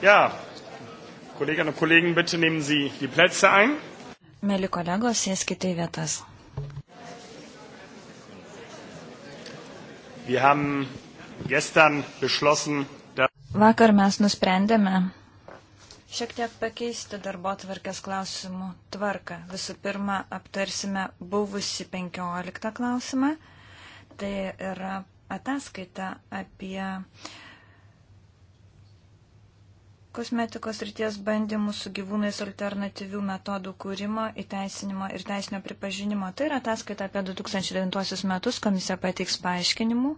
Ja, Kolleginnen und Kollegen, bitte nehmen Sie die Plätze ein. Mėly kolegos, sėskite į vietas. Wir haben gestern beschlossen, dass Vakar mes nusprendėme šiek tiek pakeisti darbo tvarkės klausimų tvarką. Visų pirma, aptarsime buvusi 15 klausimą. Tai yra ataskaita apie uh, kosmetikos ryties bandymų su gyvūnais alternatyvių metodų kūrimo, įteisinimo ir teisinio pripažinimo. Tai yra ataskaita apie 2009 metus, komisija pateiks paaiškinimų.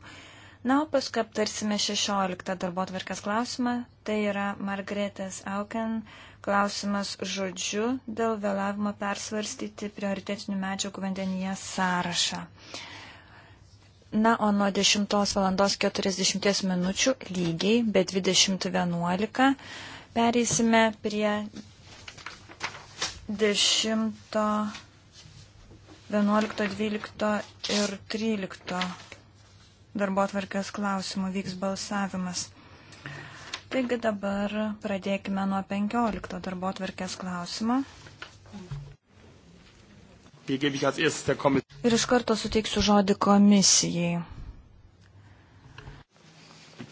Na, o paskui aptarsime 16 darbo tvarkės klausimą. Tai yra Margretės Auken klausimas žodžiu dėl vėlavimo persvarstyti prioritetinių medžiagų vandenyje sąrašą. Na, o nuo 10 val. 40 min. lygiai, be 20.11 Pereisime prie 10, 11, 12 ir 13 darbo atvarkės klausimų vyks balsavimas. Taigi dabar pradėkime nuo 15 darbo atvarkės klausimą. Ir iš karto suteiksiu žodį komisijai.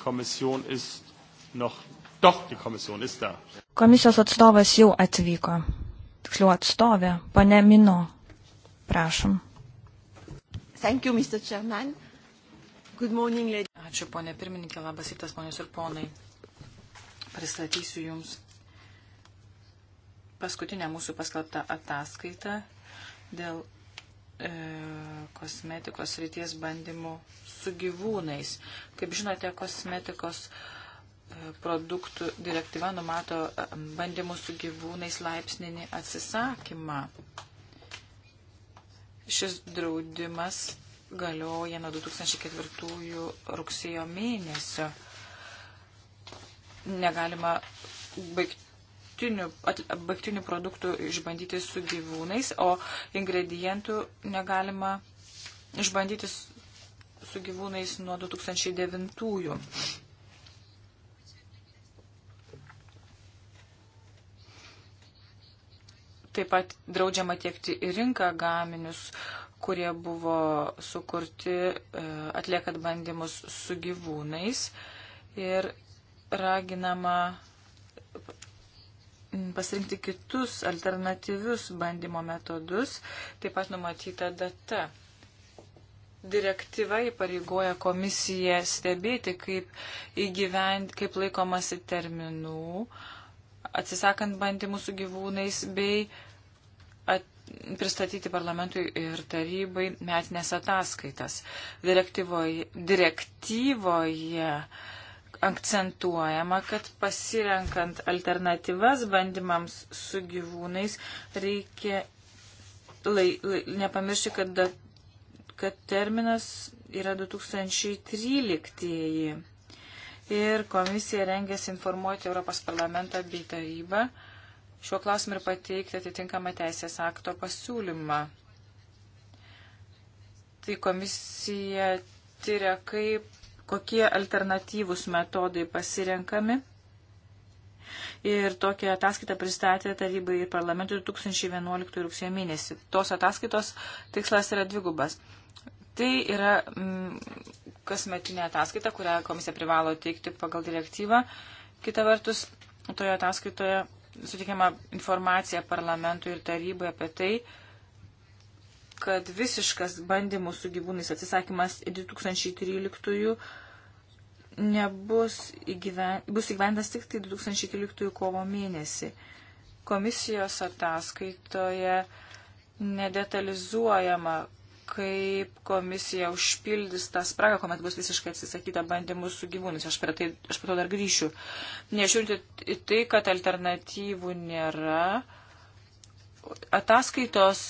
Komisijon ist noch Komisijos atstovas jau atvyko. Tiksliau atstovė, pane Mino. Prašom. Thank you, Mr. Chairman. Good morning, lady. Ačiū, ponė pirmininkė, labas rytas, ponios ir ponai. Pristatysiu Jums paskutinę mūsų paskelbtą ataskaitą dėl e, kosmetikos ryties bandymų su gyvūnais. Kaip žinote, kosmetikos e, produktų direktyva numato bandymų su gyvūnais laipsninį atsisakymą. Šis draudimas galioja nuo 2004 rugsėjo mėnesio. Negalima baigti baigtinių, at, baigtinių produktų išbandyti su gyvūnais, o ingredientų negalima išbandyti su gyvūnais nuo 2009. Taip pat draudžiama tiekti į rinką gaminius, kurie buvo sukurti e, atliekant bandymus su gyvūnais ir raginama pasirinkti kitus alternatyvius bandymo metodus, taip pat numatyta data. Direktyva įpareigoja komisiją stebėti, kaip, įgyvent, kaip laikomasi terminų, atsisakant bandymų su gyvūnais bei uh, pristatyti parlamentui ir tarybai metinės ataskaitas. Direktyvoje, direktyvoje akcentuojama, kad pasirenkant alternatyvas bandymams su gyvūnais reikia lai, lai, nepamiršti, kad, da, kad terminas yra 2013. Ir komisija rengiasi informuoti Europos parlamentą bei tarybą šiuo klausimu ir pateikti atitinkamą teisės akto pasiūlymą. Tai komisija tyria, kaip, kokie alternatyvūs metodai pasirenkami. Ir tokią ataskaitą pristatė tarybai ir parlamentui 2011 rugsėjo mėnesį. Tos ataskaitos tikslas yra dvigubas. Tai yra mm, kasmetinė ataskaita, kurią komisija privalo teikti pagal direktyvą. Kita vertus, toje ataskaitoje sutikiama informacija parlamentui ir tarybai apie tai, kad visiškas bandymų su gyvūnais atsisakymas 2013 nebus įgyven, bus įgyventas tik tai 2013 kovo mėnesį. Komisijos ataskaitoje nedetalizuojama, kaip komisija užpildys tą spragą, kuomet bus visiškai atsisakyta bandymų su gyvūnais. Aš prie, tai, aš prie to dar grįšiu. Nežiūrint į tai, kad alternatyvų nėra, ataskaitos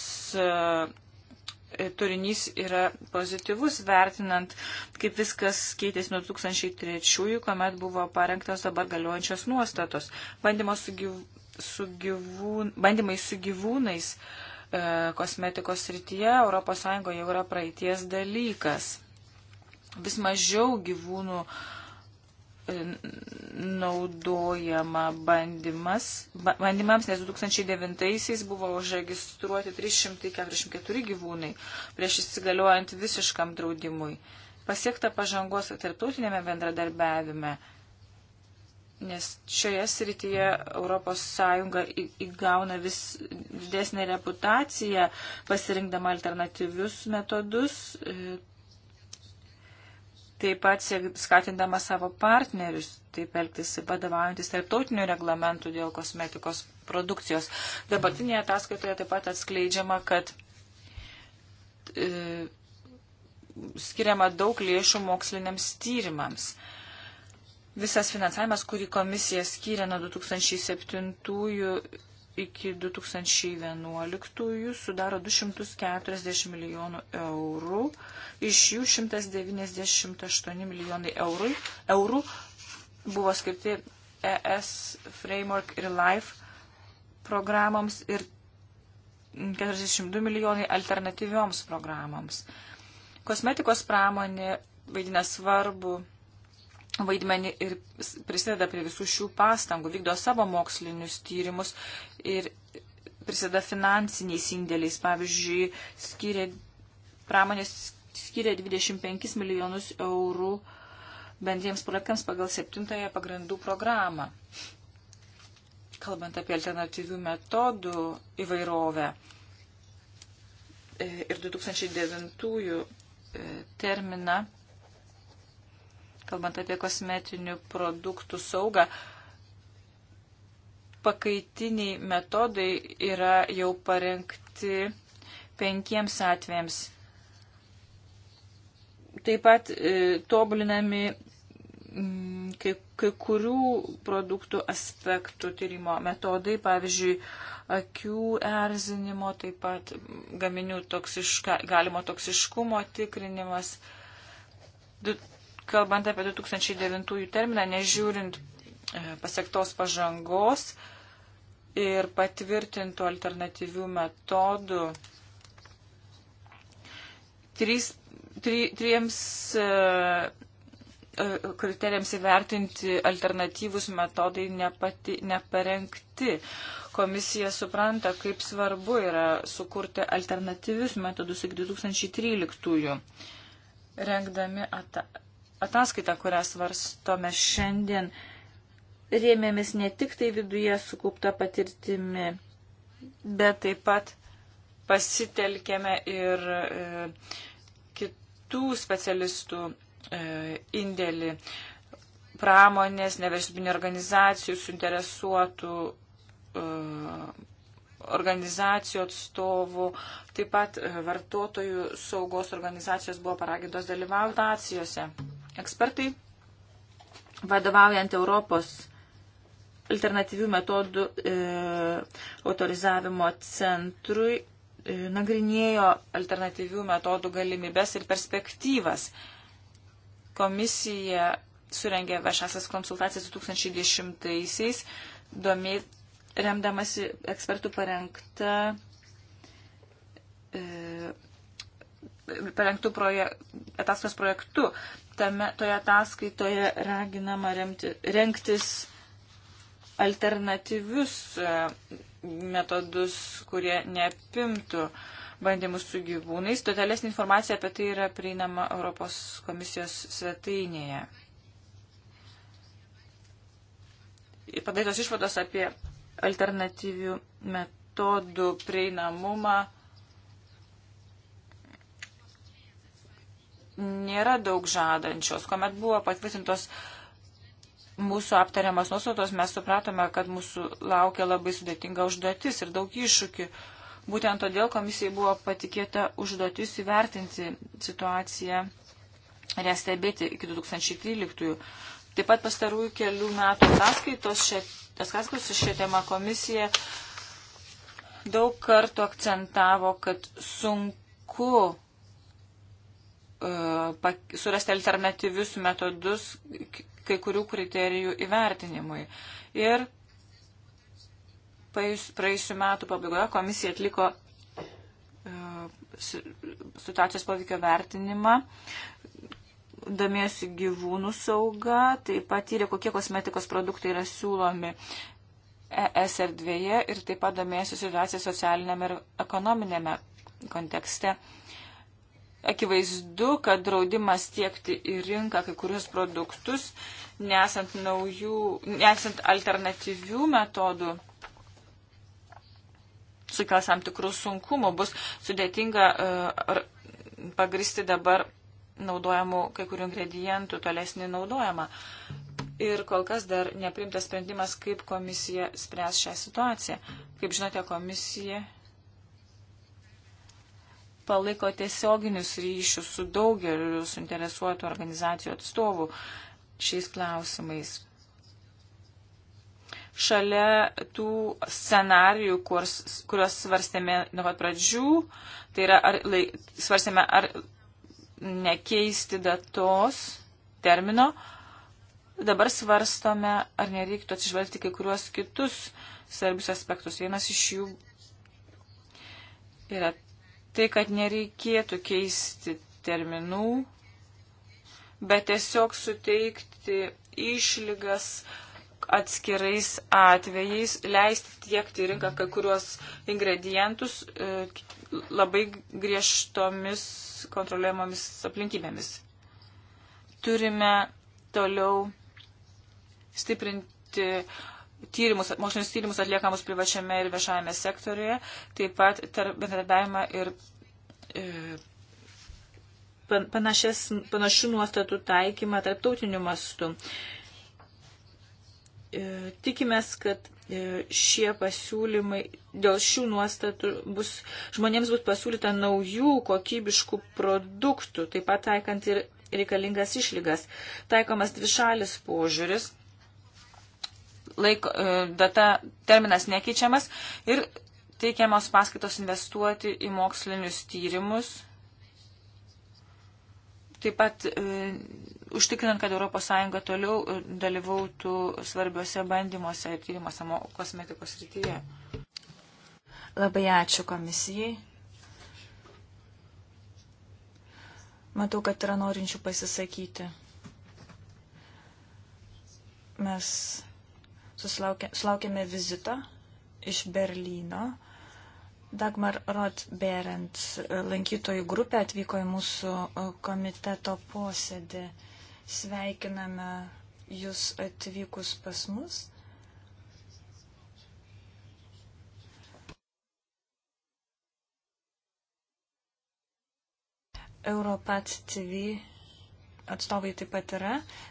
e, turinys yra pozityvus, vertinant, kaip viskas keitėsi nuo 2003, kuomet buvo parengtos dabar galiojančios nuostatos. Bandymo su gyv... su gyvūn... Bandymai su gyvūnais. Uh, E, kosmetikos srityje ES jau yra praeities dalykas. Vis mažiau gyvūnų e, naudojama bandymas, bandymams, nes 2009-aisiais buvo užregistruoti 344 gyvūnai prieš įsigaliojant visiškam draudimui. Pasiekta pažangos tarptautinėme bendradarbiavime nes šioje srityje ES įgauna vis didesnę reputaciją, pasirinkdama alternatyvius metodus, e, taip pat skatindama savo partnerius taip elgtis, vadovaujantis tarptautinių reglamentų dėl kosmetikos produkcijos. Dabartinėje ataskaitoje taip pat atskleidžiama, kad e, skiriama daug lėšų moksliniams tyrimams. E, visas finansavimas, kurį komisija skyrė nuo 2007 iki 2011 sudaro 240 milijonų eurų, iš jų 198 milijonai eurų, eurų buvo skirti ES Framework ir LIFE programoms ir 42 milijonai alternatyvioms programoms. Kosmetikos pramonė vaidina svarbu vaidmenį ir prisideda prie visų šių pastangų, vykdo savo mokslinius tyrimus ir prisideda finansiniais indėliais. Pavyzdžiui, skiria, pramonės skiria 25 milijonus eurų bendriems projektams pagal septintąją pagrindų programą. Kalbant apie alternatyvių metodų įvairovę e, ir 2009 e, terminą kalbant apie kosmetinių produktų saugą, pakaitiniai metodai yra jau parengti penkiems atvejams. Taip pat e, tobulinami m, kai, kai kurių produktų aspektų tyrimo metodai, pavyzdžiui, akių erzinimo, taip pat gaminių toksiška, galimo toksiškumo tikrinimas kalbant apie 2009 terminą, nežiūrint e, pasiektos pažangos ir patvirtintų alternatyvių metodų, trys, try, triems e, e, kriterijams įvertinti alternatyvus metodai nepati, neparengti. Komisija supranta, kaip svarbu yra sukurti alternatyvius metodus iki 2013. -ųjų rengdami ata, ataskaita, kurią svarstome šiandien, rėmėmės ne tik tai viduje sukaupta patirtimi, bet taip pat pasitelkėme ir e, kitų specialistų e, indėlį pramonės, neversybinio organizacijų, suinteresuotų e, organizacijų atstovų, taip pat e, vartotojų saugos organizacijos buvo paragintos dalyvauti akcijose. Ekspertai, vadovaujant Europos alternatyvių metodų e, autorizavimo centrui, e, nagrinėjo alternatyvių metodų galimybės ir perspektyvas. Komisija surengė viešasias konsultacijas 2010-aisiais, remdamasi ekspertų parengta, e, parengtų proje, ataskaitos projektu tame, toje ataskaitoje raginama remti, renktis alternatyvius e, metodus, kurie neapimtų bandymus su gyvūnais. Totalesnė informacija apie tai yra prieinama Europos komisijos svetainėje. Padarytos išvados apie alternatyvių metodų prieinamumą nėra daug žadančios. Komet buvo patvirtintos mūsų aptariamas nuostatos, mes supratome, kad mūsų laukia labai sudėtinga užduotis ir daug iššūkių. Būtent todėl komisijai buvo patikėta užduotis įvertinti situaciją ir ją stebėti iki 2013. Taip pat pastarųjų kelių metų ataskaitos šią, ataskaitos šią temą komisija daug kartų akcentavo, kad sunku E, surasti alternatyvius metodus kai kurių kriterijų įvertinimui. Ir praėjusiu metu pabaigoje komisija atliko e, situacijos poveikio vertinimą, domėjosi gyvūnų sauga, taip pat tyrė, kokie kosmetikos produktai yra siūlomi ES erdvėje ir taip pat domėjosi situaciją socialinėme ir ekonominėme kontekste akivaizdu, kad draudimas tiekti į rinką kai kurius produktus, nesant, naujų, nesant alternatyvių metodų, sukels tam tikrų sunkumų, bus sudėtinga uh, pagristi dabar naudojamų kai kurių ingredientų tolesnį naudojimą. Ir kol kas dar neprimtas sprendimas, kaip komisija spręs šią situaciją. Kaip žinote, komisija palaiko tiesioginius ryšius su daugeliu suinteresuotų organizacijų atstovų šiais klausimais. Šalia tų scenarijų, kuriuos svarstėme nuo pat pradžių, tai yra ar, lai, svarstėme, ar nekeisti datos termino, dabar svarstome, ar nereiktų atsižvelgti kai kuriuos kitus svarbius aspektus. Vienas iš jų yra tai, kad nereikėtų keisti terminų, bet tiesiog suteikti išlygas atskirais atvejais, leisti tiekti rinką kai kuriuos ingredientus e, labai griežtomis kontroliuojamomis aplinkybėmis. Turime toliau stiprinti tyrimus, mokslinius tyrimus atliekamus privačiame ir viešajame sektoriuje, taip pat tarp bendradarbiavimą ir e, panašias, panašių nuostatų taikymą tarptautiniu mastu. E, tikimės, kad e, šie pasiūlymai dėl šių nuostatų bus, žmonėms bus pasiūlyta naujų kokybiškų produktų, taip pat taikant ir reikalingas išlygas. Taikomas dvišalis požiūris laiko, e, data, terminas nekeičiamas ir teikiamos paskaitos investuoti į mokslinius tyrimus. Taip pat e, užtikrinant, kad ES toliau e, dalyvautų svarbiuose bandymuose ir tyrimuose kosmetikos rytyje. Labai ačiū komisijai. Matau, kad yra norinčių pasisakyti. Mes sulaukėme vizito iš Berlyno. Dagmar Roth-Berend e, lankytojų grupė atvyko į mūsų e, komiteto posėdį. Sveikiname jūs atvykus pas mus. Europat TV atstovai taip pat yra.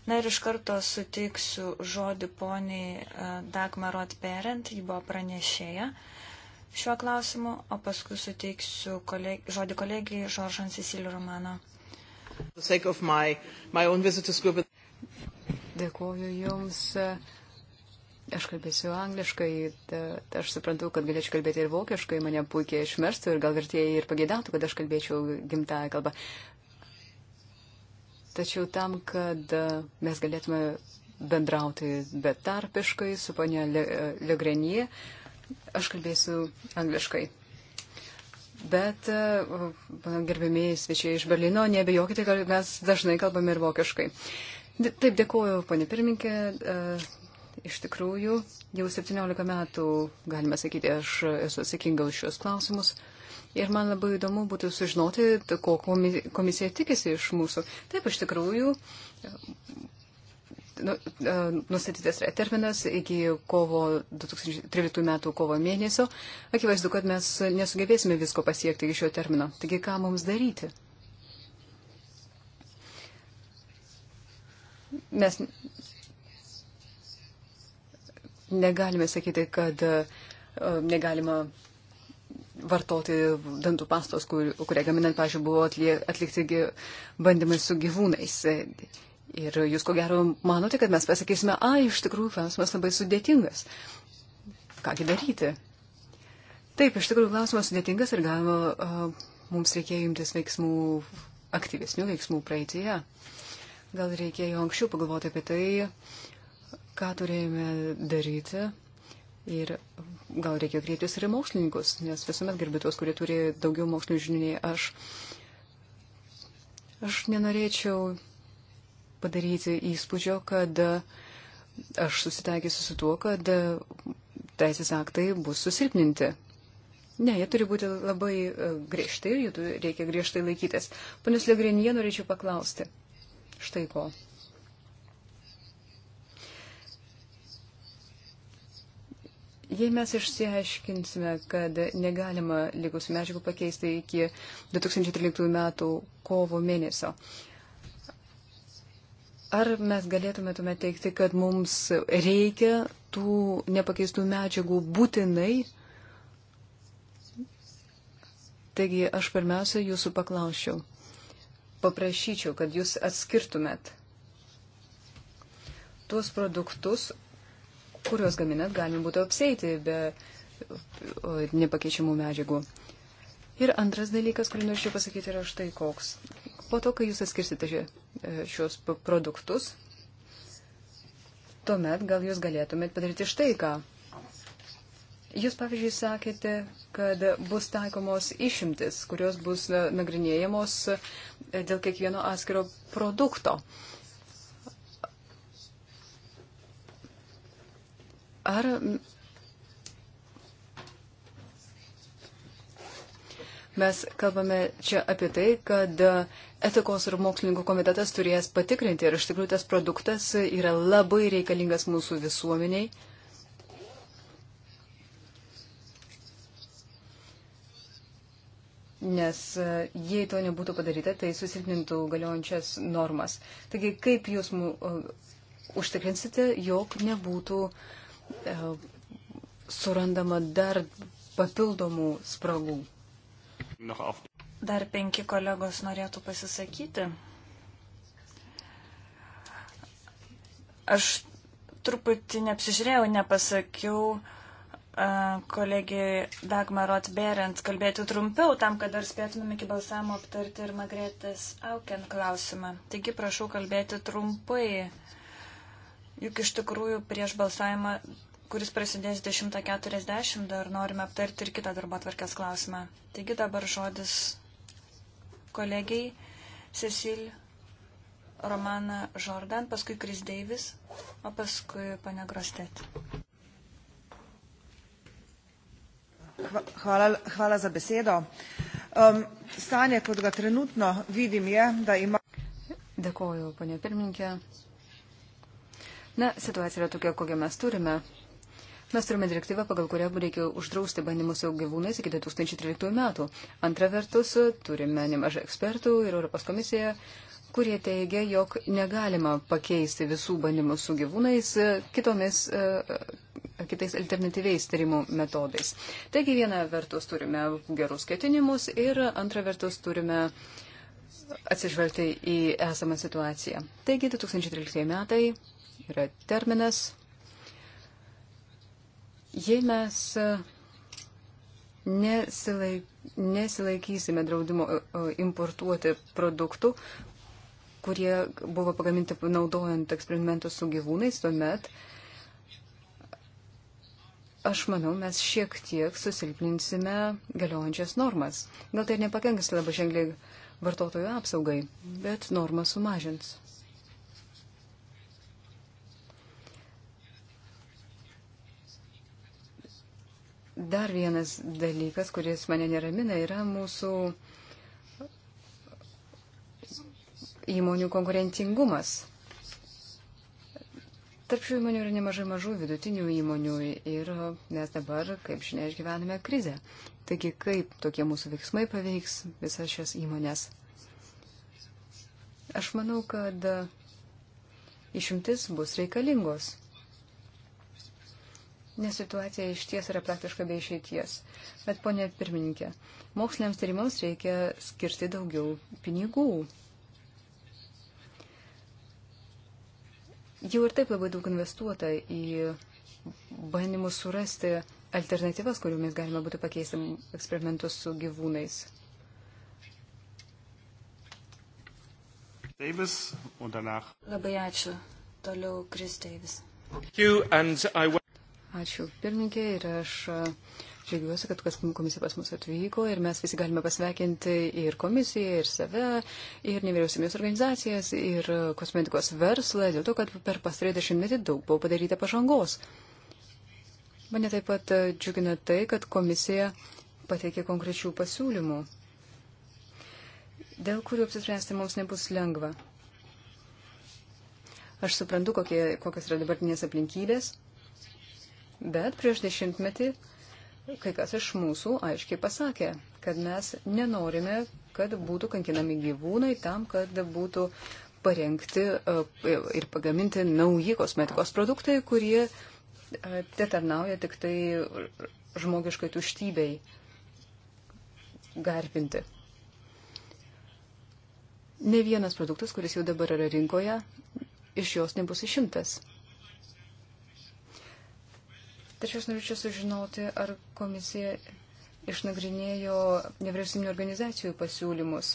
Na ir iš karto sutiksiu žodį poniai e, Dagmarot Perent, ji buvo pranešėja šiuo klausimu, o paskui suteiksiu koleg žodį kolegijai Žoržan Ceciliu Romano. My, my Dėkuoju Jums. Aš kalbėsiu angliškai, ta, ta, aš suprantu, kad galėčiau kalbėti ir vokiškai, mane puikiai išmerstų ir gal vertėjai ir pagėdautų, kad aš kalbėčiau gimtąją kalbą. Tačiau tam, kad e, mes galėtume bendrauti betarpiškai su ponia e, Legrenie, aš kalbėsiu angliškai. Bet, e, gerbėmiai svečiai iš Berlyno, nebejokite, kad mes dažnai kalbame ir vokiškai. Taip, dėkuoju, ponė pirminkė. Iš tikrųjų, jau 17 metų, galime sakyti, aš esu atsakinga už šios klausimus. Ir man labai įdomu būtų sužinoti, ko komisija tikisi iš mūsų. Taip, iš tikrųjų, nu, e, nustatytas yra terminas iki kovo 2013 metų kovo mėnesio. Akivaizdu, kad mes nesugebėsime visko pasiekti iki šio termino. Taigi, ką mums daryti? Mes negalime sakyti, kad e, negalima vartoti dantų pastos, kur, kurią gaminant, pažiūrėjau, buvo atlie, atlikti bandymai su gyvūnais. Ir jūs ko gero manote, kad mes pasakysime, a, iš tikrųjų, klausimas labai sudėtingas. Kągi daryti? Taip, iš tikrųjų, klausimas sudėtingas ir galima, a, mums reikėjo imtis veiksmų, aktyvesnių veiksmų praeitėje. Gal reikėjo anksčiau pagalvoti apie tai, ką turėjome daryti Ir gal reikia kreiptis ir į mokslininkus, nes visuomet gerbiu tuos, kurie turi daugiau mokslinių žinių nei aš. Aš nenorėčiau padaryti įspūdžio, kad aš susitaikysiu su tuo, kad teisės aktai bus susilpninti. Ne, jie turi būti labai e, griežti ir jų reikia griežtai laikytis. Ponius Legrenie norėčiau paklausti. Štai ko. Jei mes išsiaiškinsime, kad negalima lygus medžiagų pakeisti iki 2013 metų kovo mėnesio, ar mes galėtume tuomet teikti, kad mums reikia tų nepakeistų medžiagų būtinai? Taigi aš pirmiausia jūsų paklausčiau. Paprašyčiau, kad jūs atskirtumėt tuos produktus, kuriuos gaminant galima būtų apseiti be nepakeičiamų medžiagų. Ir antras dalykas, kurį norėčiau pasakyti, yra štai koks. Po to, kai jūs atskirsite e, šios produktus, tuomet gal jūs galėtumėt padaryti štai ką. Jūs, pavyzdžiui, sakėte, kad bus taikomos išimtis, kurios bus e, nagrinėjamos e, dėl kiekvieno atskiro produkto. Uh, ar mes kalbame čia apie tai, kad etikos ir mokslininkų komitetas turės patikrinti, ar iš tikrųjų tas produktas yra labai reikalingas mūsų visuomeniai. Nes e, jei to nebūtų padaryta, tai susilpnintų galiojančias normas. Taigi, kaip jūs mu, uh, e, užtikrinsite, jog nebūtų uh, E, surandama dar papildomų spragų. Dar penki kolegos norėtų pasisakyti. Aš truputį neapsižiūrėjau, nepasakiau e, kolegijai Dagmarot Berent kalbėti trumpiau, tam, kad dar spėtumėm iki balsavimo aptarti ir Magretės Auken klausimą. Taigi prašau kalbėti trumpai. Uh, Juk iš tikrųjų prieš balsavimą, kuris prasidės 10.40, dar norime aptarti ir kitą darbo atvarkės klausimą. Taigi dabar žodis kolegiai Cecil Romana Jordan, paskui Chris Davis, o paskui pane Grostet. Hvala, hvala za besedo. Um, stanje, kot ga trenutno vidim, je, da ima. Dėkoju, ponė pirmininkė. Na, situacija yra tokia, kokią mes turime. Mes turime direktyvą, pagal kurią reikia uždrausti bandymus jau gyvūnais iki 2013 metų. Antra vertus, turime nemažai ekspertų ir Europos komisija, kurie teigia, jog negalima pakeisti visų bandymų su gyvūnais e, kitomis, e, e, kitais alternatyviais tyrimų metodais. Taigi viena vertus turime gerus ketinimus ir antra vertus turime atsižvelgti į esamą situaciją. Taigi 2013 metai yra terminas. Jei mes e, nesilaik, nesilaikysime draudimo e, e, importuoti produktų, kurie buvo pagaminti naudojant eksperimentus su gyvūnais, tuomet aš manau, mes šiek tiek susilpninsime galiojančias normas. Gal tai ir nepakenks labai ženkliai vartotojų apsaugai, bet normas sumažins. Dar vienas dalykas, kuris mane neramina, yra mūsų įmonių konkurencingumas. Tarp šių įmonių yra nemažai mažų vidutinių įmonių ir mes dabar, kaip žinia, išgyvename krizę. Taigi, kaip tokie mūsų veiksmai paveiks visas šias įmonės? Aš manau, kad išimtis bus reikalingos nes situacija iš ties yra praktiškai be išeities. Bet, ponė pirmininkė, moksliniams tyrimams reikia skirti daugiau pinigų. Jau ir taip labai daug investuota į bandymus surasti alternatyvas, kuriomis galima būtų pakeisti eksperimentus su gyvūnais. Davis, Labai ačiū. Toliau Kris Deivis. I... Ačiū pirmininkė ir aš e, džiaugiuosi, kad komisija pas mus atvyko ir mes visi galime pasveikinti ir komisiją, ir save, ir nevyriausybės organizacijas, ir e, kosmetikos verslą, dėl to, kad per pastarį dešimtmetį daug buvo padaryta pažangos. Mane taip pat e, džiugina tai, kad komisija pateikė konkrečių pasiūlymų, dėl kurių apsispręsti mums nebus lengva. Aš suprantu, kokie, kokios yra dabartinės aplinkybės. Bet prieš dešimtmetį kai kas iš mūsų aiškiai pasakė, kad mes nenorime, kad būtų kankinami gyvūnai tam, kad būtų parengti e, ir pagaminti nauji kosmetikos produktai, kurie e, te tarnauja tik tai žmogiškai tuštybei garbinti. Ne vienas produktas, kuris jau dabar yra rinkoje, iš jos nebus išimtas. Tačiau aš norėčiau sužinoti, ar komisija išnagrinėjo nevyriausybinio organizacijų pasiūlymus.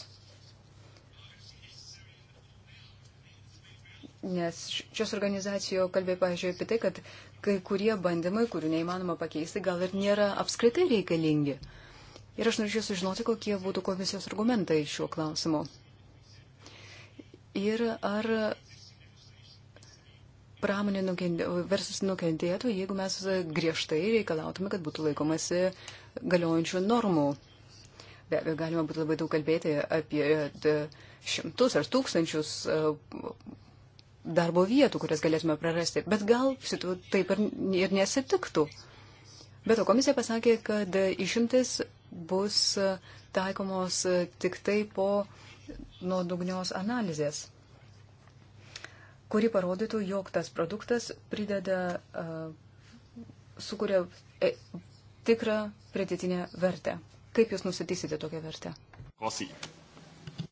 Nes šios organizacijos kalbė, pažiūrėjau, apie tai, kad kai kurie bandymai, kurių neįmanoma pakeisti, gal ir nėra apskritai reikalingi. Ir aš norėčiau sužinoti, kokie būtų komisijos argumentai šiuo klausimu. Ir ar pramonė nukentėtų, verslas nukentėtų, jeigu mes griežtai reikalautume, kad būtų laikomasi galiojančių normų. Be abejo, galima būtų labai daug kalbėti apie e, šimtus ar tūkstančius e, darbo vietų, kurias galėtume prarasti. Bet gal šitų taip ir, ir nesitiktų. Bet o komisija pasakė, kad išimtis bus taikomos tik tai po nuodugnios analizės kuri parodytų, jog tas produktas prideda, sukuria e, tikrą pridėtinę vertę. Kaip jūs nusitysite tokią vertę? Kosi.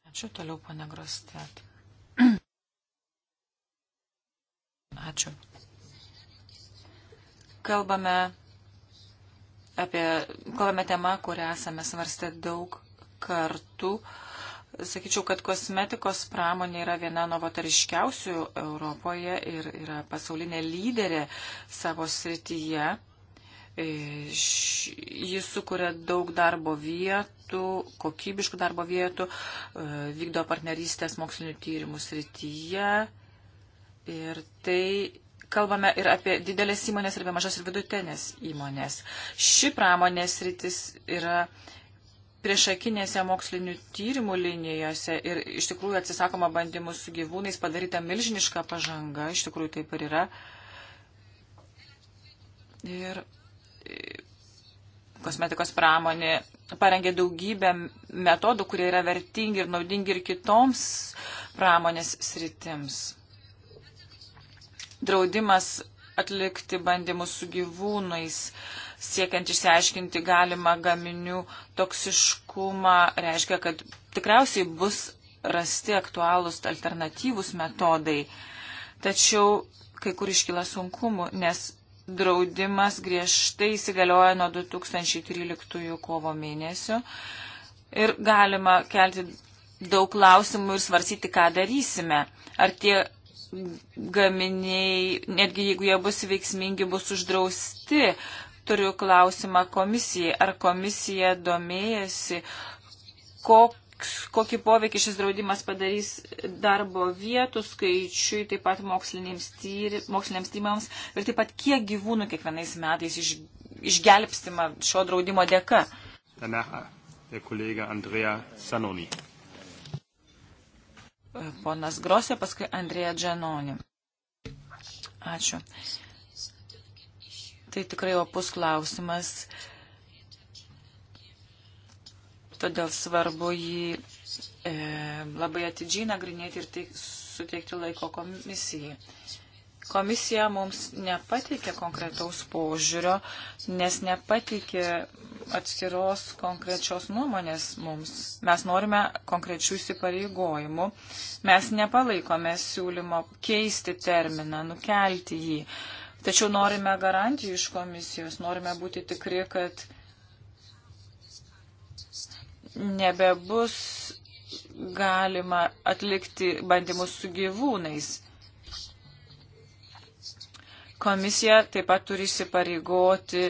Ačiū toliau, pane Grostet. Ačiū. Kalbame apie, kalbame temą, kurią esame svarstę daug kartų. Uh, sakyčiau, kad kosmetikos pramonė yra viena novotariškiausių Europoje ir yra pasaulinė lyderė savo srityje. E, Jis sukuria daug darbo vietų, kokybiškų darbo vietų, e, vykdo partnerystės mokslinių tyrimų srityje. Ir tai kalbame ir apie didelės įmonės, ir apie mažas ir vidutinės įmonės. Ši pramonės rytis yra priešakinėse mokslinių tyrimų linijose ir iš tikrųjų atsisakoma bandymų su gyvūnais padaryta milžiniška pažanga, iš tikrųjų taip ir yra. Ir e, kosmetikos pramonė parengė daugybę metodų, kurie yra vertingi ir naudingi ir kitoms pramonės sritims. Draudimas atlikti bandymus su gyvūnais siekiant išsiaiškinti galimą gaminių toksiškumą, reiškia, kad tikriausiai bus rasti aktualūs alternatyvūs metodai. Tačiau kai kur iškyla sunkumų, nes draudimas griežtai įsigalioja nuo 2013 kovo mėnesio ir galima kelti daug klausimų ir svarsyti, ką darysime. Ar tie gaminiai, netgi jeigu jie bus veiksmingi, bus uždrausti, turiu klausimą komisijai. Ar komisija domėjasi, koks, kokį poveikį šis draudimas padarys darbo vietų skaičiui, taip pat moksliniams, tyri, moksliniams tyrimams ir taip pat kiek gyvūnų kiekvienais metais iš, išgelbstima šio draudimo dėka? Danach der Kollege Andrea Sanoni. Ponas Grosė, paskui Andrėja Dženoni. Ačiū. Tai tikrai opus klausimas, todėl svarbu jį e, labai atidžiai nagrinėti ir tai suteikti laiko komisijai. Komisija mums nepateikė konkretaus požiūrio, nes nepateikė atskiros konkrečios nuomonės mums. Mes norime konkrečių įsipareigojimų. Mes nepalaikome siūlymo keisti terminą, nukelti jį. E, Tačiau norime garantijų iš komisijos, norime būti tikri, kad nebebus galima atlikti bandymus su gyvūnais. Komisija taip pat turi įsipareigoti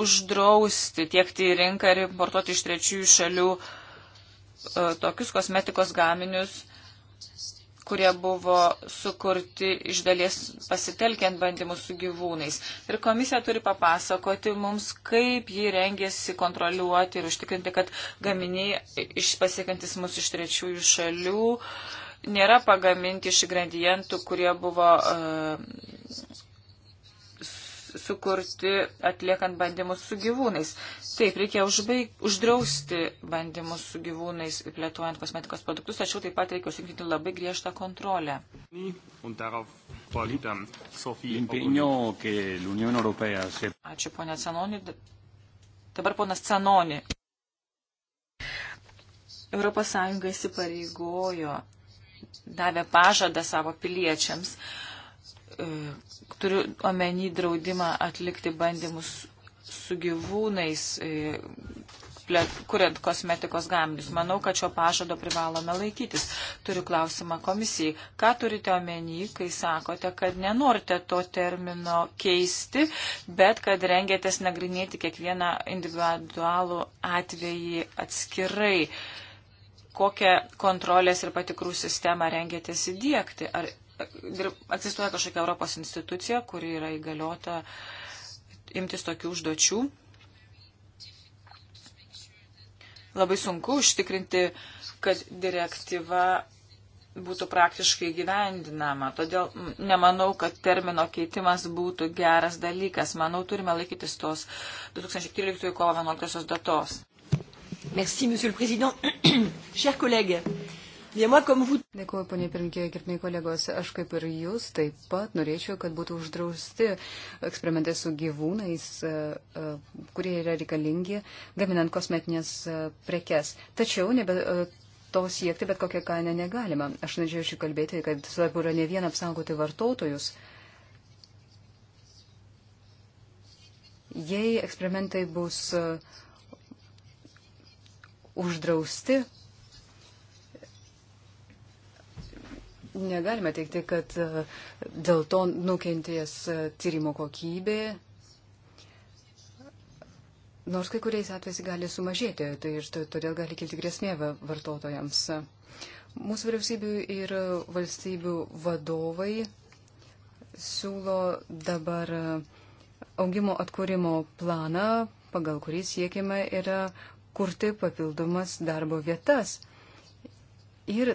uždrausti tiekti į rinką ir importuoti iš trečiųjų šalių e, tokius kosmetikos gaminius, kurie buvo sukurti iš dalies pasitelkiant bandymus su gyvūnais. Ir komisija turi papasakoti mums, kaip ji rengėsi kontroliuoti ir užtikrinti, kad gaminiai pasiekantis mus iš trečiųjų šalių nėra pagaminti iš ingredientų, kurie buvo uh, sukurti atliekant bandymus su gyvūnais. Taip, reikia užbaig, uždrausti bandymus su gyvūnais plėtojant kosmetikos produktus, tačiau taip pat reikia užsikrinti labai griežtą kontrolę. Ačiū, ponė Canoni. Dabar ponas Canoni. Europos Sąjunga įsipareigojo, davė pažadą savo piliečiams E, turiu omeny draudimą atlikti bandymus su gyvūnais, e, kuriant kosmetikos gaminius. Manau, kad šio pažado privalome laikytis. Turiu klausimą komisijai. Ką turite omeny, kai sakote, kad nenorite to termino keisti, bet kad rengėtės nagrinėti kiekvieną individualų atvejį atskirai? Kokią kontrolės ir patikrų sistemą rengėtės įdėkti? Ar egzistuoja kažkokia Europos institucija, kuri yra įgaliota imtis tokių užduočių. Labai sunku užtikrinti, kad direktyva būtų praktiškai gyvendinama. Todėl nemanau, kad termino keitimas būtų geras dalykas. Manau, turime laikytis tos 2013 kovo 11 datos. Merci, monsieur le président. Chers collègues, Dėkuoju, ponė pirmininkė, gerbėjai kolegos. Aš kaip ir jūs taip pat norėčiau, kad būtų uždrausti eksperimentai su gyvūnais, e, e, kurie yra reikalingi gaminant kosmetinės e, prekes. Tačiau nebe, to siekti bet kokią kainą negalima. Aš norėčiau šį kalbėti, kad svarbu yra ne vien apsaugoti vartotojus. Jei eksperimentai bus uždrausti, negalime teikti, kad e, dėl to nukentės e, tyrimo kokybė, nors kai kuriais atvejais gali sumažėti, tai ir todėl gali kilti grėsmė vartotojams. Mūsų vyriausybių ir valstybių vadovai siūlo dabar augimo atkūrimo planą, pagal kurį siekime yra kurti papildomas darbo vietas. Ir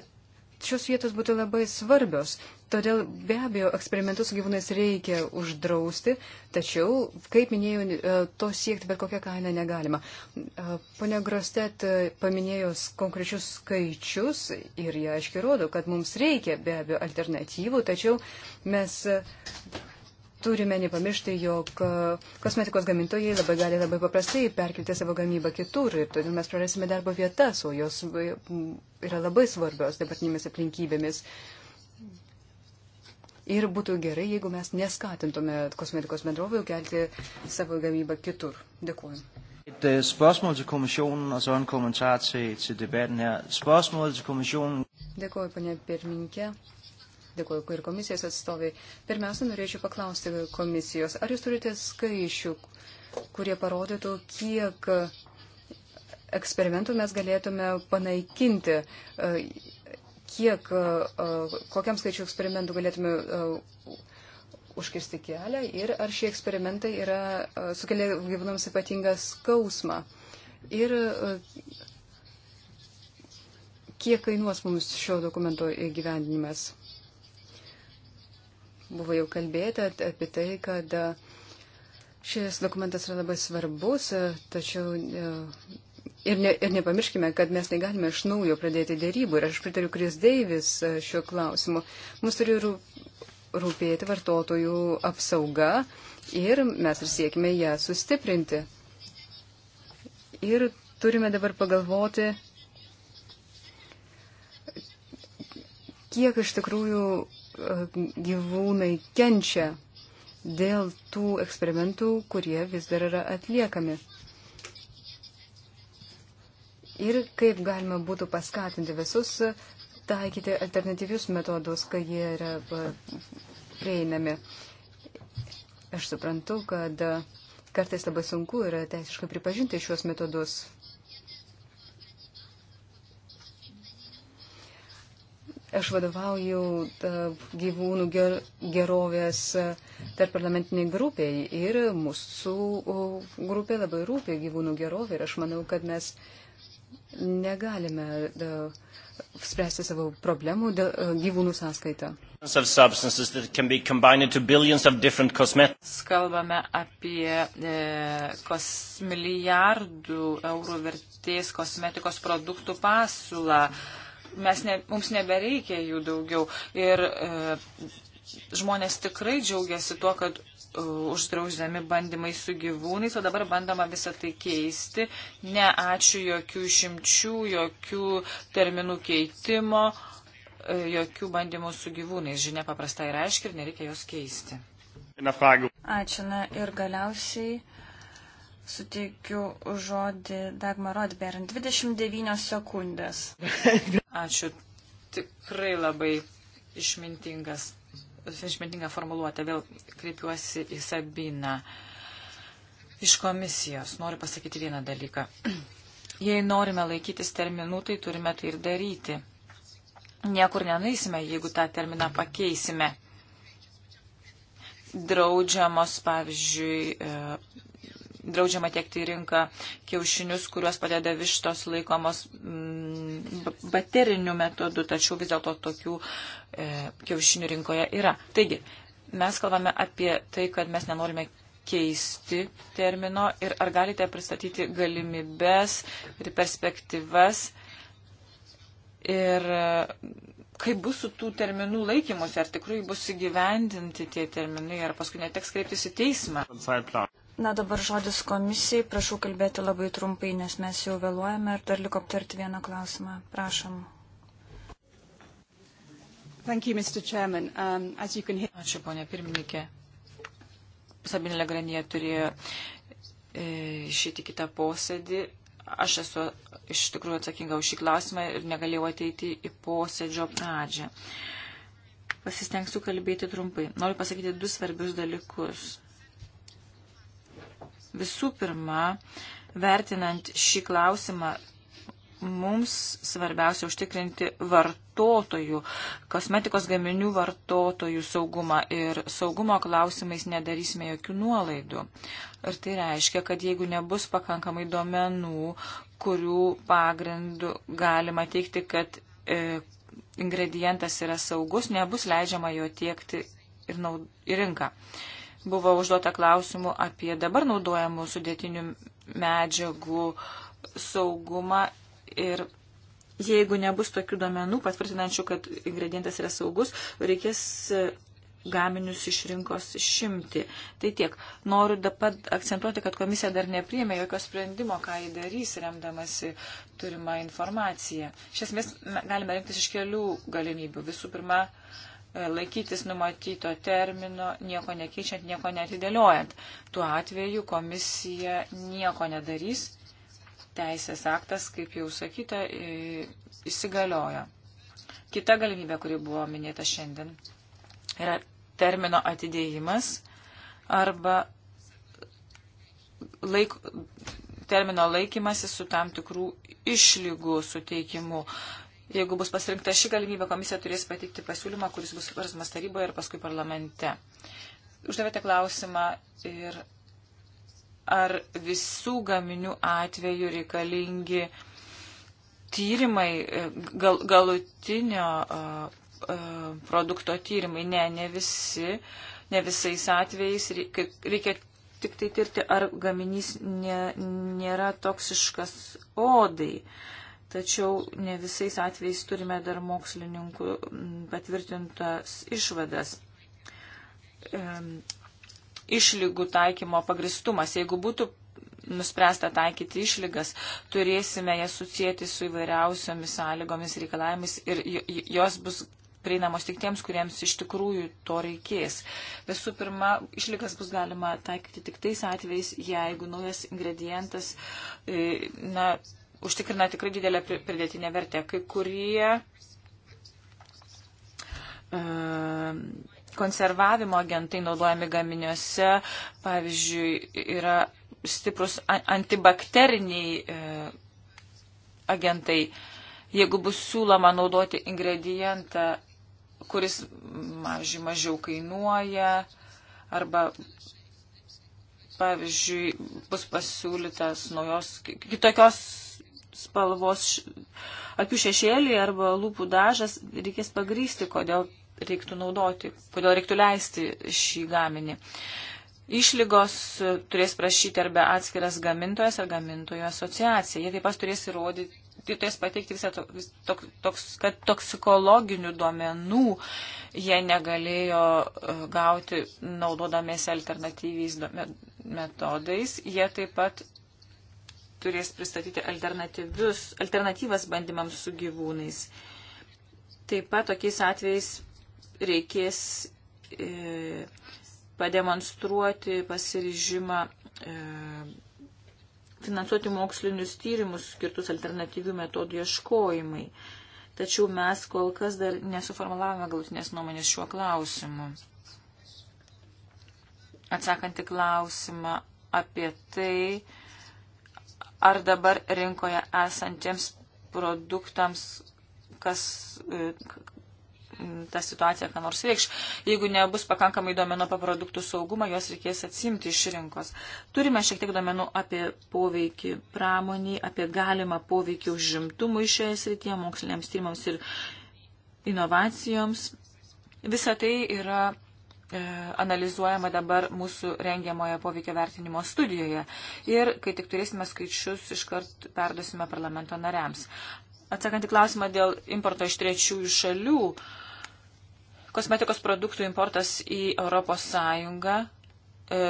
šios vietos būtų labai svarbios. Todėl be abejo eksperimentus su gyvūnais reikia uždrausti, tačiau, kaip minėjau, e, to siekti bet kokią kainą negalima. E, Pone Grostet e, paminėjo konkrečius skaičius ir jie aiškiai rodo, kad mums reikia be abejo alternatyvų, tačiau mes turime nepamiršti, jog e, kosmetikos gamintojai labai gali labai paprastai perkelti savo gamybą kitur ir todėl mes prarasime darbo vietas, o jos e, yra labai svarbios dabartinėmis aplinkybėmis. Ir būtų gerai, jeigu mes neskatintume kosmetikos bendrovių kelti savo gamybą kitur. Dėkuoju. Et øh, spørgsmål til kommissionen, og så en kommentar til, til debatten her. Spørgsmålet til kommissionen. Dėkuoju, panė pirmininkė dėkoju ir komisijos atstovai. Pirmiausia, norėčiau paklausti komisijos, ar jūs turite skaičių, kurie parodytų, kiek eksperimentų mes galėtume panaikinti, e, kiek, e, kokiam skaičiu eksperimentų galėtume e, užkirsti kelią ir ar šie eksperimentai yra, sukelia gyvūnams ypatingą skausmą. Ir kiek kainuos mums šio dokumento įgyvendinimas. Buvo jau kalbėta apie tai, kad e, šis dokumentas yra labai svarbus, e, tačiau e, ir, ne, ir nepamirškime, kad mes negalime iš naujo pradėti dėrybų. Ir aš pritariu Kris Deivis šiuo klausimu. Mums turi rūpėti vartotojų apsauga ir mes ir siekime ją sustiprinti. Ir turime dabar pagalvoti, kiek iš tikrųjų gyvūnai kenčia dėl tų eksperimentų, kurie vis dar yra atliekami. Ir kaip galima būtų paskatinti visus taikyti alternatyvius metodus, kai jie yra prieinami. Aš suprantu, kad kartais labai sunku yra teisiškai pripažinti šiuos metodus. Aš vadovauju e, gyvūnų gerovės e, tarp parlamentiniai grupiai ir mūsų grupė labai rūpia gyvūnų gerovė ir aš manau, kad mes negalime da, e, spręsti savo problemų da, gyvūnų sąskaitą. Kalbame apie e, kos, milijardų eurų vertės kosmetikos produktų pasiūlą. E, mes ne, mums nebereikia jų daugiau. Ir e, žmonės tikrai džiaugiasi tuo, kad e, uždrausdami bandymai su gyvūnais, o dabar bandoma visą tai keisti. Ne ačiū jokių išimčių, jokių terminų keitimo, e, jokių bandymų su gyvūnais. Žinia paprastai reiškia ir nereikia jos keisti. Ačiū. Na ir galiausiai suteikiu žodį Dagmar Rodbern. 29 sekundės. Ačiū. Tikrai labai išmintingas, išmintinga formuluotė. Vėl kreipiuosi į Sabiną. Iš komisijos noriu pasakyti vieną dalyką. Jei norime laikytis terminų, tai turime tai ir daryti. Niekur nenuisime, jeigu tą terminą pakeisime draudžiamos, pavyzdžiui, e, draudžiama tiekti į rinką kiaušinius, kuriuos padeda vištos laikomos mm, bateriniu metodu, tačiau vis dėlto tokių e, kiaušinių rinkoje yra. Taigi, mes kalbame apie tai, kad mes nenorime keisti termino ir ar galite pristatyti galimybės ir perspektyvas ir e, kaip bus su tų terminų laikymuose, ar tikrai bus įgyvendinti tie terminai, ar paskui neteks kreiptis į teismą. Na dabar žodis komisijai, prašau kalbėti labai trumpai, nes mes jau vėluojame ir dar liko aptarti vieną klausimą. Prašom. Thank you, Mr. Chairman. Um, as you can hear... Ačiū, ponė pirmininkė. Sabinė Legranija turėjo e, išėti kitą posėdį. Aš esu iš tikrųjų atsakinga už šį klausimą ir negalėjau ateiti į posėdžio pradžią. Pasistengsiu kalbėti trumpai. Noriu pasakyti du svarbius dalykus Visų pirma, vertinant šį klausimą, mums svarbiausia užtikrinti vartotojų, kosmetikos gaminių vartotojų saugumą ir saugumo klausimais nedarysime jokių nuolaidų. Ir tai reiškia, kad jeigu nebus pakankamai duomenų, kurių pagrindų galima teikti, kad e, ingredientas yra saugus, nebus leidžiama jo tiekti ir naud... į rinką. E, buvo užduota klausimų apie dabar naudojamų sudėtinių medžiagų saugumą ir jeigu nebus tokių domenų patvirtinančių, kad ingredientas yra saugus, reikės e, gaminius iš rinkos šimti. Tai tiek. Noriu dabar akcentuoti, kad komisija dar nepriemė jokio sprendimo, ką jį darys, remdamasi turimą informaciją. Iš esmės galime rinktis iš kelių galimybių. Visų pirma, uh, laikytis numatyto termino, nieko nekeičiant, nieko netidėliojant. Tuo atveju komisija nieko nedarys, teisės aktas, kaip jau sakyta, e, įsigalioja. Kita galimybė, kuri buvo minėta šiandien, yra termino atidėjimas arba laik, termino laikymasis su tam tikrų išlygų suteikimu. Jeigu bus pasirinkta ši galimybė, komisija turės pateikti pasiūlymą, kuris bus svarstamas taryboje ir paskui parlamente. Uždavėte klausimą ir ar visų gaminių atveju reikalingi tyrimai, e, gal, galutinio uh, uh, produkto tyrimai. Ne, ne visi, ne visais atvejais reikia, reikia tik tai tirti, ar gaminys nė, nėra toksiškas odai. Uh, tačiau ne visais atvejais turime dar mokslininkų patvirtintas išvadas. Išlygų taikymo pagristumas. Jeigu būtų nuspręsta taikyti išlygas, turėsime jas susijęti su įvairiausiomis sąlygomis, reikalavimais ir jos bus prieinamos tik tiems, kuriems iš tikrųjų to reikės. Visų pirma, išlygas bus galima taikyti tik tais atvejais, jeigu naujas ingredientas e, na, užtikrina tikrai didelę pridėtinę vertę. Kai kurie e, konservavimo agentai naudojami gaminiuose, pavyzdžiui, yra stiprus antibakteriniai e, agentai. Jeigu bus siūloma naudoti ingredientą, kuris, pavyzdžiui, mažiau kainuoja, arba, pavyzdžiui, bus pasiūlytas naujos, kitokios spalvos akių šešėlį arba lūpų dažas, reikės pagrysti, kodėl reiktų naudoti, kodėl reiktų leisti šį gaminį. Išlygos turės prašyti arba atskiras gamintojas ar gamintojo asociacija. Jie taip pat turės įrodyti, turės pateikti visą to, tok, toks, kad toksikologinių duomenų jie negalėjo e, gauti naudodamiesi alternatyviais metodais. Jie taip pat turės pristatyti alternatyvas bandymams su gyvūnais. Taip pat tokiais atvejais reikės e, pademonstruoti pasiryžimą e, finansuoti mokslinius tyrimus skirtus alternatyvių metodų ieškojimai. Tačiau mes kol kas dar nesuformulavome galutinės nuomonės šiuo klausimu. Atsakant į klausimą apie tai, ar dabar rinkoje esantiems produktams, kas e, ta situacija ką nors reikš. Jeigu nebus pakankamai duomenų apie produktų saugumą, juos reikės atsimti iš rinkos. Turime šiek tiek duomenų apie poveikį pramoniai, apie galimą poveikį užimtumui šioje srityje, moksliniams tyrimams ir inovacijoms. Visa tai yra E, analizuojama dabar mūsų rengiamoje poveikio vertinimo studijoje. Ir kai tik turėsime skaičius, iškart perduosime parlamento nariams. Atsakant į klausimą dėl importo iš trečiųjų šalių, kosmetikos produktų importas į ES e,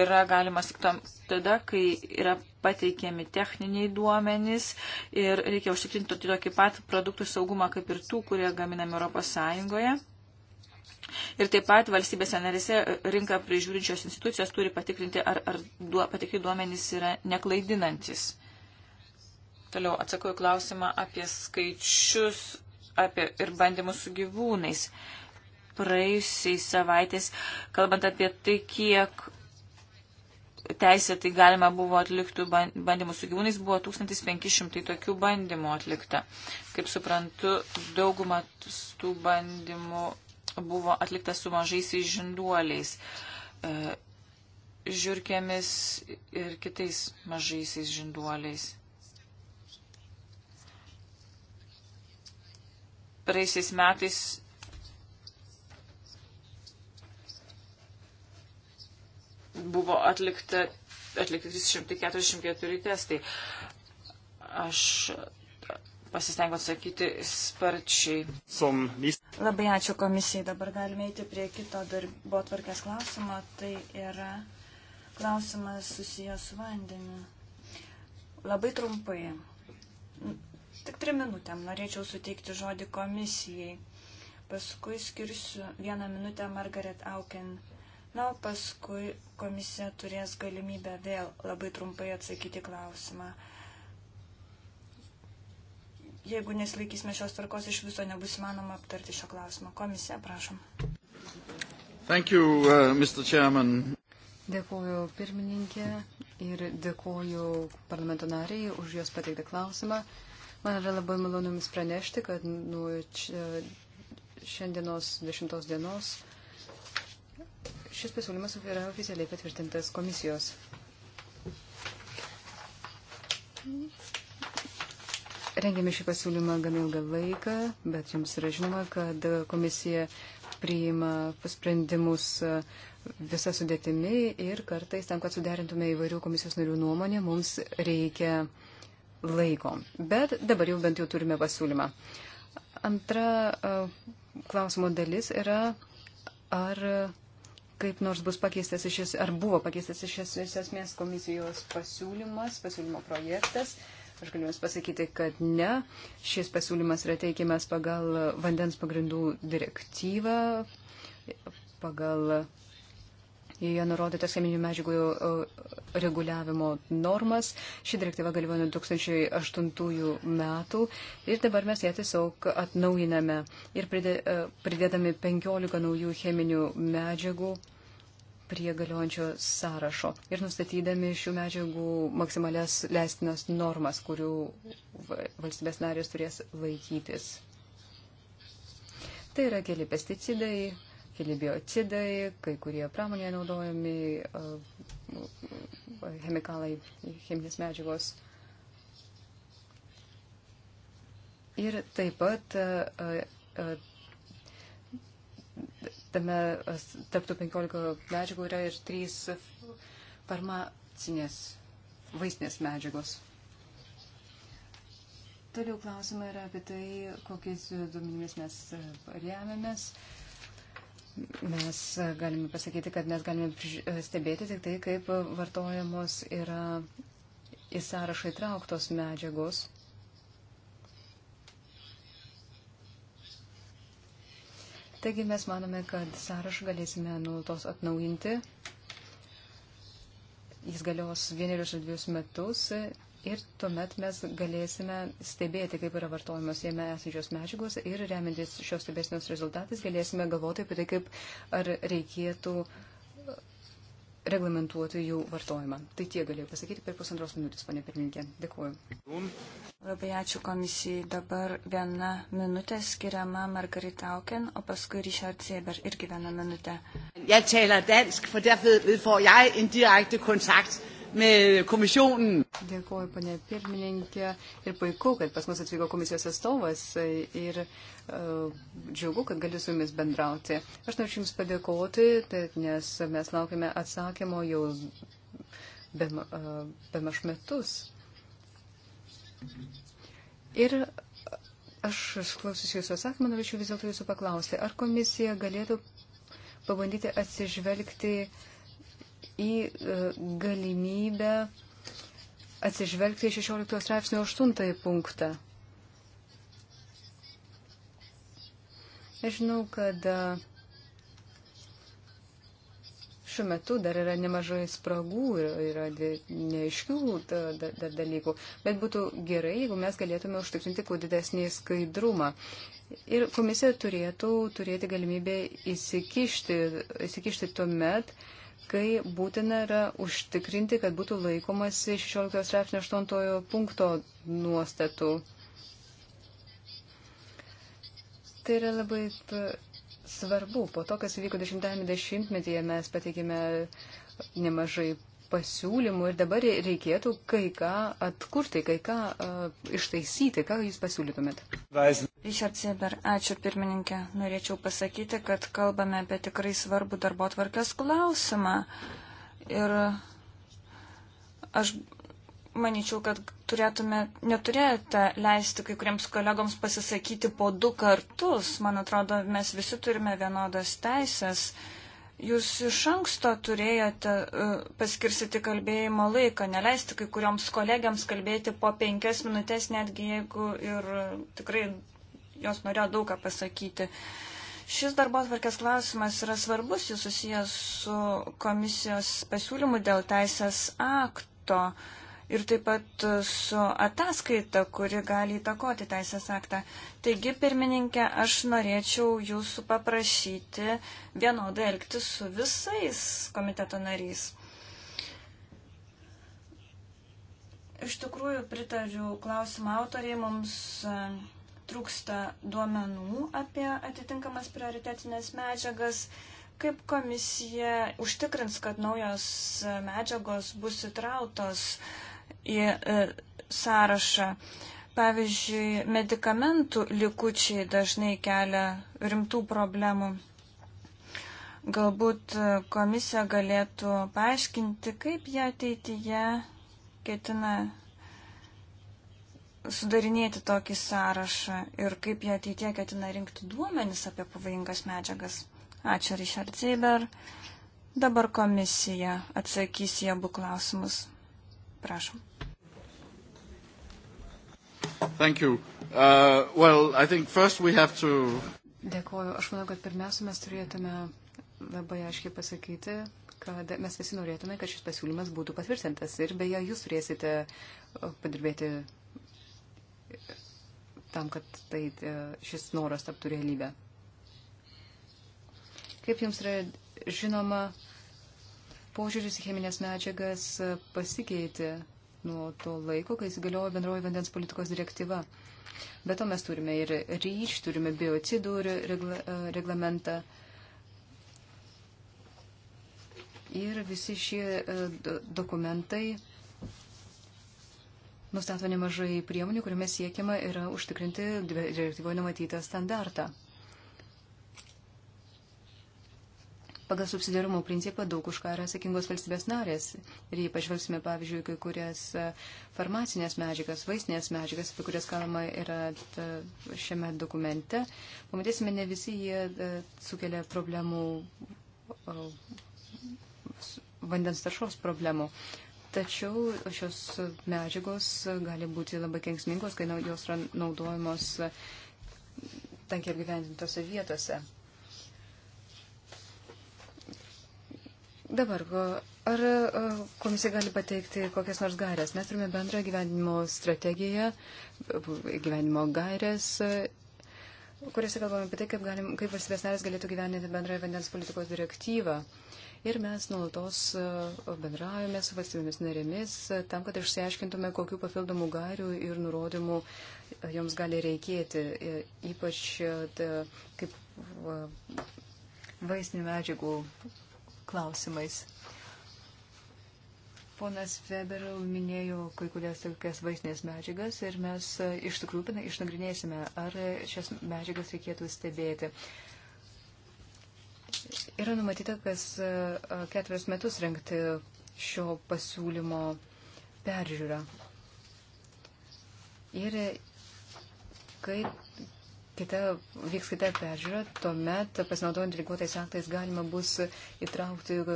yra galimas tik tada, kai yra pateikiami techniniai duomenys ir reikia užtikrinti tokį pat produktų saugumą kaip ir tų, kurie gaminami ES Ir taip pat valstybėse narėse rinką prižiūrinčios institucijos turi patikrinti, ar, ar duo, patikri duomenys yra neklaidinantis. Toliau atsakau į klausimą apie skaičius apie, ir bandymus su gyvūnais. Praėjusiais savaitės, kalbant apie tai, kiek teisė tai galima buvo atlikti bandymų su gyvūnais, buvo 1500 tokių bandymų atlikta. Kaip suprantu, daugumą tų bandymų buvo atliktas su mažaisiais žinduoliais, e, žiūrkėmis ir kitais mažaisiais žinduoliais. Praeisiais metais buvo atlikta, atlikti 344 testai. Aš pasistengiu atsakyti sparčiai. Labai ačiū komisijai. Dabar galime eiti prie kito darbo tvarkės klausimo. Tai yra klausimas susijęs su vandeniu. Labai trumpai. Tik trim minutėm norėčiau suteikti žodį komisijai. Paskui skirsiu vieną minutę Margaret Auken. Na, o paskui komisija turės galimybę vėl labai trumpai atsakyti klausimą jeigu nesilaikysime šios tvarkos, iš viso nebus įmanoma aptarti šio klausimo. Komisija, prašom. Thank you, uh, Mr. Chairman. Dėkuoju pirmininkė ir dėkuoju parlamento nariai už jos pateiktą klausimą. Man yra labai malonu Jums pranešti, kad nuo šiandienos 10 dienos šis pasiūlymas yra oficialiai patvirtintas komisijos. Rengėme šį pasiūlymą gan ilgą laiką, bet jums yra žinoma, kad komisija priima sprendimus visą sudėtimi ir kartais tam, kad suderintume įvairių komisijos narių nuomonę, mums reikia laiko. Bet dabar jau bent jau turime pasiūlymą. Antra klausimo dalis yra, ar kaip nors bus pakeistas iš, es, ar buvo pakeistas iš es, esmės komisijos pasiūlymas, pasiūlymo projektas. Uh, Aš galiu Jums pasakyti, kad ne. Šis pasiūlymas yra teikiamas pagal vandens pagrindų direktyvą, pagal joje nurodytas cheminių medžiagų e, reguliavimo normas. Ši direktyva galioja nuo 2008 metų ir dabar mes ją tiesiog atnaujiname ir e, pridėdami 15 naujų cheminių medžiagų prie galiojančio sąrašo ir nustatydami šių medžiagų maksimalias leistinas normas, kurių valstybės narės turės laikytis. Tai yra keli pesticidai, keli biocidai, kai kurie pramonėje naudojami chemikalai, cheminės medžiagos. Ir taip pat Tame taptų 15 medžiagų yra ir 3 farmacinės vaistinės medžiagos. Toliau klausimai yra apie tai, kokiais duomenimis mes remiamės mes galime pasakyti, kad mes galime stebėti tik tai, kaip vartojamos yra į sąrašą įtrauktos medžiagos. Taigi mes manome, kad sąrašą galėsime nulatos atnaujinti. Jis galios vienerius ar dviejus metus ir tuomet mes galėsime stebėti, kaip yra vartojamos jame esančios medžiagos ir remiantis šios stebėsinos rezultatais galėsime galvoti apie tai, kaip ar reikėtų uh, reglamentuotų jų vartojimą. Tai tie galėjau pasakyti per pusantros minutės, ponė pirmininkė. Dėkuoju. Labai ačiū komisijai. Dabar viena minutė skiriama Margarita Auken, o paskui Richard Seber irgi viena minutė. Jeg taler dansk, for derfor får jeg en direkte kontakt med øh, kommissionen. Dėkuoju, ponė pirmininkė. Ir puiku, kad pas mus atvyko komisijos atstovas e, ir uh, džiugu, kad galiu su jumis bendrauti. Aš noriu jums padėkoti, tai, nes mes laukime atsakymo jau be, uh, be maž metus. Ir aš išklausus jūsų atsakymą, norėčiau vis dėlto jūsų paklausti, ar komisija galėtų pabandyti atsižvelgti uh, į e, galimybę atsižvelgti į 16 straipsnio 8 punktą. Aš žinau, kad e, šiuo metu dar yra nemažai spragų ir yra neaiškių dar dalykų, bet būtų gerai, jeigu mes galėtume užtikrinti kuo didesnį skaidrumą. Ir komisija turėtų turėti galimybę įsikišti, įsikišti tuo met, kai būtina yra užtikrinti, kad būtų laikomasi 16 straipsnio 8 punkto nuostatų. Tai yra labai svarbu. Po to, kas įvyko 10-metyje, mes pateikėme nemažai pasiūlymų ir dabar reikėtų kai ką atkurti, kai ką uh, ištaisyti. Ką jūs pasiūlytumėt? Richard Sieber, ačiū pirmininkė. Norėčiau pasakyti, kad kalbame apie tikrai svarbų darbo tvarkės klausimą. Ir aš manyčiau, kad turėtume, neturėjote leisti kai kuriems kolegoms pasisakyti po du kartus. Man atrodo, mes visi turime vienodas teisės. Jūs iš anksto turėjote uh, e, paskirsyti kalbėjimo laiką, neleisti kai kurioms kolegiams kalbėti po penkias minutės, netgi jeigu ir tikrai jos norėjo daug ką pasakyti. Šis darbo atvarkės klausimas yra svarbus, jis susijęs su komisijos pasiūlymu dėl teisės akto ir taip pat su ataskaita, kuri gali įtakoti teisės aktą. Taigi, pirmininkė, aš norėčiau jūsų paprašyti vienodai elgtis su visais komiteto narys. Iš tikrųjų, pritariu klausimą autoriai, mums trūksta duomenų apie atitinkamas prioritetinės medžiagas. Kaip komisija užtikrins, kad naujos medžiagos bus įtrautos į e, sąrašą? Pavyzdžiui, medikamentų likučiai dažnai kelia rimtų problemų. Galbūt e, komisija galėtų paaiškinti, kaip jie ateityje ketina sudarinėti tokį sąrašą ir kaip jie ateitie ketina rinkti duomenis apie pavojingas medžiagas. Ačiū, Richard Zeiber. Dabar komisija atsakys į abu klausimus. Prašom. Thank you. Uh, well, I think first we have to. Dėkuoju. Aš manau, kad pirmiausia mes turėtume labai aiškiai pasakyti, kad mes visi norėtume, kad šis pasiūlymas būtų patvirtintas. Ir beje, jūs turėsite uh, padirbėti tam, kad tai, e, šis noras taptų realybę. Kaip jums yra žinoma, požiūris į cheminės medžiagas e, pasikeitė nuo to laiko, kai įsigaliojo bendroji vandens politikos direktyva. Be to mes turime ir ryš, turime biocidų regla, e, reglamentą. Ir visi šie dokumentai nustato nemažai priemonių, kuriomis siekiama yra užtikrinti direktyvoje numatytą standartą. Pagal subsidiarumo principą daug už ką yra atsakingos valstybės narės. Ir jei pažvelgsime, pavyzdžiui, kai kurias e, farmacinės medžiagas, vaistinės medžiagas, apie kurias kalbama yra e, šiame dokumente, pamatysime, ne visi jie e, sukelia problemų, vandens taršos problemų. Tačiau šios medžiagos gali būti labai kengsmingos, kai jos yra naudojamos tankiai apgyvendintose vietose. Dabar, ar e, komisija gali pateikti kokias nors gairias? Mes turime bendrą gyvenimo strategiją, gyvenimo gairias kuriuose kalbame apie tai, kaip, galim, kaip valstybės narės galėtų gyveninti bendrąją vandens politikos direktyvą. Uh, ir mes nuolatos e, bendravome su valstybėmis narėmis e, tam, kad išsiaiškintume, kokiu papildomų garių ir nurodymų e, joms gali reikėti, ypač kaip vaistinių medžiagų klausimais. Ponas Weber minėjo kai kurias tokias vaistinės medžiagas ir mes iš tikrųjų išnagrinėsime, ar šias medžiagas reikėtų stebėti. Uh, Yra numatyta, kas e, ketverius metus rengti šio pasiūlymo peržiūrą. Ir kaip kita, vyks kita peržiūra, tuomet pasinaudojant reaguotais aktais galima bus įtraukti e,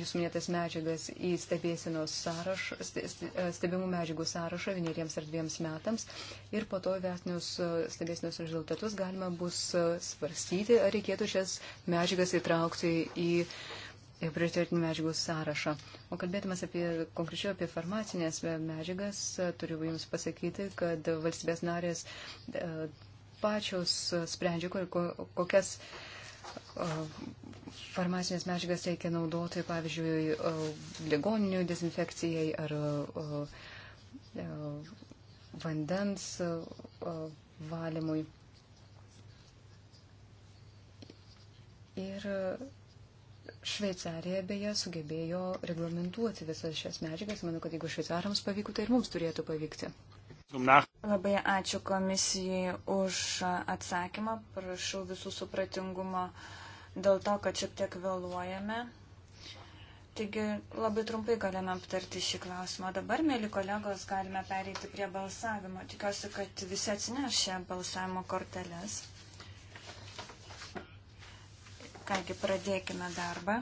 jūsų minėtas medžiagas į stebėsinos sąrašą, e, stebimų medžiagų sąrašą vieneriems ar dviems metams ir po to vertinius e, stebėsinos rezultatus galima bus svarstyti, ar reikėtų šias medžiagas įtraukti į prioritetinių medžiagų sąrašą. O kalbėtumas apie, konkrečiau apie farmacinės medžiagas, turiu Jums pasakyti, kad valstybės narės pačios sprendžia, kokias farmacinės medžiagas reikia naudoti, pavyzdžiui, ligoninių dezinfekcijai ar vandens valymui. Ir Šveicarija beje sugebėjo reglamentuoti visas šias medžiagas. Manau, kad jeigu šveicarams pavyko, tai ir mums turėtų pavykti. Sumna. Labai ačiū komisijai už atsakymą. Prašau visų supratingumo dėl to, kad šiek tiek vėluojame. Taigi labai trumpai galime aptarti šį klausimą. Dabar, mėly kolegos, galime pereiti prie balsavimo. Tikiuosi, kad visi atsinešė balsavimo korteles. Kągi, pradėkime darbą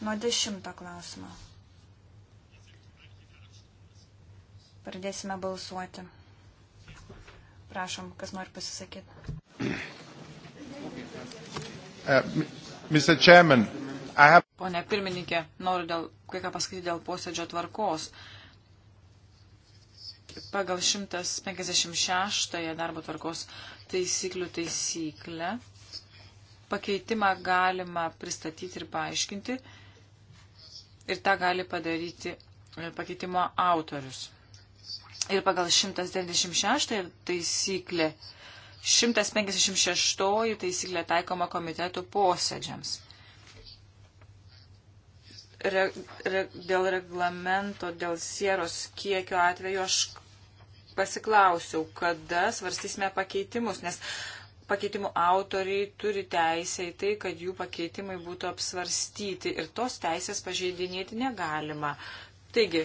nuo dešimto klausimo. Pradėsime balsuoti. Prašom, kas nori pasisakyti. Uh, have... Pone pirmininkė, noriu dėl, kai ką pasakyti dėl posėdžio tvarkos. Pagal 156 darbo tvarkos taisyklių taisyklę pakeitimą galima pristatyti ir paaiškinti ir tą gali padaryti e, pakeitimo autorius ir pagal 196 taisyklė, 156 taisyklė taikoma komitetų posėdžiams. Re, re, dėl reglamento, dėl sieros kiekio atveju aš pasiklausiau, kada svarstysime pakeitimus, nes pakeitimų autoriai turi teisę į tai, kad jų pakeitimai būtų apsvarstyti ir tos teisės pažeidinėti negalima. Taigi,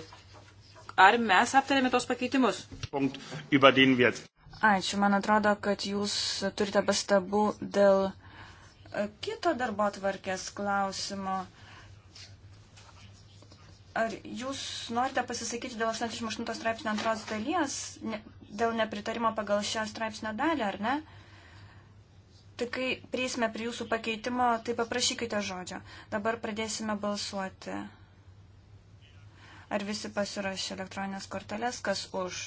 Ar mes aptarėme tos pakeitimus? Ačiū, man atrodo, kad jūs turite pastabų dėl e, kito darbo tvarkės klausimo. Ar jūs norite pasisakyti dėl 88 straipsnio antros dalies, ne, dėl nepritarimo pagal šią straipsnio dalį, ar ne? Tai kai prieisime prie jūsų pakeitimo, tai paprašykite žodžio. Dabar pradėsime balsuoti. Ar visi pasirašė elektroninės korteles, kas už?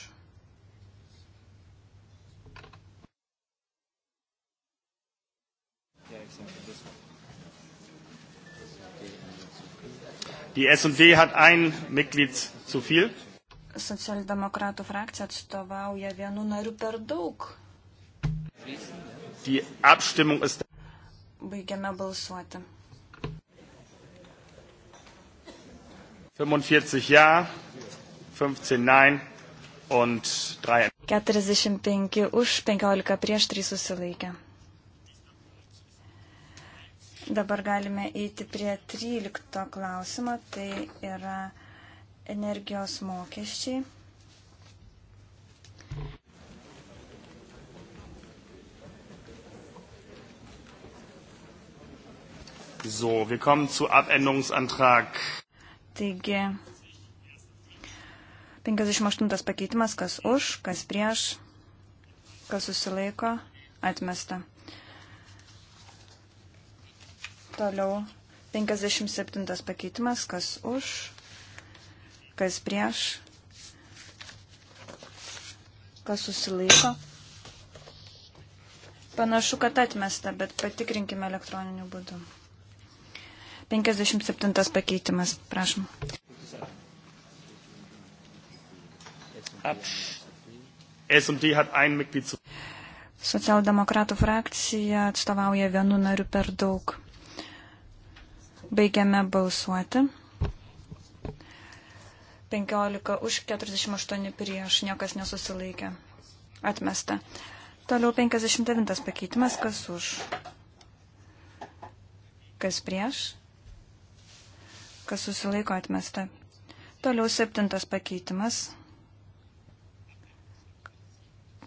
Die SD hat ein Mitglied zu viel. Socialdemokratų frakcija atstovauja vienu nariu per daug. Die Abstimmung ist. Baigiame balsuoti. 45 ja, 15 nein und 3. 45 už, 15 prieš, 3 susilaikė. Dabar galime eiti prie 13 klausimo, tai yra energijos mokesčiai. So, wir kommen zu Abänderungsantrag Taigi 58 pakeitimas, kas už, kas prieš, kas susilaiko, atmesta. Toliau 57 pakeitimas, kas už, kas prieš, kas susilaiko. Panašu, kad atmesta, bet patikrinkime elektroniniu būdu. 57 pakeitimas, prašom. Socialdemokratų frakcija atstovauja vienu nariu per daug. Baigiame balsuoti. 15 už 48 prieš, niekas nesusilaikė. Atmesta. Toliau 59 pakeitimas, kas už. Kas prieš? kas susilaiko atmesta. Toliau septintas pakeitimas.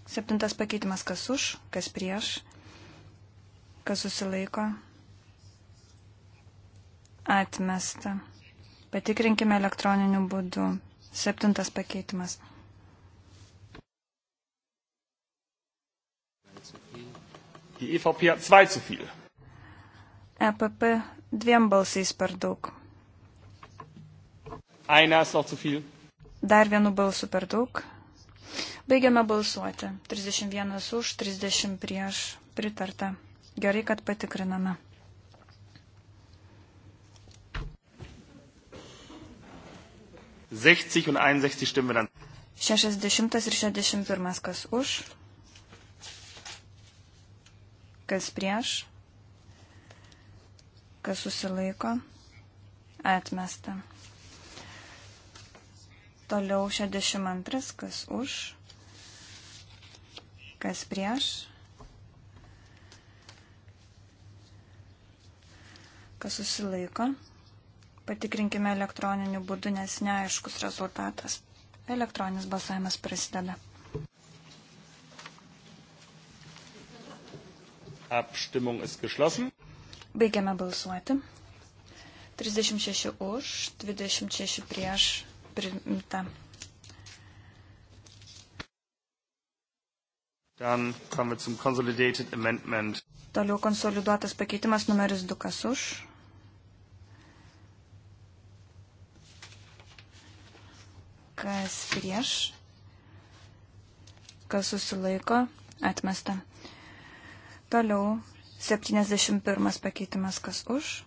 Septintas pakeitimas, kas už, kas prieš, kas susilaiko atmesta. Patikrinkime elektroniniu būdu. Septintas pakeitimas. Die EVP hat zwei zu viel. EPP dviem balsais per daug. Einer ist noch zu viel. Dar vienu balsu per daug. Baigiame balsuoti. 31 už, 30 prieš. Pritarta. Gerai, kad patikriname. und 61 stimmen dann. 60 ir 61 kas už, kas prieš, kas susilaiko, atmesta. Toliau 62, kas už, kas prieš, kas susilaiko. Patikrinkime elektroniniu būdu, nes neaiškus rezultatas. Elektroninis balsavimas prasideda. Abstimmung ist geschlossen. Baigiame balsuoti. 36 už, 26 prieš, primta. Dann kommen wir zum Consolidated Amendment. Toliau konsoliduotas pakeitimas numeris 2, kas už. Kas prieš. Kas susilaiko. Atmesta. Toliau 71 pakeitimas, kas už.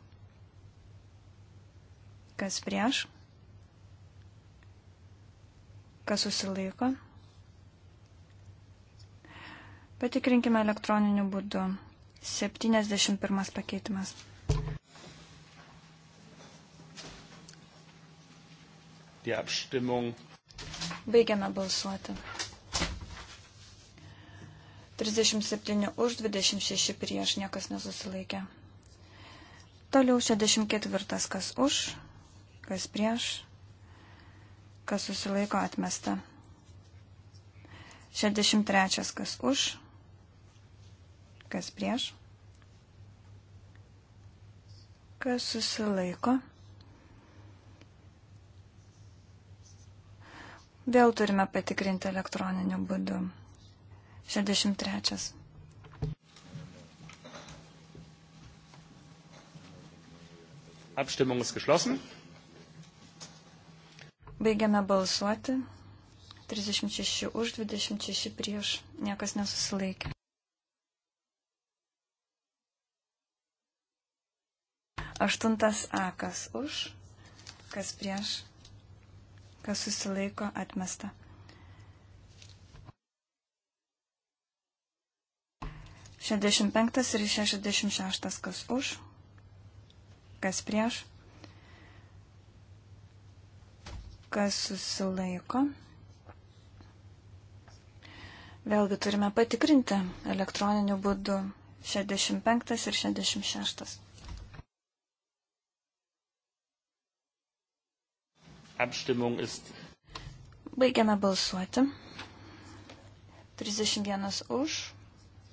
Kas prieš kas susilaiko. Patikrinkime elektroniniu būdu. 71 pakeitimas. Die Abstimmung. Baigiame balsuoti. 37 už, 26 prieš, niekas nesusilaikė. Toliau 64 kas už, kas prieš, kas susilaiko atmesta. 63. Kas už, kas prieš, kas susilaiko. Vėl turime patikrinti elektroniniu būdu. 63. Abstimmung ist geschlossen. Baigiame balsuoti. 36 už, 26 prieš. Niekas nesusilaikė. Aštuntas A, kas už, kas prieš, kas susilaiko atmesta. Šešdešimt penktas ir šešdešimt šeštas, kas už, kas prieš, kas susilaiko. Vėlgi turime patikrinti elektroniniu būdu 65 ir 66. Abstimmung ist. Baigiame balsuoti. 31 už,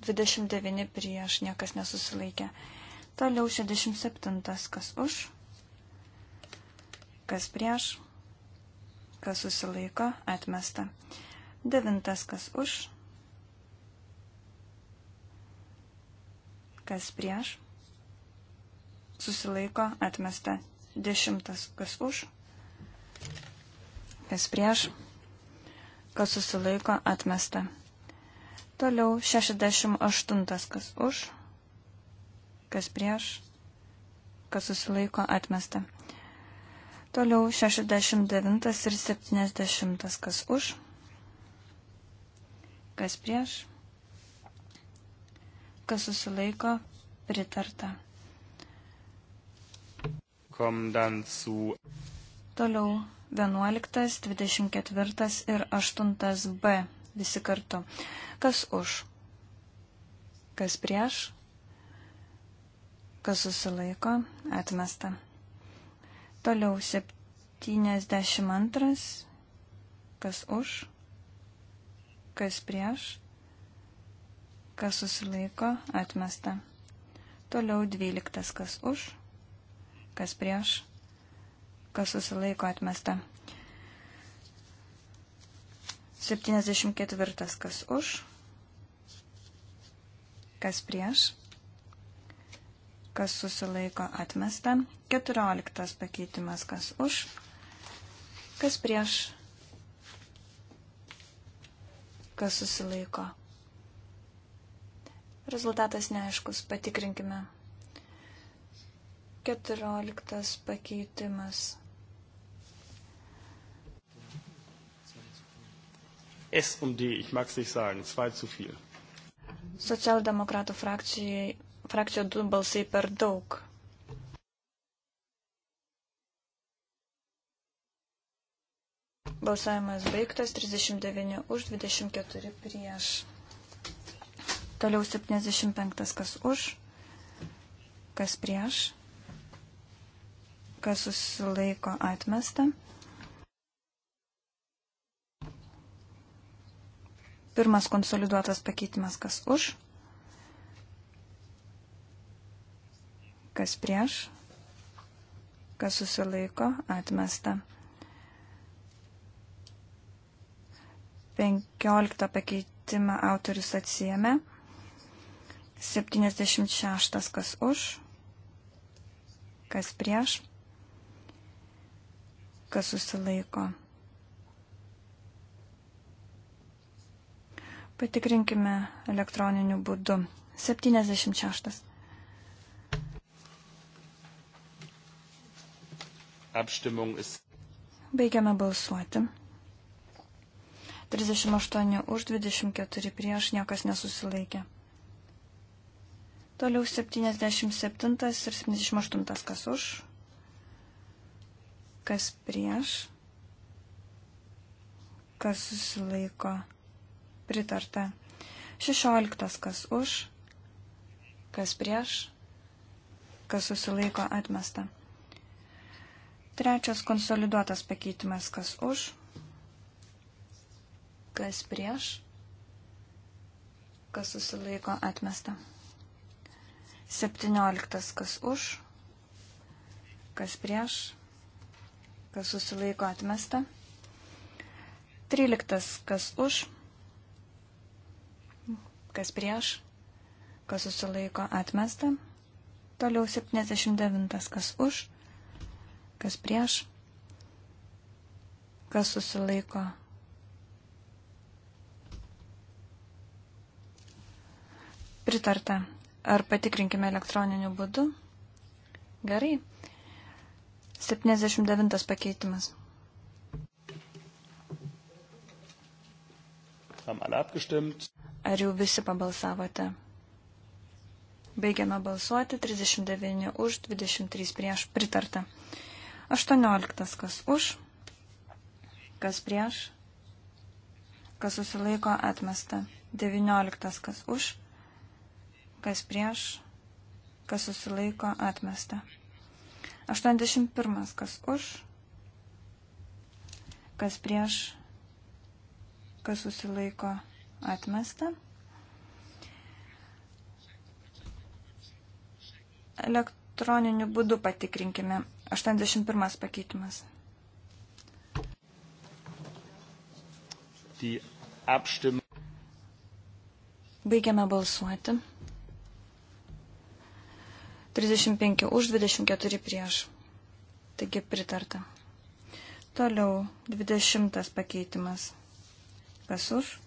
29 prieš, niekas nesusilaikė. Toliau 67, kas už, kas prieš kas susilaiko, atmesta. Devintas, kas už, kas prieš, susilaiko, atmesta. Dešimtas, kas už, kas prieš, kas susilaiko, atmesta. Toliau 68, kas už, kas prieš, kas susilaiko, atmesta. Toliau 69 ir 70, kas už, kas prieš, kas susilaiko, pritarta. Komdansu. Toliau 11, 24 ir 8b visi kartu. Kas už, kas prieš, kas susilaiko, atmesta. Toliau 72. Kas už, kas prieš, kas susilaiko, atmesta. Toliau 12. Kas už, kas prieš, kas susilaiko, atmesta. 74. Kas už, kas prieš, kas susilaiko atmesta, 14 pakeitimas, kas už, kas prieš, kas susilaiko. Rezultatas neaiškus, patikrinkime. 14 pakeitimas. S und D, ich mag es nicht sagen, 2 zu viel. Socialdemokratų frakcijai frakcija du balsai per daug. Balsavimas baigtas, 39 už, 24 prieš. Toliau 75 kas už, kas prieš, kas susilaiko atmesta. Pirmas konsoliduotas pakeitimas kas už, kas prieš, kas susilaiko, atmesta. 15 pakeitimą autorius atsijėmė, 76 kas už, kas prieš, kas susilaiko. Patikrinkime elektroniniu būdu. 76. Abstimmung ist. Baigiame balsuoti. 38 už 24 prieš niekas nesusilaikė. Toliau 77 ir 78 kas už, kas prieš, kas susilaiko, pritarta. 16 kas už, kas prieš, kas susilaiko atmesta. Trečias konsoliduotas pakeitimas, kas už, kas prieš, kas susilaiko atmesta. Septynioliktas, kas už, kas prieš, kas susilaiko atmesta. Tryliktas, kas už, kas prieš, kas susilaiko atmesta. Toliau 79, kas už, kas prieš, kas susilaiko. Pritarta. Ar patikrinkime elektroniniu būdu? Gerai. 79 pakeitimas. Ar jau visi pabalsavote? Baigiame balsuoti 39 už 23 prieš pritarta. 18. Kas už, kas prieš, kas susilaiko atmesta. 19. Kas už, kas prieš, kas susilaiko atmesta. 81. Kas už, kas prieš, kas susilaiko atmesta. Elektroniniu būdu patikrinkime 81 pakeitimas. Baigiame balsuoti. 35 už, 24 prieš. Taigi pritarta. Toliau 20 pakeitimas. Kas už?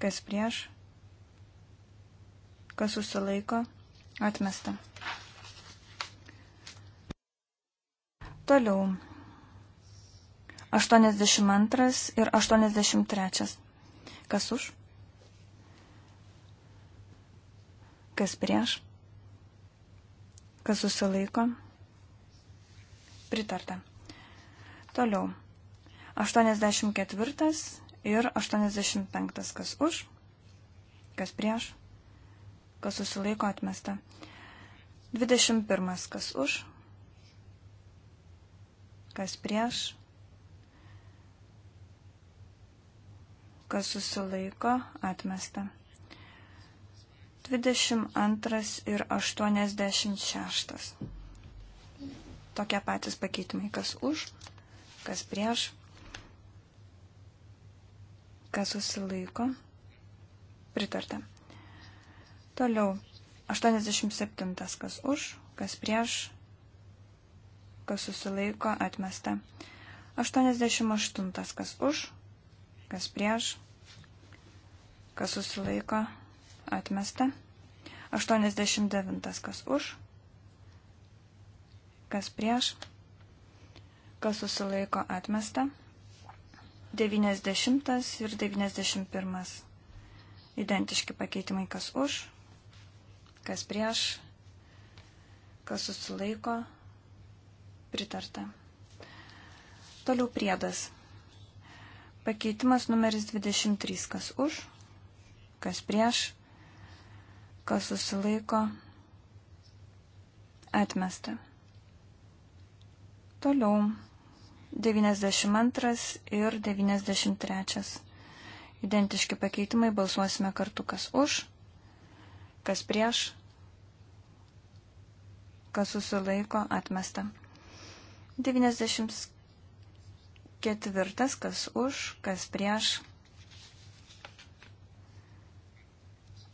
Kas prieš? Kas susilaiko? Atmesta. Toliau. 82 ir 83. Kas už? Kas prieš? Kas susilaiko? Pritarta. Toliau. 84 ir 85. Kas už? Kas prieš? Kas susilaiko atmesta? 21. Kas už? kas prieš, kas susilaiko, atmesta. 22 ir 86. Tokie patys pakeitimai, kas už, kas prieš, kas susilaiko, pritarta. Toliau, 87, kas už, kas prieš, kas susilaiko atmesta. 88. Kas už, kas prieš, kas susilaiko atmesta. 89. Kas už, kas prieš, kas susilaiko atmesta. 90 ir 91. Identiški pakeitimai kas už, kas prieš, kas susilaiko atmesta Pritarta. Toliau priedas. Pakeitimas numeris 23. Kas už, kas prieš, kas susilaiko, atmesta. Toliau 92 ir 93. Identiški pakeitimai balsuosime kartu, kas už, kas prieš, kas susilaiko, atmesta. 94. Kas už, kas prieš.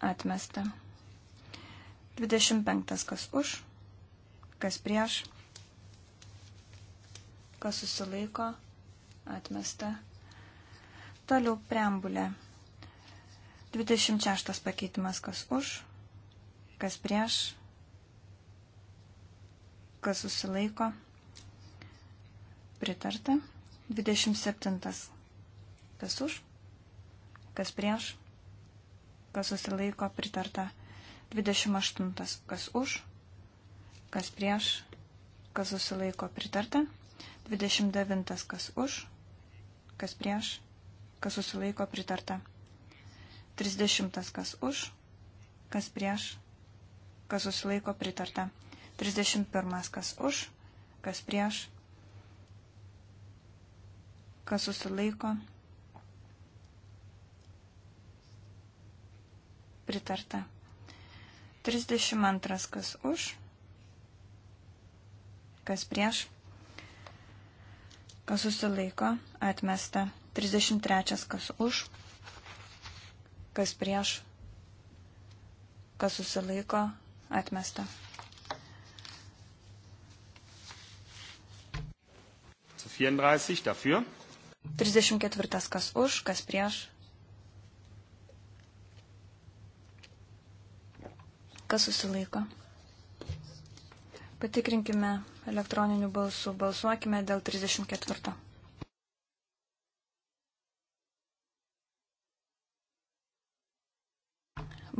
Atmesta. 25. Kas už, kas prieš. Kas susilaiko. Atmesta. Toliau preambulė. 26 pakeitimas, kas už, kas prieš, kas susilaiko pritarta. 27. Kas už, kas prieš, kas susilaiko pritarta. 28. Kas už, kas prieš, kas susilaiko pritarta. 29. Kas už, kas prieš, kas susilaiko pritarta. 30. Kas už, kas prieš, kas susilaiko pritarta. 31. Kas už, kas prieš, kas susilaiko, pritarta. 32 kas už, kas prieš, kas susilaiko, atmesta. 33 kas už, kas prieš, kas susilaiko, atmesta. Zu 34 dafür. 34 kas už, kas prieš. Kas susilaiko? Patikrinkime elektroninių balsų. Balsuokime dėl 34.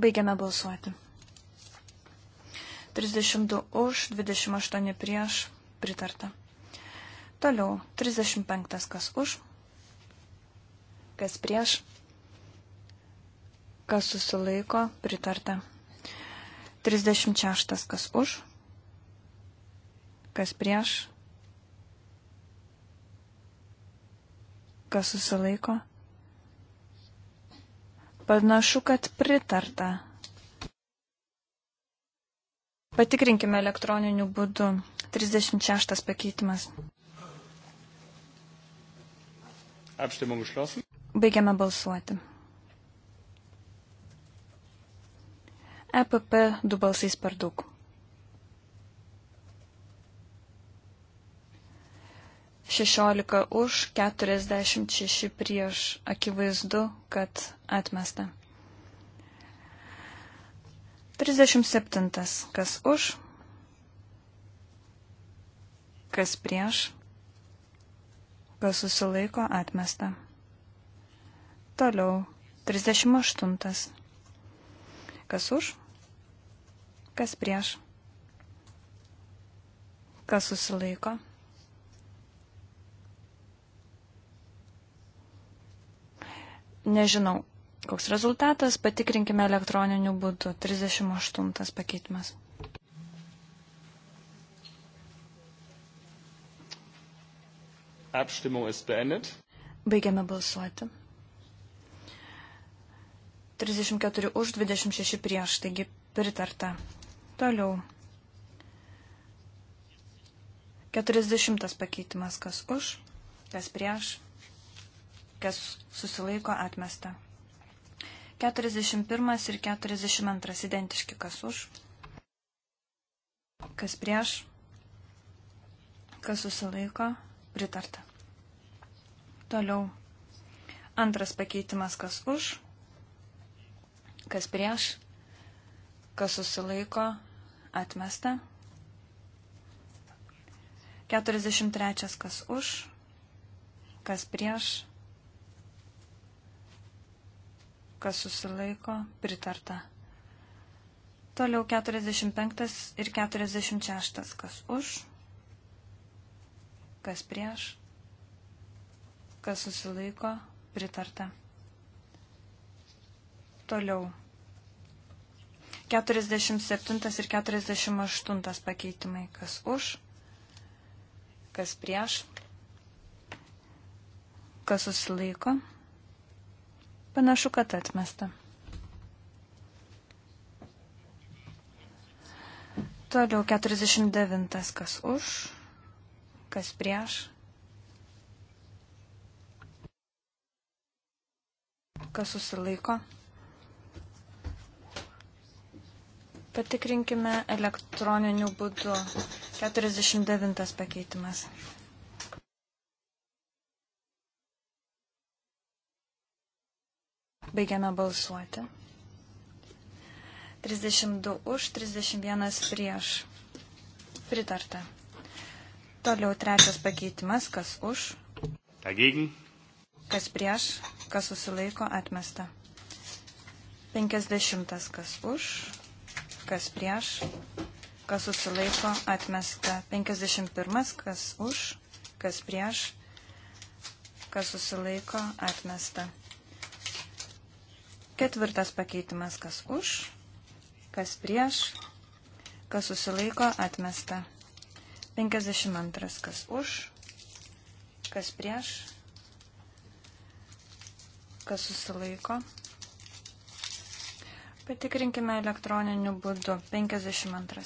Baigiame balsuoti. 32 už, 28 prieš, pritarta. Toliau, 35 kas už, kas prieš, kas susilaiko, pritarta. 36, kas už, kas prieš, kas susilaiko. Panašu, kad pritarta. Patikrinkime elektroniniu būdu. 36 pakeitimas. Abstimmung geschlossen. Baigiame balsuoti. EPP du balsais per daug. Šešiolika už, keturiasdešimt šeši prieš, akivaizdu, kad atmesta. Trisdešimt septintas, kas už, kas prieš, kas susilaiko, atmesta. Toliau. 38. Kas už? Kas prieš? Kas susilaiko? Nežinau, koks rezultatas, patikrinkime elektroniniu būdu. 38 pakeitimas. Abstimmung ist beendet. Baigiame balsuoti. 34 už, 26 prieš, taigi pritarta. Toliau. 40 pakeitimas, kas už, kas prieš, kas susilaiko atmesta. 41 ir 42 identiški, kas už, kas prieš, kas susilaiko, pritarta. Toliau. Antras pakeitimas, kas už, Kas prieš? Kas susilaiko? Atmesta. 43. Kas už? Kas prieš? Kas susilaiko? Pritarta. Toliau 45 ir 46. Kas už? Kas prieš? Kas susilaiko? Pritarta. Toliau. 47 ir 48 pakeitimai. Kas už, kas prieš, kas susilaiko. Panašu, kad atmesta. Toliau 49. Kas už, kas prieš, kas susilaiko. Patikrinkime elektroniniu būdu. 49 pakeitimas. Baigiame balsuoti. 32 už, 31 prieš. Pritarta. Toliau trečias pakeitimas, kas už. Dagegen. Kas prieš, kas susilaiko, atmesta. 50 kas už, kas prieš, kas susilaiko, atmesta. 51, kas už, kas prieš, kas susilaiko, atmesta. Ketvirtas pakeitimas, kas už, kas prieš, kas susilaiko, atmesta. 52, kas už, kas prieš, kas susilaiko, atmesta Patikrinkime elektroniniu būdu. 52.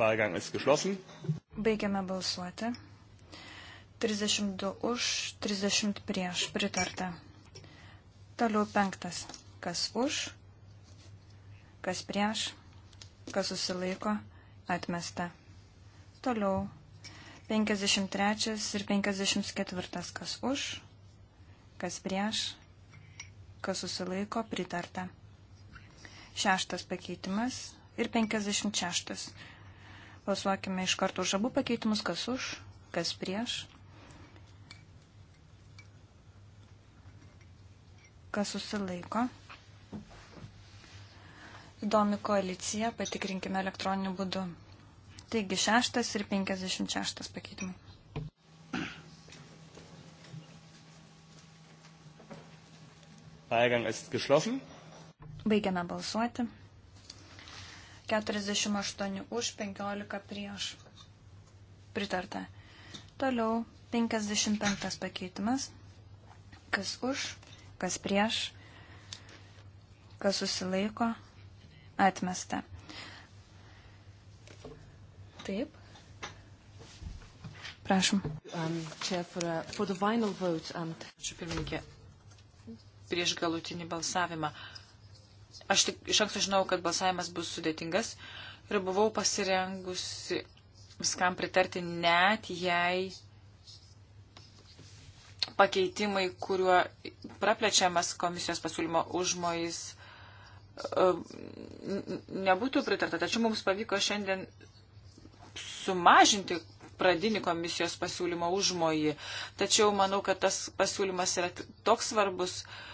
Wahlgang ist geschlossen. Baigiame balsuoti. 32 už, 30 prieš. Pritarta. Toliau penktas. Kas už, kas prieš, kas susilaiko, atmesta. Toliau 53 ir 54. Kas už, kas prieš, kas susilaiko, pritarta. Šeštas pakeitimas ir 56. Balsuokime iš karto už abu pakeitimus, kas už, kas prieš, kas susilaiko. Įdomi koalicija, patikrinkime elektroniniu būdu. Taigi 6 ir 56 pakeitimai. Wahlgang ist geschlossen. Baigiame balsuoti. 48 už, 15 prieš. Pritarta. Toliau 55 pakeitimas. Kas už, kas prieš, kas susilaiko, atmesta. Taip. Prašom. Um, čia for, uh, for the final vote. Um... Ačiū pirmininkė prieš galutinį balsavimą. Aš tik iš anksto žinau, kad balsavimas bus sudėtingas ir buvau pasirengusi viskam pritarti, net jei pakeitimai, kuriuo praplečiamas komisijos pasiūlymo užmojais e, nebūtų pritarta. Tačiau mums pavyko šiandien sumažinti pradinį komisijos pasiūlymo užmojį. Tačiau manau, kad tas pasiūlymas yra toks svarbus, uh,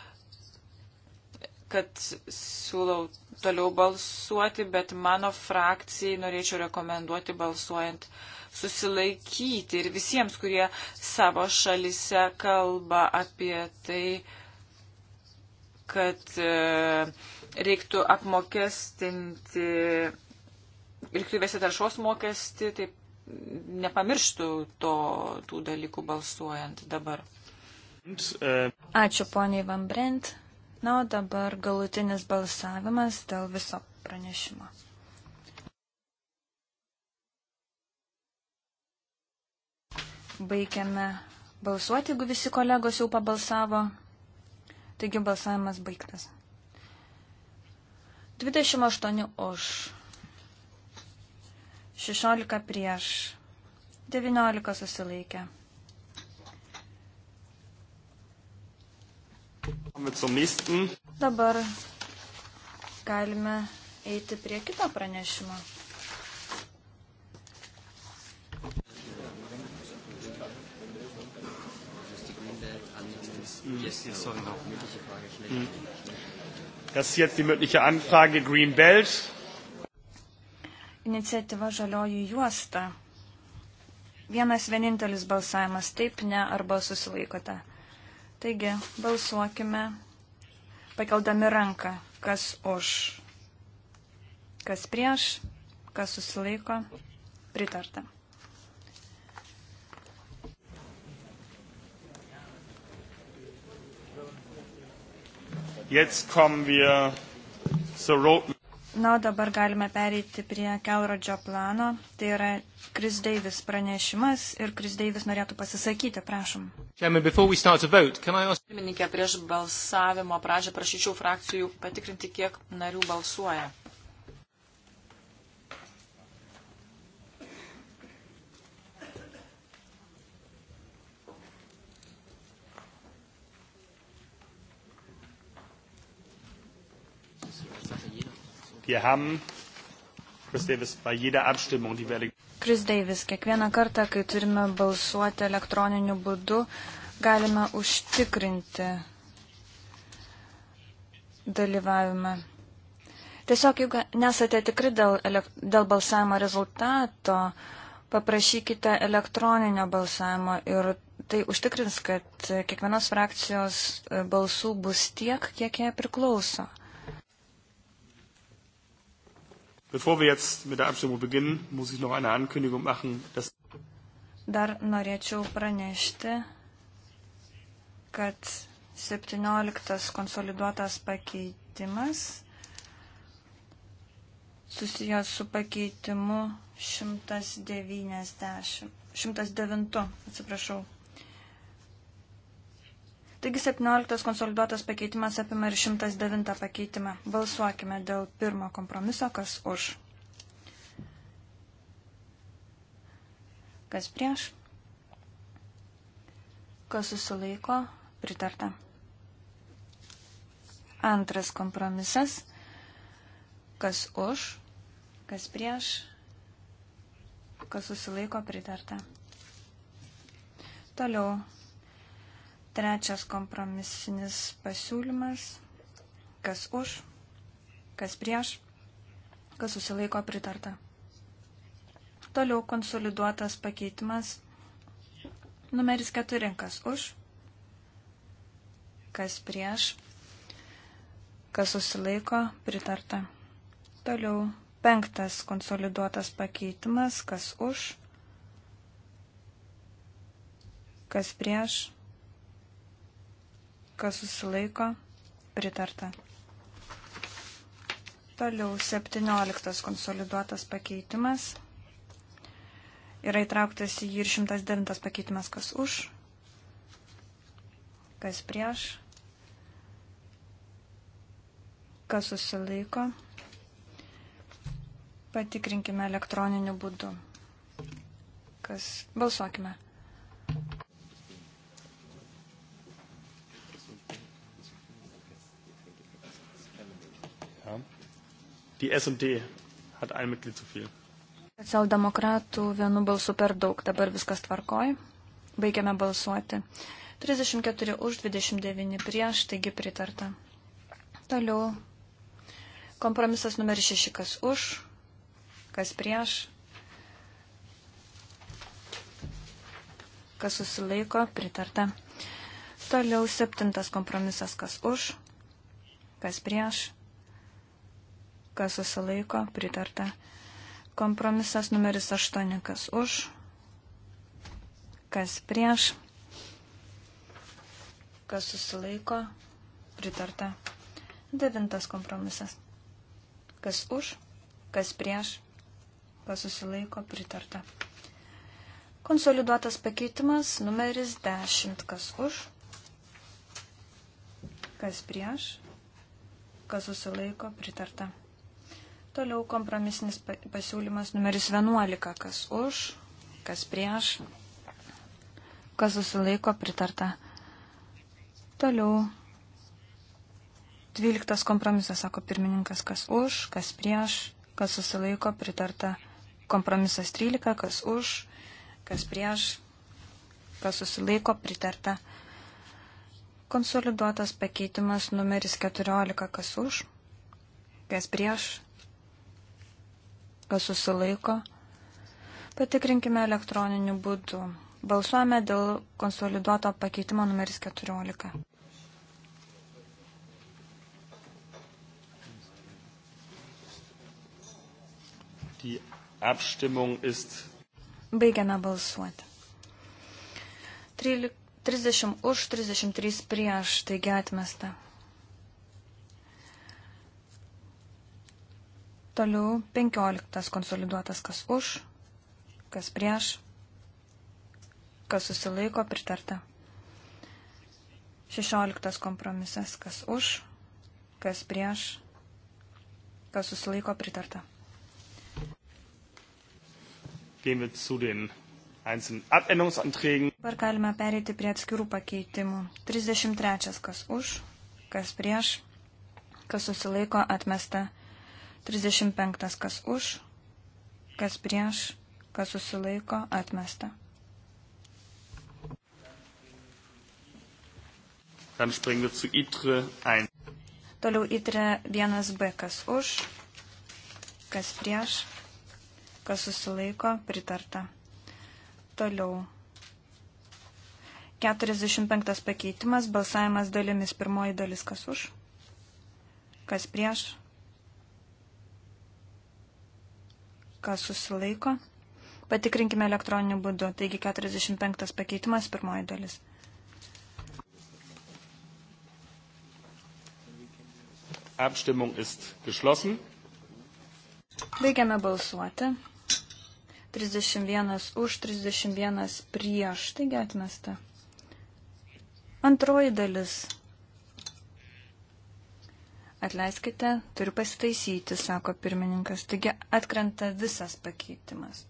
kad siūlau toliau balsuoti, bet mano frakcijai norėčiau rekomenduoti balsuojant susilaikyti ir visiems, kurie savo šalise kalba apie tai, kad e, reiktų apmokestinti reiktų įvesti taršos mokestį, taip nepamirštų to, tų dalykų balsuojant dabar. Ačiū poniai Van Brent. Na, o dabar galutinis balsavimas dėl viso pranešimo. Baigiame balsuoti, jeigu visi kolegos jau pabalsavo. Taigi balsavimas baigtas. 28 už, 16 prieš, 19 susilaikė. Dabar galime eiti prie kito pranešimo. Das ist jetzt die mündliche Anfrage Green Belt. Iniciatyva Žalioji juosta. Vienas vienintelis balsavimas taip, ne arba susilaikote. Taigi, balsuokime pakeldami ranką, kas už, kas prieš, kas susilaiko, pritarta. Jetzt kommen wir zur Roten. Na, dabar galime pereiti prie kelrodžio plano. Tai yra Kris Deivis pranešimas ir Kris Deivis norėtų pasisakyti, prašom. Pirmininkė, prieš balsavimo pradžią prašyčiau frakcijų patikrinti, kiek narių balsuoja. Wir haben Chris Davis bei jeder Abstimmung, die wir Chris Davis, kiekvieną kartą, kai turime balsuoti elektroniniu būdu, galime užtikrinti dalyvavimą. Tiesiog, jeigu nesate tikri dėl, dėl balsavimo rezultato, paprašykite elektroninio balsavimo ir tai užtikrins, kad kiekvienos frakcijos balsų bus tiek, kiek jie priklauso. Bevor wir jetzt mit der Abstimmung beginnen, muss ich noch eine Ankündigung machen, dass Dar norėčiau pranešti, kad 17 konsoliduotas pakeitimas susijęs su pakeitimu 190, 109, atsiprašau. Taigi 17 konsoliduotas pakeitimas apima ir 109 pakeitimą. Balsuokime dėl pirmo kompromiso, kas už. Kas prieš? Kas susilaiko? Pritarta. Antras kompromisas. Kas už, kas prieš, kas susilaiko pritarta. Toliau Trečias kompromisinis pasiūlymas. Kas už, kas prieš, kas susilaiko pritarta. Toliau konsoliduotas pakeitimas. Numeris 4. Kas už, kas prieš, kas susilaiko pritarta. Toliau penktas konsoliduotas pakeitimas. Kas už, kas prieš, kas susilaiko, pritarta. Toliau 17 konsoliduotas pakeitimas. Yra įtrauktas į jį ir 109 pakeitimas, kas už, kas prieš, kas susilaiko. Patikrinkime elektroniniu būdu. Kas balsuokime. Die SD hat ein Mitglied zu viel. Socialdemokratų vienu balsu per daug. Dabar viskas tvarkoj. Baigiame balsuoti. 34 už 29 prieš, taigi pritarta. Toliau. Kompromisas numeris 6, kas už, kas prieš, kas susilaiko, pritarta. Toliau septintas kompromisas, kas už, kas prieš, kas susilaiko, pritarta. Kompromisas numeris 8, kas už, kas prieš, kas susilaiko, pritarta. Devintas kompromisas. Kas už, kas prieš, kas susilaiko, pritarta. Konsoliduotas pakeitimas numeris 10. Kas už, kas prieš, kas susilaiko, pritarta. Toliau kompromisinis pasiūlymas numeris 11. Kas už, kas prieš, kas susilaiko pritarta. Toliau 12 kompromisas, sako pirmininkas, kas už, kas prieš, kas susilaiko pritarta. Kompromisas 13, kas už, kas prieš, kas susilaiko pritarta. Konsoliduotas pakeitimas numeris 14, kas už, kas prieš, kas susilaiko. Patikrinkime elektroniniu būdu. Balsuojame dėl konsoliduoto pakeitimo numeris 14. Die Abstimmung ist. Baigiame balsuoti. 30 už, 33 prieš, taigi atmesta. Toliau 15 konsoliduotas kas už, kas prieš, kas susilaiko pritarta. 16 kompromisas kas už, kas prieš, kas susilaiko pritarta. Gehen wir zu den einzelnen Abänderungsanträgen. Dabar galime pereiti prie atskirų pakeitimų. 33. Kas už, kas prieš, kas susilaiko atmesta. 35. Kas už, kas prieš, kas susilaiko, atmesta. Dann springen wir zu ITRE 1. Toliau ITRE 1B. Kas už, kas prieš, kas susilaiko, pritarta. Toliau. 45 pakeitimas, balsavimas dalimis, pirmoji dalis kas už, kas prieš, kas susilaiko. Patikrinkime elektroniniu būdu. Taigi 45 pakeitimas, pirmoji dalis. Abstimmung ist geschlossen. Baigiame balsuoti. 31 už, 31 prieš. Taigi atmesta. Antroji dalis. Atleiskite, turiu pasitaisyti, sako pirmininkas. Taigi atkrenta visas pakeitimas.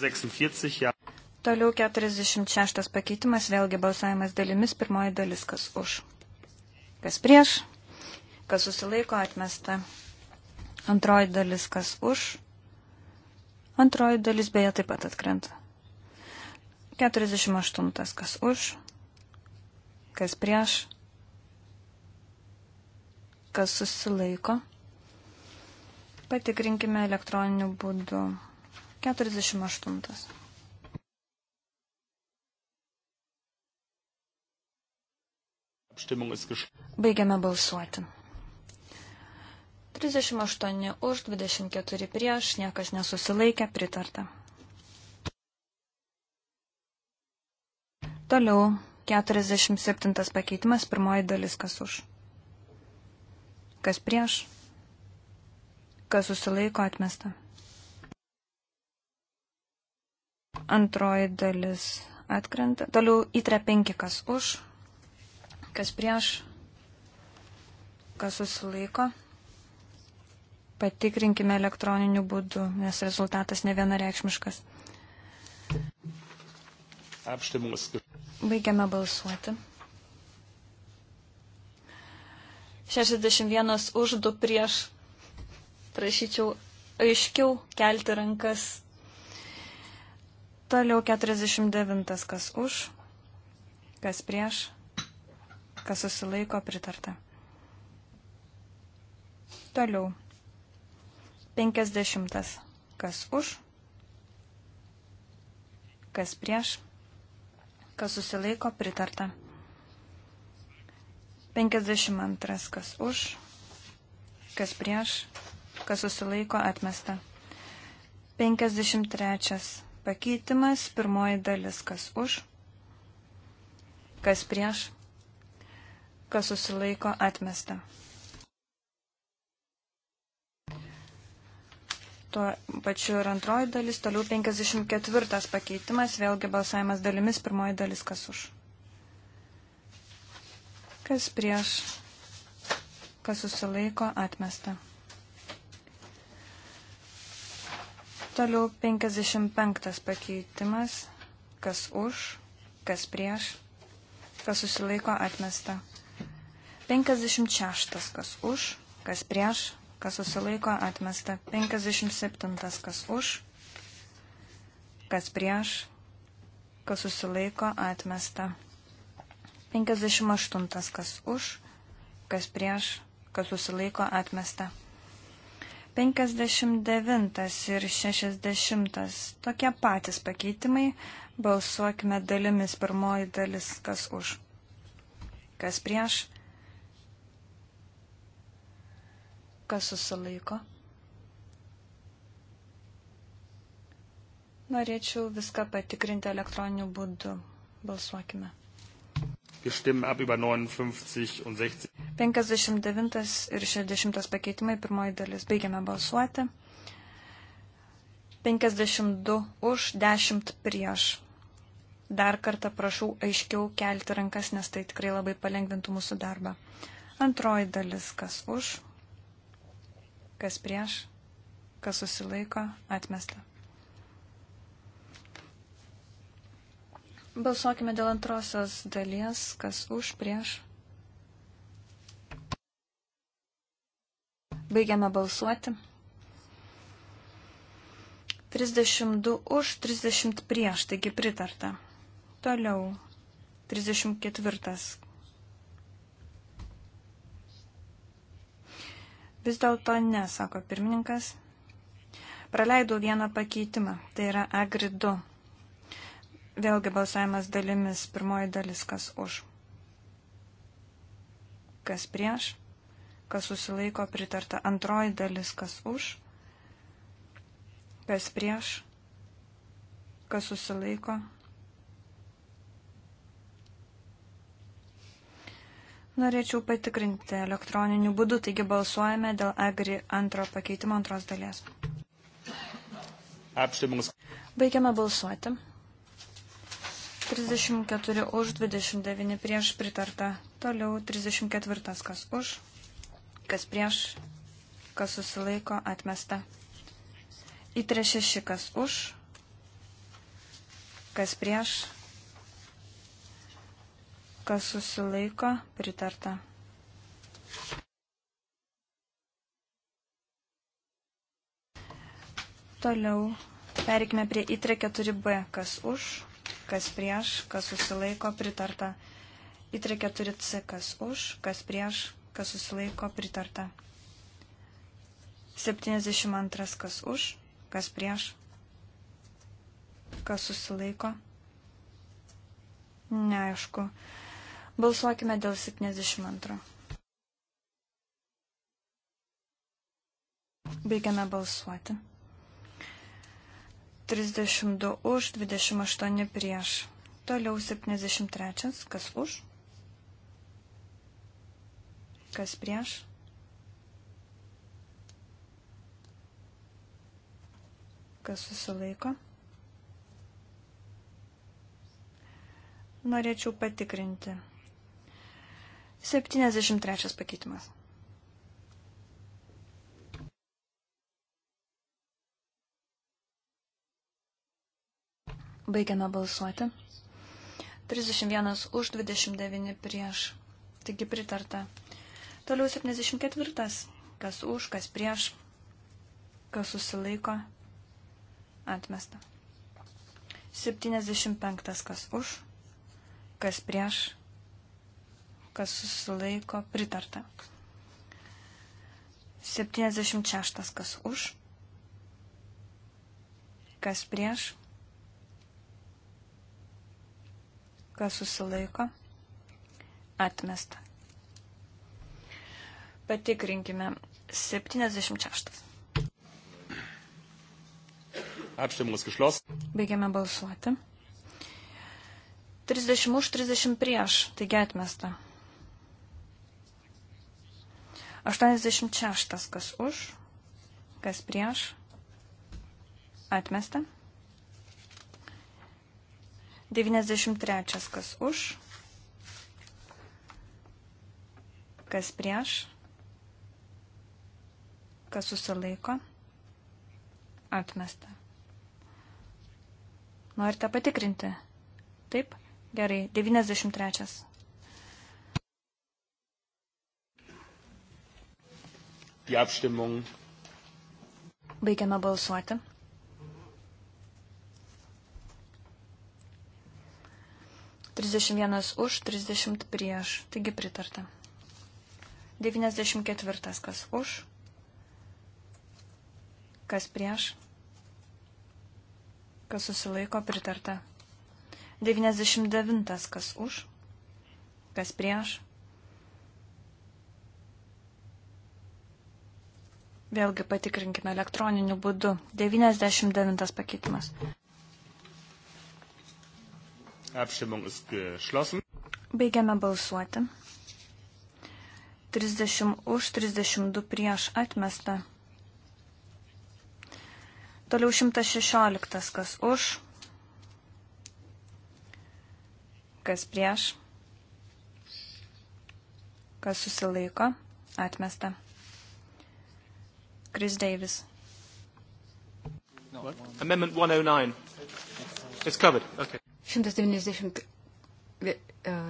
46, ja. Toliau 46 pakeitimas, vėlgi balsavimas dalimis, pirmoji dalis, kas už. Kas prieš, kas susilaiko atmesta. Antroji dalis, kas už. Antroji dalis beje taip pat atkrenta. 48, kas už, kas prieš, kas susilaiko. Patikrinkime elektroniniu būdu. 48. Baigiame balsuoti. 38 už, 24 prieš, niekas nesusilaikė, pritarta. Toliau 47 pakeitimas, pirmoji dalis kas už. Kas prieš? Kas susilaiko atmesta? Antroji dalis atkrenta. Toliau įtre penki, kas už, kas prieš, kas susilaiko. Patikrinkime elektroniniu būdu, nes rezultatas ne vienareikšmiškas. Baigiame balsuoti. 61 už 2 prieš. Prašyčiau aiškiau kelti rankas. Toliau 49 kas už, kas prieš, kas susilaiko pritarta. Toliau 50 kas už, kas prieš, kas susilaiko pritarta. 52. Kas už, kas prieš, kas susilaiko atmesta. 53. Pakeitimas, pirmoji dalis, kas už, kas prieš, kas susilaiko atmesta. Tuo pačiu ir antroji dalis, toliau 54 pakeitimas, vėlgi balsavimas dalimis, pirmoji dalis, kas už Kas prieš? Kas susilaiko? Atmesta. Toliau 55 pakeitimas. Kas už? Kas prieš? Kas susilaiko? Atmesta. 56 kas už? Kas prieš? Kas susilaiko? Atmesta. 57 kas už? Kas prieš? Kas susilaiko? Atmesta. 58. Kas už, kas prieš, kas susilaiko atmesta. 59 ir 60. Tokie patys pakeitimai. Balsuokime dalimis. Pirmoji dalis, kas už. Kas prieš. Kas susilaiko. Norėčiau viską patikrinti elektroniniu būdu. Balsuokime. Wir stimmen ab über 59 und 60. 59 ir 60 pakeitimai, pirmoji dalis. Baigiame balsuoti. 52 už, 10 prieš. Dar kartą prašau aiškiau kelti rankas, nes tai tikrai labai palengvintų mūsų darbą. Antroji dalis, kas už, kas prieš, kas susilaiko, atmesta. Balsuokime dėl antrosios dalies, kas už, prieš. Baigiame balsuoti. 32 už, 30 prieš, taigi pritarta. Toliau. 34. Vis dėlto ne, sako pirmininkas. Praleidau vieną pakeitimą, tai yra agridu. Vėlgi balsavimas dalimis. Pirmoji dalis, kas už. Kas prieš. Kas susilaiko pritarta. Antroji dalis, kas už. Kas prieš. Kas susilaiko. Norėčiau patikrinti elektroniniu būdu, taigi balsuojame dėl agri antro pakeitimo antros dalies. Apšimus. Baigiame balsuoti. 34 už, 29 prieš pritarta. Toliau 34 kas už, kas prieš, kas susilaiko atmesta. Į 36 kas už, kas prieš, kas susilaiko pritarta. Toliau perikime prie ITRE 4B, kas už, kas prieš, kas susilaiko pritarta. Įtrė 4C, kas už, kas prieš, kas susilaiko pritarta. 72, kas už, kas prieš, kas susilaiko. Neaišku. Balsuokime dėl 72. Baigiame balsuoti. 32 už, 28 prieš. Toliau 73, kas už, kas prieš. Kas susilaiko. Norėčiau patikrinti. 73 pakeitimas. Baigiame balsuoti. 31 už 29 prieš. Taigi pritarta. Toliau 74. Kas už, kas prieš, kas susilaiko. Atmesta. 75. Kas už, kas prieš, kas susilaiko. Pritarta. 76. Kas už, kas prieš, kas susilaiko, atmesta. Patikrinkime 76. Apštimus išlos. Baigiame balsuoti. 30 už, 30 prieš, taigi atmesta. 86 kas už, kas prieš, atmesta. 93. Kas už? Kas prieš? Kas susilaiko? Atmesta. Norite patikrinti? Taip? Gerai. 93. Die Abstimmung. Baigiame balsuoti. 31 už, 30 prieš. Taigi pritarta. 94 kas už, kas prieš, kas susilaiko pritarta. 99 kas už, kas prieš. Vėlgi patikrinkime elektroniniu būdu. 99 pakeitimas. Abstimmung ist geschlossen. Baigiame balsuoti. 30 už, 32 prieš atmesta. Toliau 116, kas už, kas prieš, kas susilaiko, atmesta. Chris Davis. What? Amendment 109. It's covered. Okay. 190,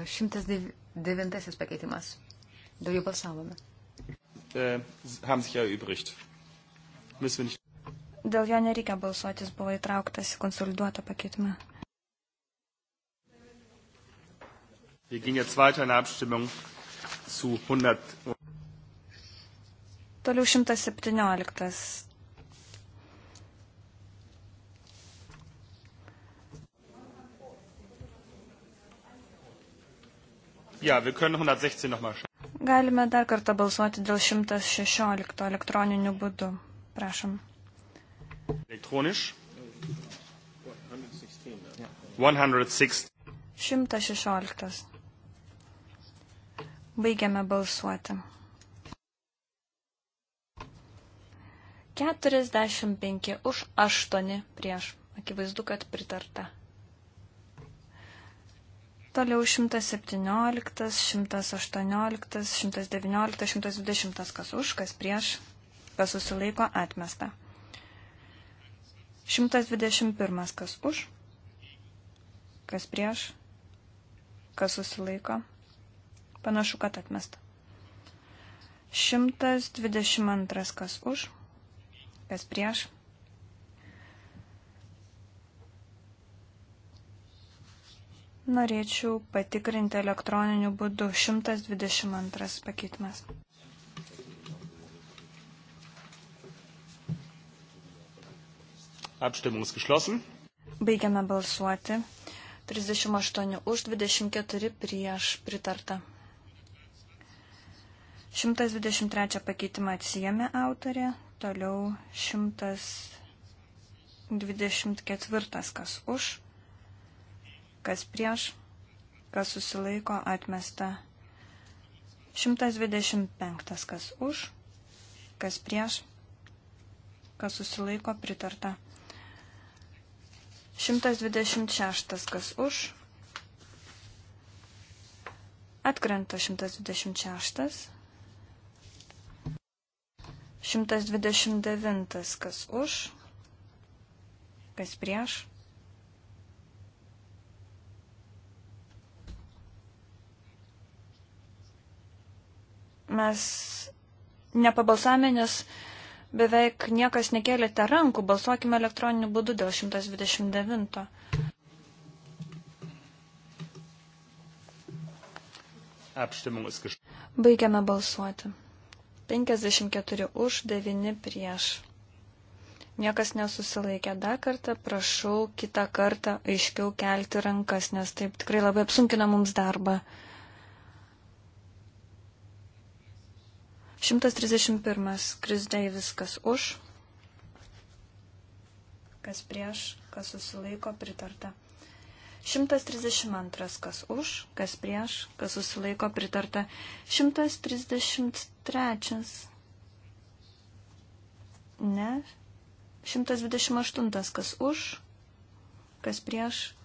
109 e, pakeitimas. Daugiau balsavome. E, Dėl jo nereikia balsuoti, jis buvo įtrauktas į konsoliduotą pakeitimą. Wir gehen jetzt weiter in der Abstimmung zu 100. Toliau 117. Ja, wir können 116 nochmal. Galime dar kartą balsuoti dėl 116 elektroniniu būdu. Prašom. Elektroniš. 116. 116. Baigiame balsuoti. 45 už 8 prieš. Akivaizdu, kad pritarta. Toliau 117, 118, 119, 120, kas už, kas prieš, kas susilaiko atmesta. 121, kas už, kas prieš, kas susilaiko. Panašu, kad atmesta. 122, kas už, kas prieš, Norėčiau patikrinti elektroniniu būdu 122 pakeitimas. Abstimmung ist geschlossen. Baigiame balsuoti. 38 už 24 prieš pritarta. 123 pakeitimą atsijėmė autorė, toliau 124 kas už kas prieš, kas susilaiko atmesta. 125. Kas už, kas prieš, kas susilaiko pritarta. 126. Kas už, atkrenta 126. 129. Kas už, kas prieš, mes nepabalsavome, nes beveik niekas nekėlėte rankų. Balsuokime elektroniniu būdu dėl 129. Baigiame balsuoti. 54 už, 9 prieš. Niekas nesusilaikė dar kartą, prašau kitą kartą aiškiau kelti rankas, nes taip tikrai labai apsunkina mums darbą. 131. Kris Deivis, kas už, kas prieš, kas susilaiko, pritarta. 132. Kas už, kas prieš, kas susilaiko, pritarta. 133. Ne. 128. Kas už, kas prieš,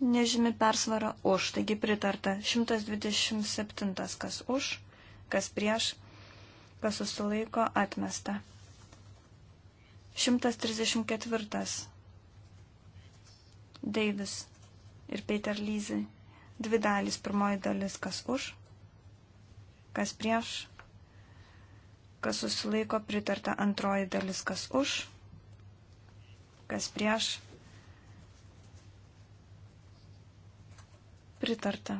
nežymi persvara už, taigi pritarta 127 kas už, kas prieš, kas susilaiko atmesta. 134 Davis ir Peter Lyzy. Dvi dalys, pirmoji dalis kas už, kas prieš, kas susilaiko pritarta antroji dalis kas už, kas prieš Pritarta.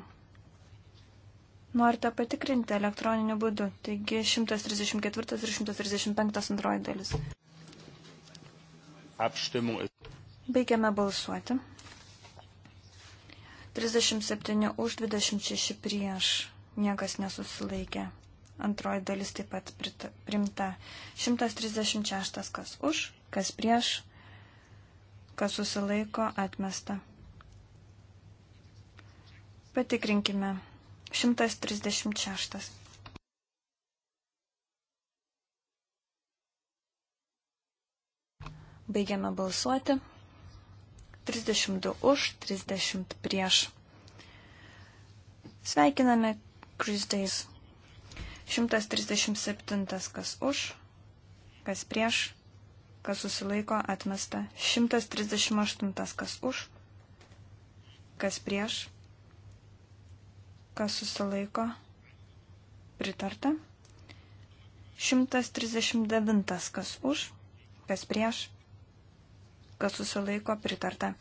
Norite patikrinti elektroniniu būdu. Taigi 134 ir 135 antroji dalis. Apštimu. Baigiame balsuoti. 37 už 26 prieš. Niekas nesusilaikė. Antroji dalis taip pat primta. 136 kas už, kas prieš, kas susilaiko atmesta. Patikrinkime. 136. Baigiame balsuoti. 32 už, 30 prieš. Sveikiname Kristais. 137 kas už, kas prieš, kas susilaiko atmesta. 138 kas už, kas prieš, kas susilaiko, pritarta. 139, kas už, kas prieš, kas susilaiko, pritarta.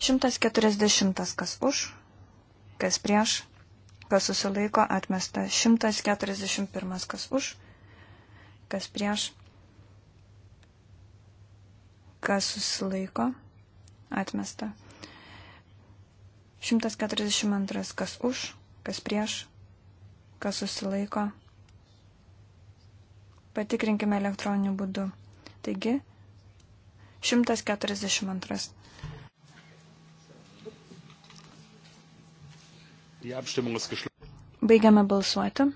140, kas už, kas prieš, kas susilaiko, atmesta. 141, kas už, kas prieš, kas susilaiko, atmesta. 142, kas už, kas prieš, kas susilaiko. Patikrinkime elektroniniu būdu. Taigi, 142. Baigiame balsuoti.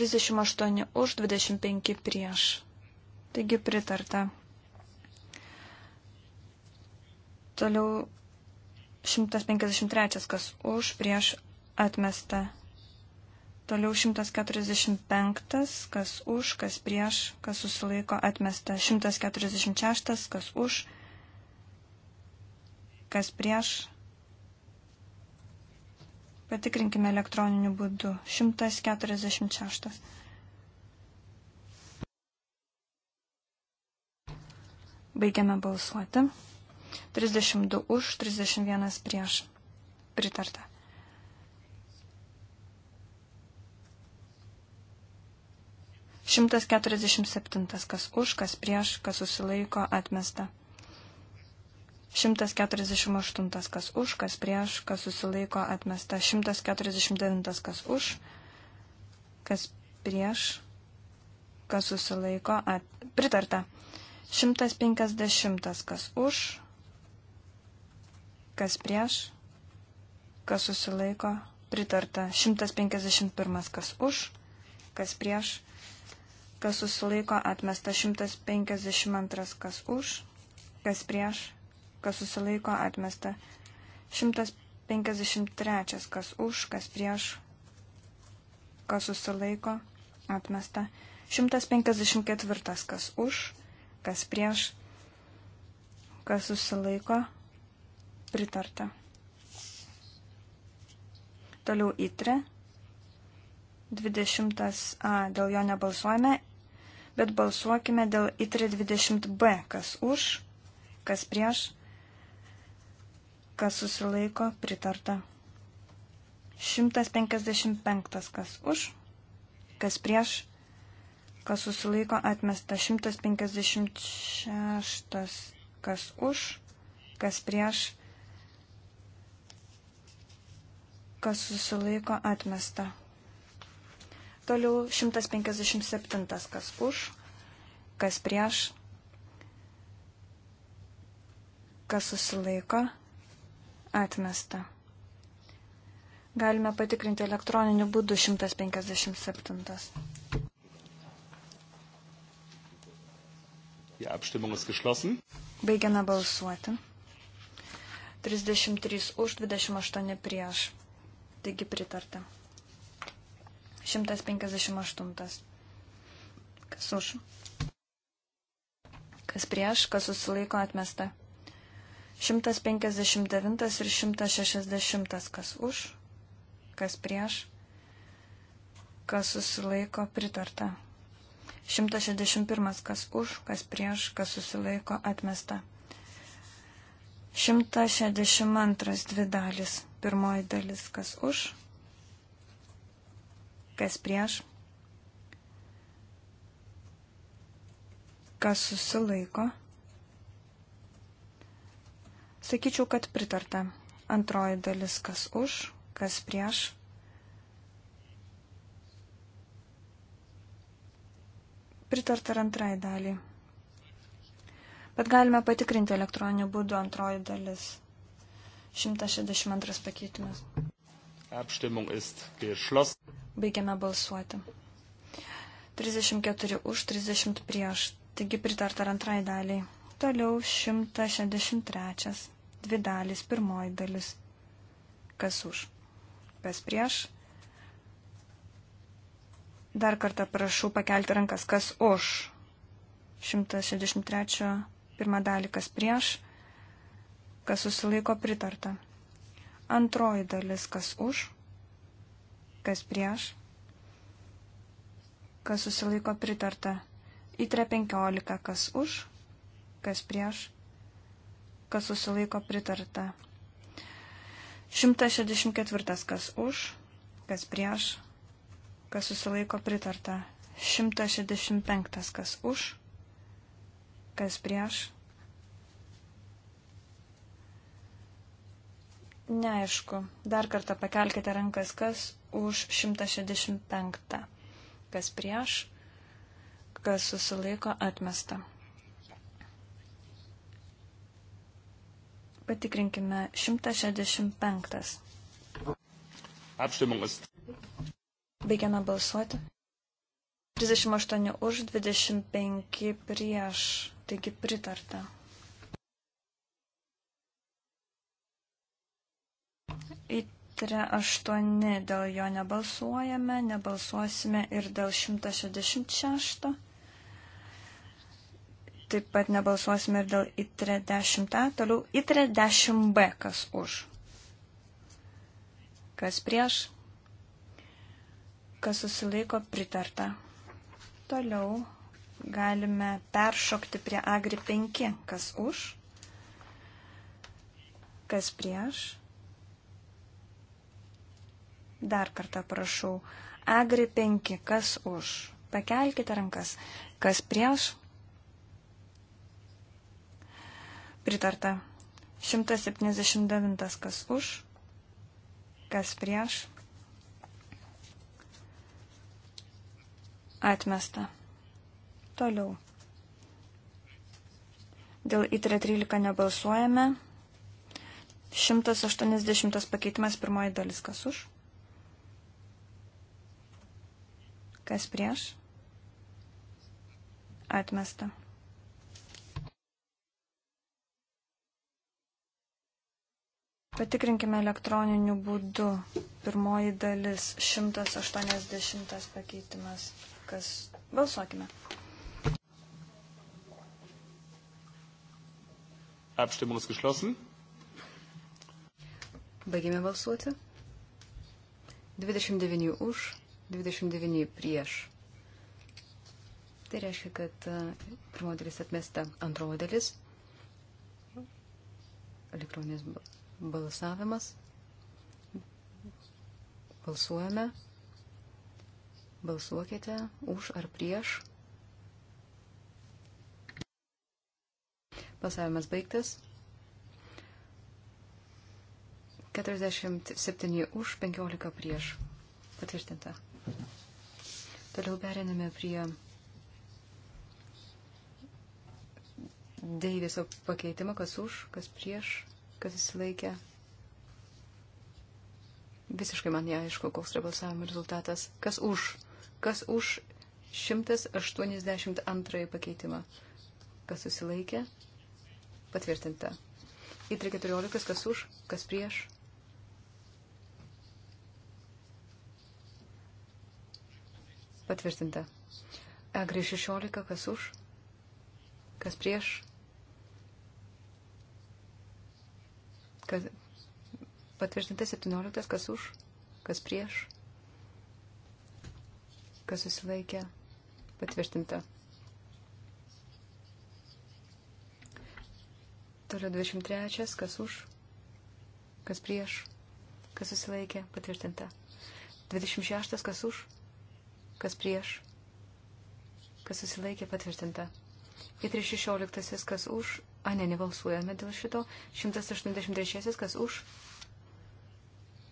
38 už, 25 prieš. Taigi pritarta. Toliau 153, kas už, prieš atmesta. Toliau 145, kas už, kas prieš, kas susilaiko atmesta. 146, kas už, kas prieš. Patikrinkime elektroniniu būdu. 146. Baigiame balsuoti. 32 už, 31 prieš. Pritarta. Šimtas keturiasdešimt septintas, kas už, kas prieš, kas susilaiko, atmesta. Šimtas keturiasdešimt aštuntas, kas už, kas prieš, kas susilaiko, atmesta. Šimtas keturiasdešimt devintas, kas už, kas prieš, kas susilaiko, at... pritarta. 150 kas už, Kas prieš? Kas susilaiko? Pritarta. 151. Kas už? Kas prieš? Kas susilaiko? Atmesta. 152. Kas už? Kas prieš? Kas susilaiko? Atmesta. 153. Kas už? Kas prieš? Kas susilaiko? Atmesta. 154. Kas už? Kas prieš? Kas susilaiko? Atmesta Pritarta. Toliau įtre. 20a. Dėl jo nebalsuojame, bet balsuokime dėl įtre 20b. Kas už, kas prieš, kas susilaiko, pritarta. 155. Kas už, kas prieš, kas susilaiko atmesta 156, kas už, kas prieš, kas susilaiko atmesta. Toliau 157, kas už, kas prieš, kas susilaiko atmesta. Galime patikrinti elektroniniu būdu 157. Die Abstimmung ist geschlossen. Baigiame balsuoti. 33 už, 28 prieš. Taigi pritarta. 158. Kas už? Kas prieš, kas susilaiko atmesta. 159 ir 160. Kas už? Kas prieš? Kas susilaiko pritarta. 161. Kas už, kas prieš, kas susilaiko atmesta. 162 dvi dalis. Pirmoji dalis, kas už, kas prieš, kas susilaiko. Sakyčiau, kad pritarta. Antroji dalis, kas už, kas prieš. Pritarta ir antrai daliai. Bet galime patikrinti elektroniniu būdu antroji dalis. 162 pakeitimas. Abstimmung ist geschlossen. Baigiame balsuoti. 34 už, 30 prieš. Taigi pritarta antrai daliai. Toliau 163. Dvi dalys, pirmoji dalis. Kas už? Kas prieš? Dar kartą prašau pakelti rankas, kas už. 163 pirmą dalį, kas prieš kas susilaiko pritarta. Antroji dalis, kas už, kas prieš, kas susilaiko pritarta. Įtre 15, kas už, kas prieš, kas susilaiko pritarta. 164, kas už, kas prieš, kas susilaiko pritarta. 165, kas už, kas prieš, Neaišku. Dar kartą pakelkite rankas, kas už 165. Kas prieš, kas susilaiko atmesta. Patikrinkime 165. Apštimumas. Baigiame balsuoti. 38 už, 25 prieš, taigi pritarta. Įtre 8 dėl jo nebalsuojame, nebalsuosime ir dėl 166. Taip pat nebalsuosime ir dėl įtre 10a, toliau įtre 10b, kas už. Kas prieš? Kas susilaiko pritarta. Toliau galime peršokti prie Agri 5, kas už, kas prieš, Dar kartą prašau. Agri 5. Kas už? Pakelkite rankas. Kas prieš? Pritarta. 179. Kas už? Kas prieš? Atmesta. Toliau. Dėl įtrė 13 nebalsuojame. 180 pakeitimas pirmoji dalis. Kas už? Kas prieš? Atmesta. Patikrinkime elektroniniu būdu. Pirmoji dalis 180 pakeitimas. Kas? Balsuokime. Abstimmung ist geschlossen. Baigėme balsuoti. 29 už, 29 prieš. Tai reiškia, kad e, pirmoji dalis atmesta antroji dalis. Elektroninis balsavimas. Balsuojame. Balsuokite už ar prieš. Balsavimas baigtas. 47 už, 15 prieš. Patvirtinta. Toliau periname prie Deiviso pakeitimo, kas už, kas prieš, kas įsilaikė. Visiškai man neaišku, koks yra balsavimo rezultatas. Kas už? Kas už 182 pakeitimą? Kas susilaikė? Patvirtinta. Į 314, kas už, kas prieš, Patvirtinta. Agri 16, kas už, kas prieš, kas patvirtinta 17, kas už, kas prieš, kas susilaikė, patvirtinta. Toliau 23, kas už, kas prieš, kas susilaikė, patvirtinta. 26, kas už, kas prieš, kas susilaikė patvirtinta. 416, kas už, a ne, nebalsuojame dėl šito, 183, kas už,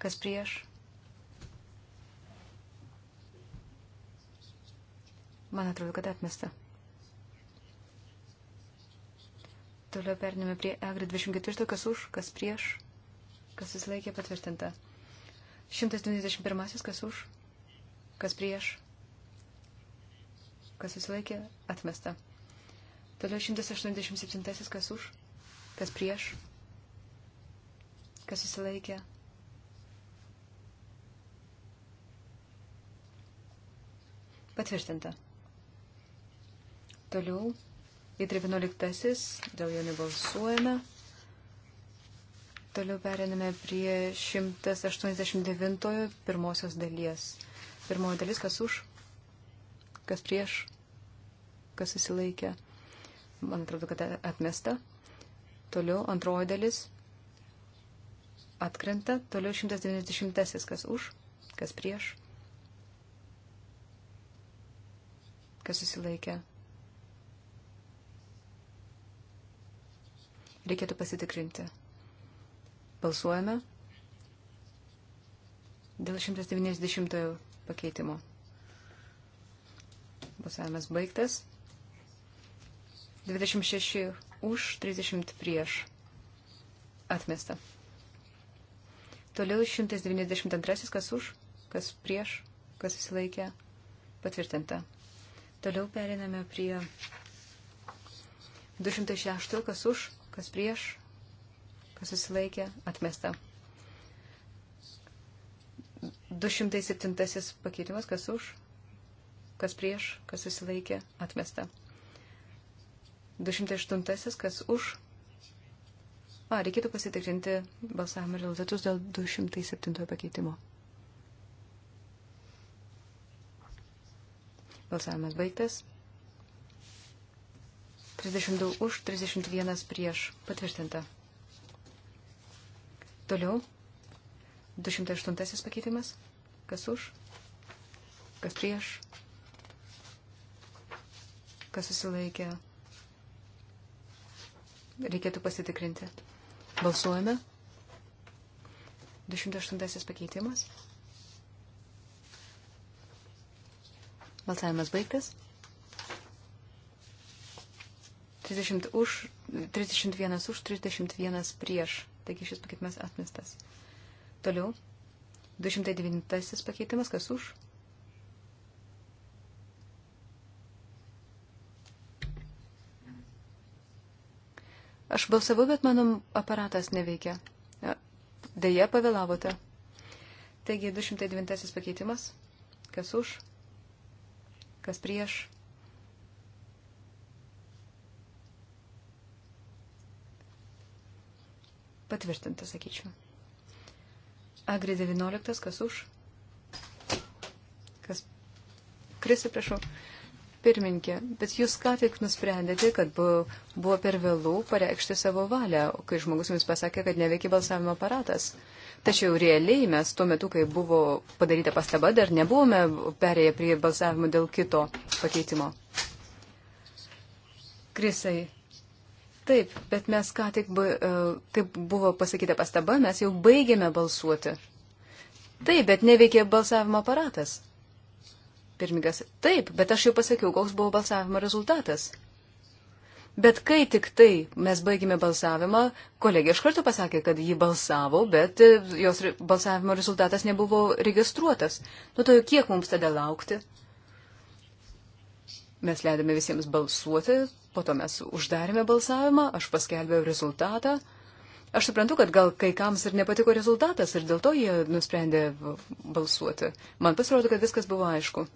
kas prieš. Man atrodo, kad atmesta. Toliau perinėme prie EGRI 24, kas už, kas prieš, kas susilaikė patvirtinta. 191, kas už, kas prieš, kas susilaikė, atmesta. Toliau 187, kas už, kas prieš, kas susilaikė. Patvirtinta. Toliau į 13, dėl jo nebalsuojame. Toliau periname prie 189 pirmosios dalies. Pirmoji dalis, kas už, kas prieš, kas susilaikė. Man atrodo, kad atmesta. Toliau antroji dalis atkrenta. Toliau 190, kas už, kas prieš, kas susilaikė. Reikėtų pasitikrinti. Balsuojame dėl 190 pakeitimo. Balsavimas baigtas. 26 už, 30 prieš. Atmesta. Toliau 192, kas už, kas prieš, kas susilaikė. Patvirtinta. Toliau periname prie 206, kas už, kas prieš, kas susilaikė. Atmesta. 207 pakeitimas, kas už, kas prieš, kas susilaikė, atmesta. 208, kas už. A, reikėtų pasitikrinti balsavimo rezultatus dėl 207 pakeitimo. Balsavimas baigtas. 32 už, 31 prieš. Patvirtinta. Toliau. 208 pakeitimas. Kas už? Kas prieš? kas susilaikė. Reikėtų pasitikrinti. Balsuojame. 208 pakeitimas. Balsavimas baigtas. 30 už, 31 už, 31 prieš. Taigi šis pakeitimas atmestas. Toliau. 209 pakeitimas, kas už, Aš balsavau, bet mano aparatas neveikia. E, Deja, pavėlavote. Taigi, 209 pakeitimas. Kas už? Kas prieš? Patvirtinta, sakyčiau. Agri 19, kas už? Kas? Krisi, prašau. Pirminkė, bet jūs ką tik nusprendėte, kad buvo, buvo per vėlų pareikšti savo valią, kai žmogus jums pasakė, kad neveikia balsavimo aparatas. Tačiau realiai mes tuo metu, kai buvo padaryta pastaba, dar nebuvome perėję prie balsavimo dėl kito pakeitimo. Krisai, Taip, bet mes ką tik, kaip e, buvo pasakyta pastaba, mes jau baigėme balsuoti. Taip, bet neveikė balsavimo aparatas. Pirmininkas, taip, bet aš jau pasakiau, koks buvo balsavimo rezultatas. Bet kai tik tai mes baigėme balsavimą, kolegė iš karto pasakė, kad ji balsavo, bet jos balsavimo rezultatas nebuvo registruotas. Nu to tai jau kiek mums tada laukti? Mes leidome visiems balsuoti, po to mes uždarėme balsavimą, aš paskelbiau rezultatą. Aš suprantu, kad gal kai kams ir nepatiko rezultatas ir dėl to jie nusprendė balsuoti. Man pasirodo, kad viskas buvo aišku.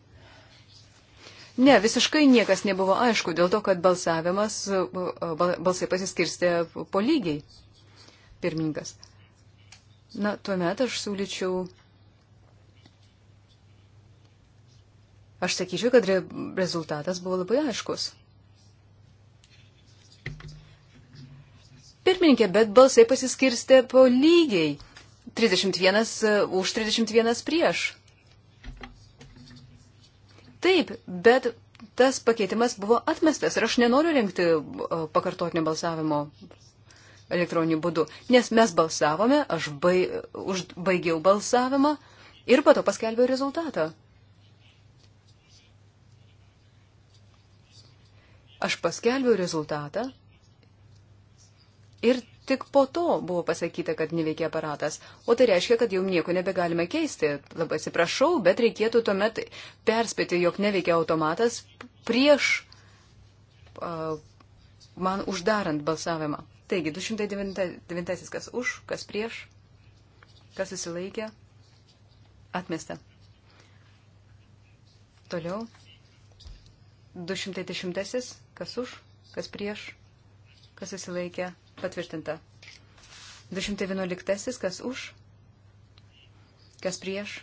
Ne, visiškai niekas nebuvo aišku, dėl to, kad balsavimas, balsai pasiskirstė po lygiai pirmininkas. Na, tuomet aš siūlyčiau. Aš sakyčiau, kad re rezultatas buvo labai aiškus. Pirmininkė, bet balsai pasiskirstė po lygiai. 31 uh, už 31 prieš. Taip, bet tas pakeitimas buvo atmestas ir aš nenoriu rinkti e, pakartotinio balsavimo elektroniniu būdu, nes mes balsavome, aš bai, užbaigiau balsavimą ir pato paskelbiau rezultatą. Aš paskelbiau rezultatą ir Tik po to buvo pasakyta, kad neveikia aparatas. O tai reiškia, kad jau nieko nebegalime keisti. Labai atsiprašau, bet reikėtų tuomet perspėti, jog neveikia automatas prieš uh, man uždarant balsavimą. Taigi, 209 kas už, kas prieš, kas susilaikė, atmesta. Toliau. 210 kas už, kas prieš, kas susilaikė, atmesta patvirtinta. 211. Kas už? Kas prieš?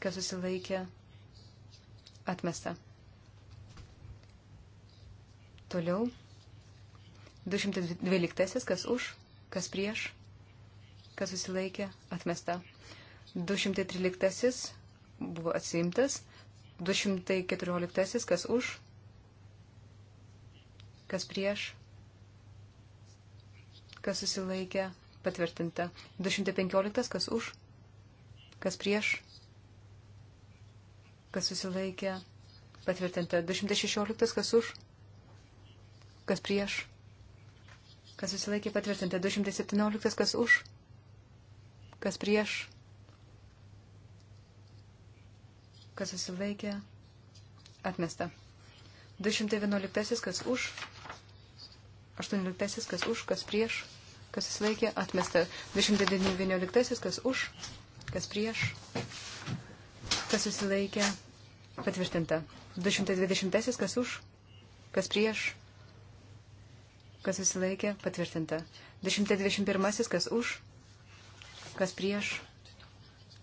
Kas susilaikė? Atmesta. Toliau. 212. Kas už? Kas prieš? Kas susilaikė? Atmesta. 213. Buvo atsiimtas. 214. Kas už? Kas prieš? kas susilaikė, patvirtinta. 215, kas už, kas prieš, kas susilaikė, patvirtinta. 216, kas už, kas prieš, kas susilaikė, patvirtinta. 217, kas už, kas prieš, kas susilaikė, atmesta. 211, kas už, 18, kas už, kas prieš, kas susilaikė, atmesta. 211, kas už, kas prieš, kas susilaikė, patvirtinta. 220, kas už, kas prieš, kas susilaikė, patvirtinta. 221, kas už, kas prieš,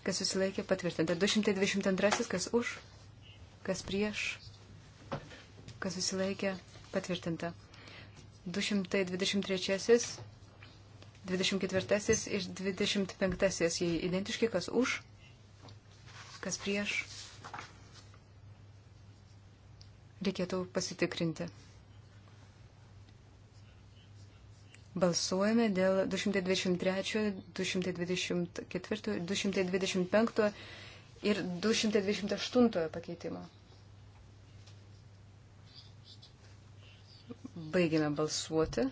kas susilaikė, patvirtinta. 222, kas už, kas prieš, kas susilaikė, patvirtinta. 223 24 ir 25, jie identiški, kas už, kas prieš. Reikėtų pasitikrinti. Balsuojame dėl 223, 224, 225 ir 228 pakeitimo. Baigėme balsuoti.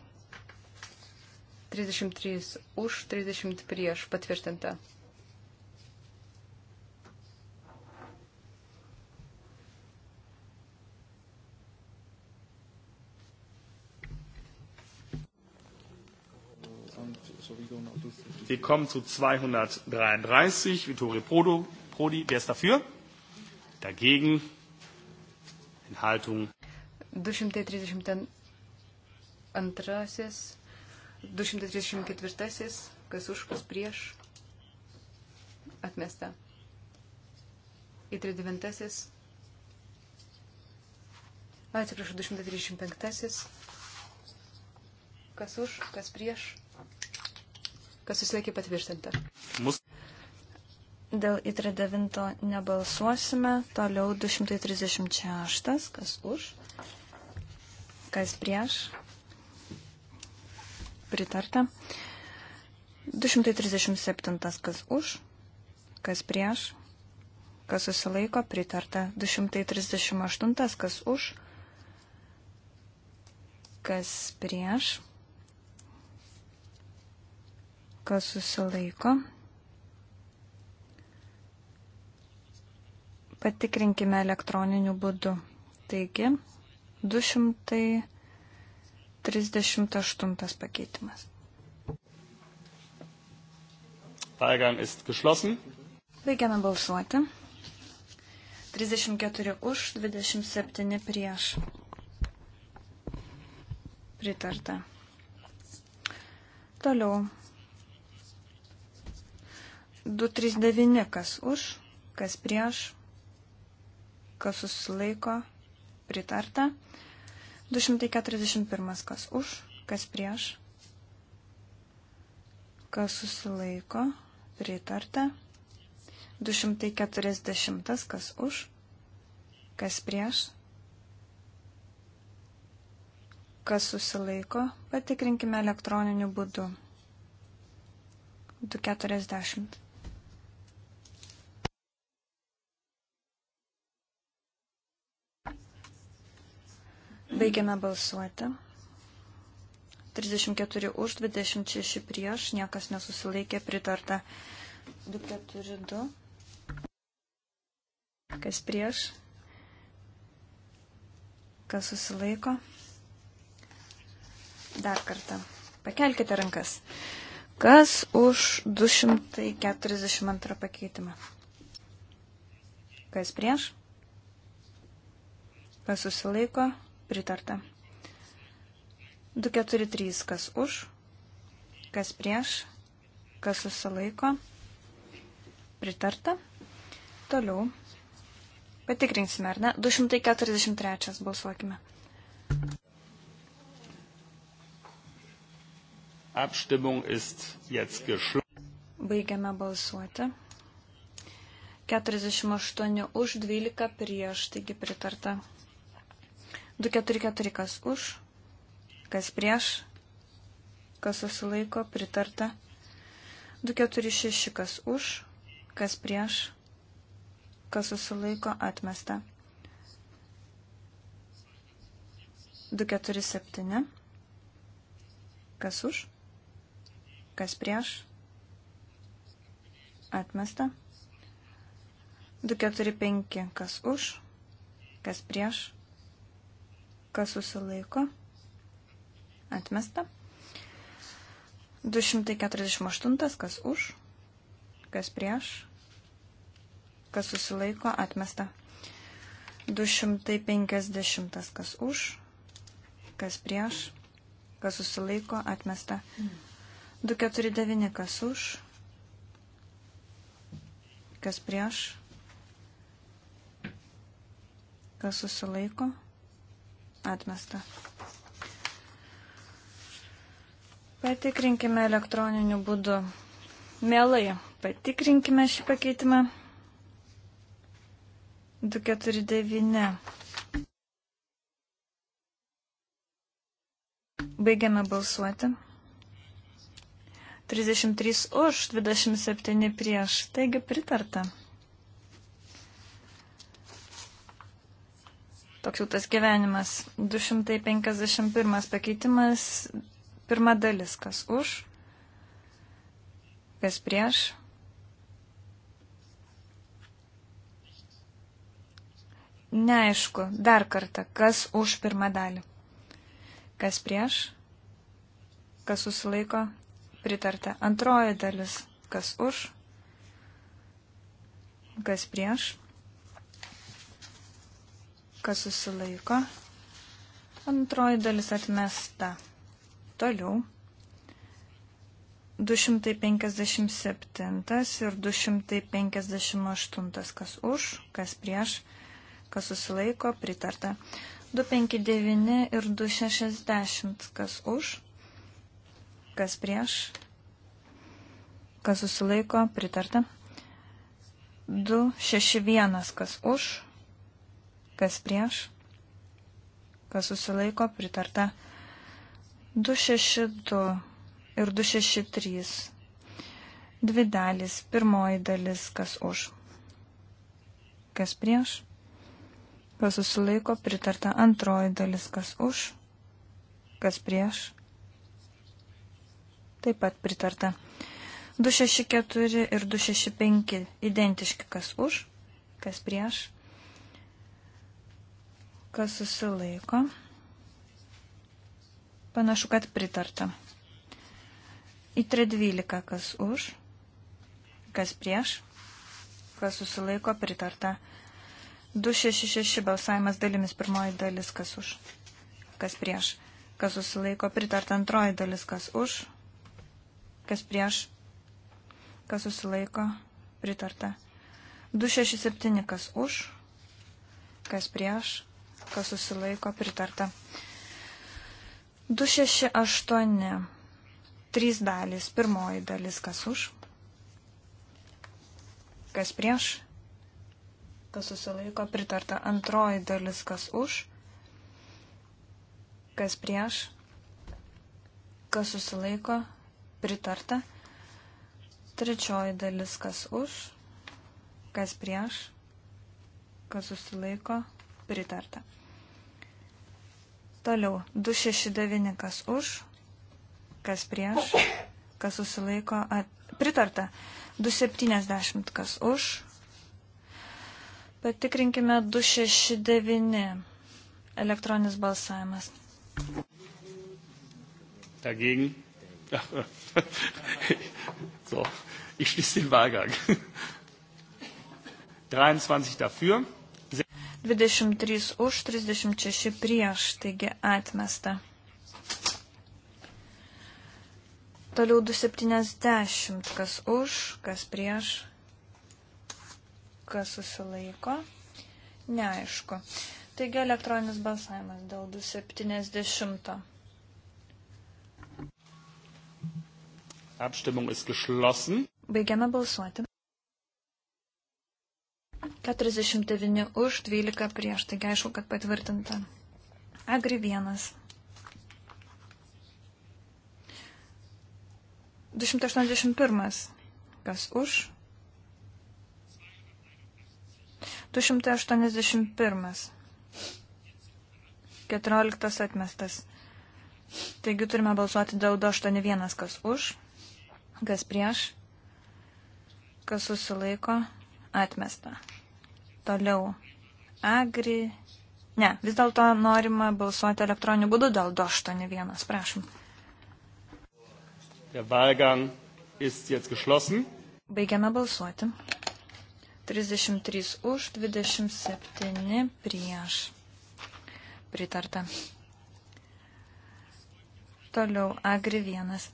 33 už, 30 prieš patvirtinta. Wir kommen zu 233. Vittorio Prodo, Prodi, wer ist dafür? Dagegen? Enthaltung? 232. 234. Kas už, kas prieš. Atmesta. Į 39. Atsiprašau, 235. Kas už, kas prieš. Kas susilaikė patvirtinta. Mus Dėl įtre devinto nebalsuosime. Toliau 236. Kas už? Kas prieš? pritarta. 237 kas už, kas prieš, kas susilaiko, pritarta. 238 kas už, kas prieš, kas susilaiko. Patikrinkime elektroniniu būdu. Taigi, 200. 38 pakeitimas. Wahlgang ist geschlossen. Baigiame balsuoti. 34 už, 27 prieš. Pritarta. Toliau. 239 kas už, kas prieš, kas susilaiko, pritarta. 241. Kas už, kas prieš, kas susilaiko, pritarta. 240. Kas už, kas prieš, kas susilaiko, patikrinkime elektroniniu būdu. 240. Baigiame balsuoti. 34 už, 26 prieš, niekas nesusilaikė, pritarta 242. Kas prieš? Kas susilaiko? Dar kartą. Pakelkite rankas. Kas už 242 pakeitimą? Kas prieš? Kas susilaiko? pritarta. 243, kas už, kas prieš, kas susilaiko, pritarta. Toliau. Patikrinsime, ar ne? 243 balsuokime. Abstimmung ist jetzt geschlossen. Baigiame balsuoti. 48 už 12 prieš, taigi pritarta. 244 kas už, kas prieš, kas susilaiko, pritarta. 246 kas už, kas prieš, kas susilaiko, atmesta. 247 kas už, kas prieš, atmesta. 245 kas už, kas prieš, atmesta kas susilaiko, atmesta. 248, kas už, kas prieš, kas susilaiko, atmesta. 250, kas už, kas prieš, kas susilaiko, atmesta. 249, kas už, kas prieš, kas susilaiko, atmesta Atmesta. Patikrinkime elektroniniu būdu. Mielai, patikrinkime šį pakeitimą. 249. Baigiame balsuoti. 33 už, 27 prieš. Taigi pritarta. Toks jau tas gyvenimas. 251 pakeitimas, pirma dalis, kas už, kas prieš. Neaišku, dar kartą, kas už pirmą dalį. Kas prieš, kas susilaiko, pritarta. Antroji dalis, kas už, kas prieš kas susilaiko. Antroji dalis atmesta. Toliau. 257 ir 258, kas už, kas prieš, kas susilaiko, pritarta. 259 ir 260, kas už, kas prieš, kas susilaiko, pritarta. 261, kas už, kas prieš, kas susilaiko pritarta. 262 ir 263. Dvi dalys. Pirmoji dalis, kas už, kas prieš, kas susilaiko pritarta. Antroji dalis, kas už, kas prieš, taip pat pritarta. 264 ir 265 identiški, kas už, kas prieš kas susilaiko. Panašu, kad pritarta. Į 312, kas už, kas prieš, kas susilaiko, pritarta. 266 balsavimas dalimis, pirmoji dalis, kas už, kas prieš, kas susilaiko, pritarta antroji dalis, kas už, kas prieš, kas susilaiko, pritarta. 267, kas už, kas prieš, kas susilaiko pritarta. 268. Trys dalys. Pirmoji dalis kas už, kas prieš, kas susilaiko pritarta. Antroji dalis kas už, kas prieš, kas susilaiko pritarta. Trečioji dalis kas už, kas prieš, kas susilaiko pritarta. Toliau, 269 kas už, kas prieš, kas susilaiko, at... pritarta, 270 kas už. Patikrinkime 269 elektroninis balsavimas. Dagegen. so, ich schließe den Wahlgang. 23 dafür. 23 už, 36 prieš, taigi atmesta. Toliau 270, kas už, kas prieš, kas susilaiko, neaišku. Taigi elektroninis balsavimas dėl 270. Abstimmung ist geschlossen. Baigiame balsuoti. 49 už, 12 prieš, taigi aišku, kad patvirtinta. Agri 1. 281. Kas už? 281. 14 atmestas. Taigi turime balsuoti dėl 281, kas už, kas prieš, kas susilaiko, atmesta. Toliau. Agri. Ne, vis dėlto norima balsuoti elektroniniu būdu dėl 281. Prašom. Der Wahlgang ist jetzt geschlossen. Baigiame balsuoti. 33 už, 27 prieš. Pritarta. Toliau Agri 1.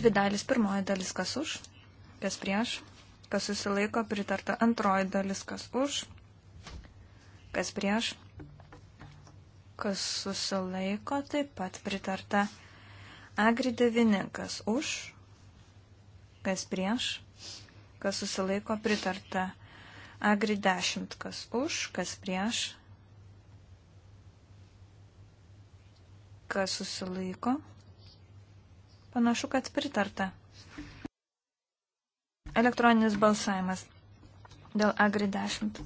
Dvi dalis, pirmoji dalis kas už, kas prieš, kas susilaiko pritarta antroji dalis, kas už, kas prieš, kas susilaiko taip pat pritarta agri devini, kas už, kas prieš, kas susilaiko pritarta agri dešimt, kas už, kas prieš, kas susilaiko. Panašu, kad pritarta. Elektroninis balsavimas dėl Agri 10.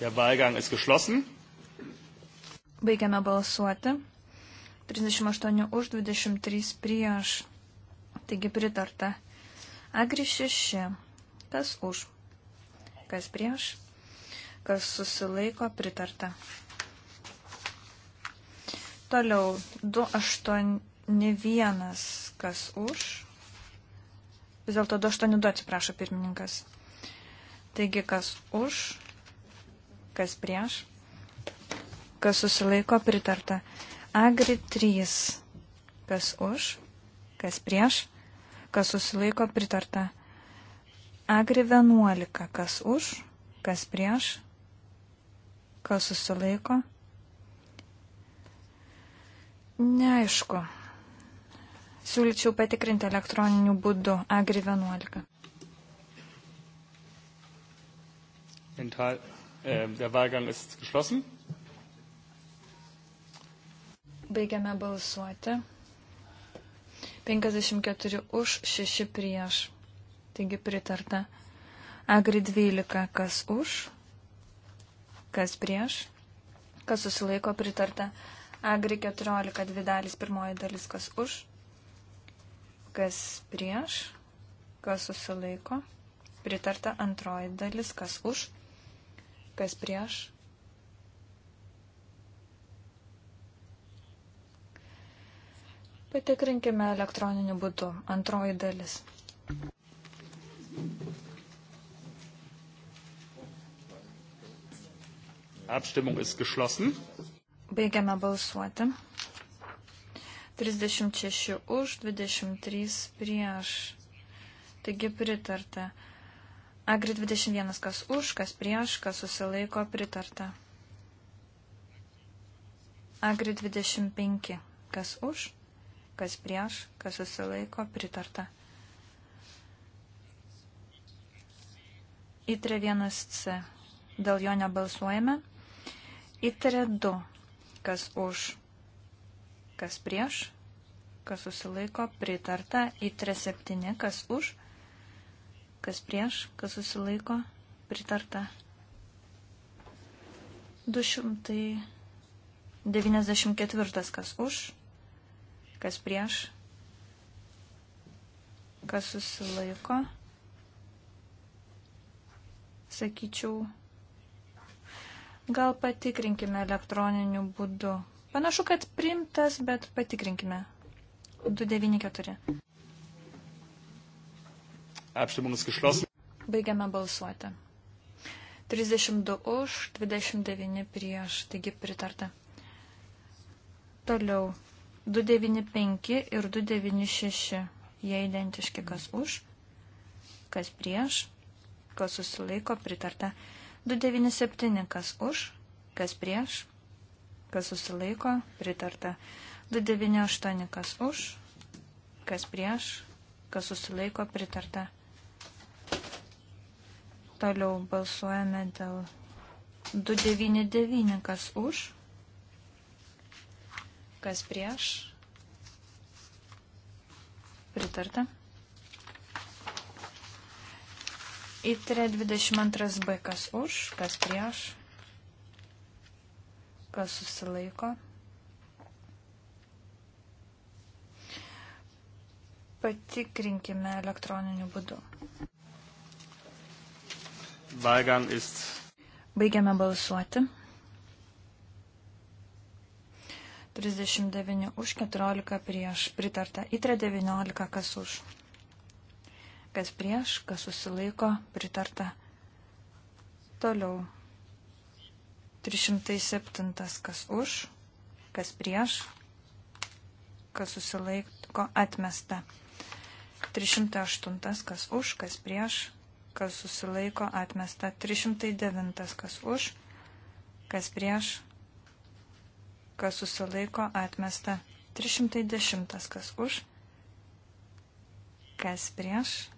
Der Wahlgang ist geschlossen. Baigiame balsuoti. 38 už 23 prieš. Taigi pritarta. Agri 6. Kas už? Kas prieš? Kas susilaiko pritarta. Toliau 281. Kas už? Vis dėlto 282 atsiprašo pirmininkas. Taigi, kas už, kas prieš, kas susilaiko pritarta. Agri 3, kas už, kas prieš, kas susilaiko pritarta. Agri 11, kas už, kas prieš, kas susilaiko. Neaišku siūlyčiau patikrinti elektroniniu būdu Agri 11. Enthal, äh, der Wahlgang ist geschlossen. Baigiame balsuoti. 54 už, 6 prieš. Taigi pritarta. Agri 12, kas už, kas prieš, kas susilaiko pritarta. Agri 14, dvi dalis, pirmoji dalis, kas už, kas prieš, kas susilaiko, pritarta antroji dalis, kas už, kas prieš. Patikrinkime elektroniniu būdu. Antroji dalis. Abstimmung ist geschlossen. Baigiame balsuoti. 36 už, 23 prieš. Taigi pritarta. Agri 21 kas už, kas prieš, kas susilaiko pritarta. Agri 25 kas už, kas prieš, kas susilaiko pritarta. Įtre 1C. Dėl jo nebalsuojame. Įtre 2 kas už, kas prieš, kas susilaiko, pritarta, į 37, kas už, kas prieš, kas susilaiko, pritarta. 294, kas už, kas prieš, kas susilaiko, sakyčiau, gal patikrinkime elektroniniu būdu, Panašu, kad primtas, bet patikrinkime. 294. Apštimus išlosim. Baigiame balsuoti. 32 už, 29 prieš, taigi pritarta. Toliau. 295 ir 296. Jie identiški, kas už, kas prieš, kas susilaiko, pritarta. 297, kas už, kas prieš, kas susilaiko, pritarta. 298, kas už, kas prieš, kas susilaiko, pritarta. Toliau balsuojame dėl 299, kas už, kas prieš, pritarta. Įtrė 22b, kas už, kas prieš, kas susilaiko. Patikrinkime elektroniniu būdu. Wahlgang ist. Baigiame balsuoti. 39 už, 14 prieš, pritarta. Įtre 19, kas už. Kas prieš, kas susilaiko, pritarta. Toliau. 307 kas už, kas prieš, kas susilaiko atmesta. 308 kas už, kas prieš, kas susilaiko atmesta. 309 kas už, kas prieš, kas susilaiko atmesta. 310 kas už, kas prieš,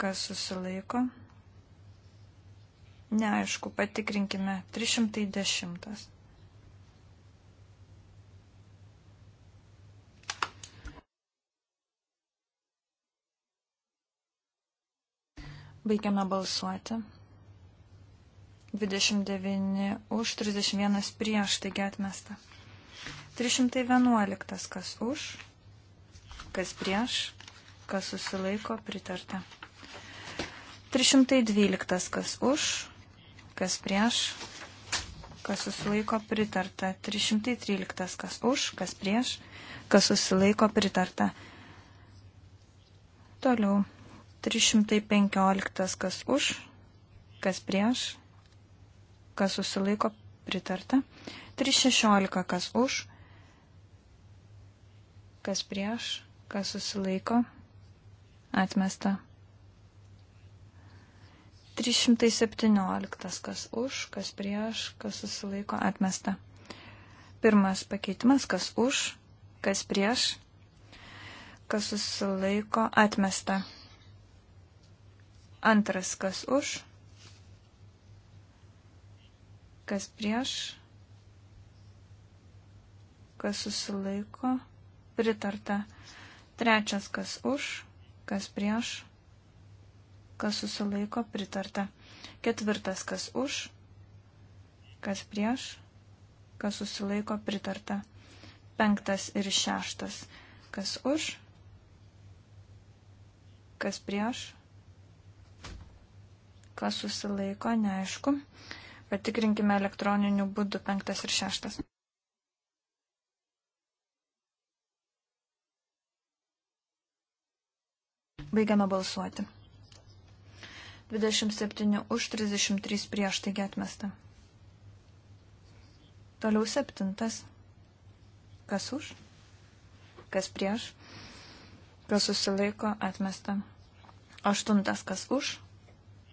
kas susilaiko atmesta Neaišku, patikrinkime. 310. Baigiame balsuoti. 29 už, 31 prieš, taigi atmesta. 311 kas už, kas prieš, kas susilaiko, pritarta. 312 kas už, kas prieš, kas susilaiko pritarta. 313, kas už, kas prieš, kas susilaiko pritarta. Toliau. 315, kas už, kas prieš, kas susilaiko pritarta. 316, kas už, kas prieš, kas susilaiko atmesta. 317. Kas už, kas prieš, kas susilaiko atmesta. Pirmas pakeitimas, kas už, kas prieš, kas susilaiko atmesta. Antras, kas už, kas prieš, kas susilaiko pritarta. Trečias, kas už, kas prieš, kas susilaiko pritarta. Ketvirtas, kas už, kas prieš, kas susilaiko pritarta. Penktas ir šeštas, kas už, kas prieš, kas susilaiko, neaišku. Patikrinkime elektroniniu būdu penktas ir šeštas. Baigiame balsuoti. 27 už 33 prieš taigi atmesta. Toliau septintas. Kas už? Kas prieš? Kas susilaiko atmesta. Aštuntas kas už?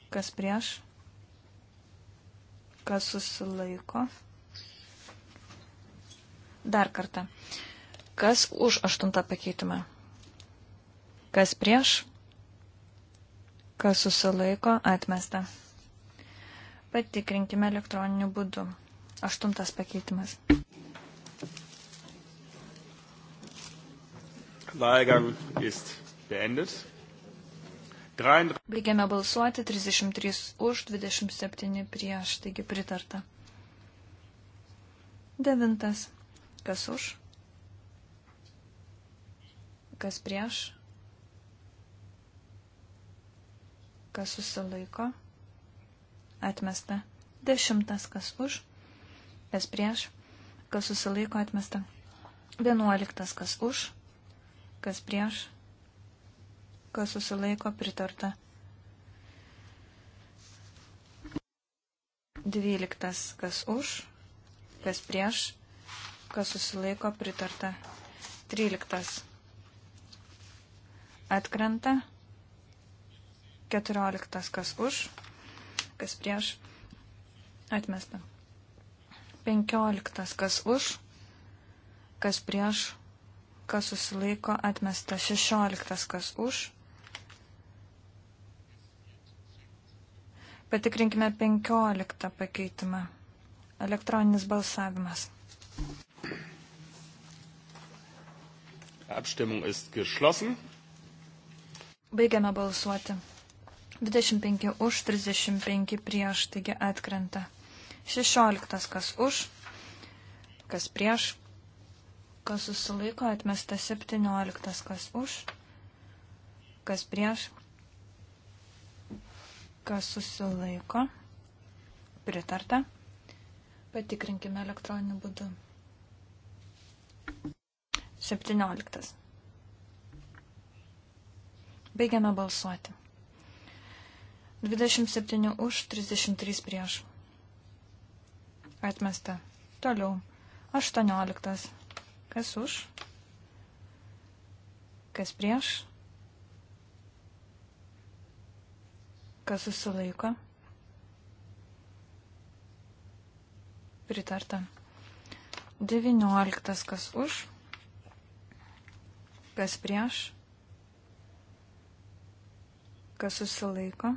Kas prieš? Kas susilaiko? Dar kartą. Kas už aštuntą pakeitimą? Kas prieš? kas susilaiko, atmesta. Patikrinkime elektroniniu būdu. Aštuntas pakeitimas. Wahlgang ist beendet. Baigiame balsuoti 33 už, 27 prieš, taigi pritarta. Devintas. Kas už? Kas prieš? kas susilaiko, atmesta. Dešimtas, kas už, kas prieš, kas susilaiko, atmesta. Vienuoliktas, kas už, kas prieš, kas susilaiko, pritarta. Dvyliktas, kas už, kas prieš, kas susilaiko, pritarta. Tryliktas. Atkrenta. 14. Kas už, kas prieš, atmesta. 15. Kas už, kas prieš, kas susilaiko, atmesta. 16. Kas už. Patikrinkime 15 pakeitimą. Elektroninis balsavimas. Abstimmung ist geschlossen. Baigiame balsuoti. 25 už, 35 prieš, taigi atkrenta. 16 kas už, kas prieš, kas susilaiko, atmesta 17 kas už, kas prieš, kas susilaiko, pritarta. Patikrinkime elektroniniu būdu. 17. Baigiame balsuoti. 27 už, 33 prieš. Atmesta. Toliau. 18. Kas už? Kas prieš? Kas susilaiko? Pritarta. 19. Kas už? Kas prieš? Kas susilaiko?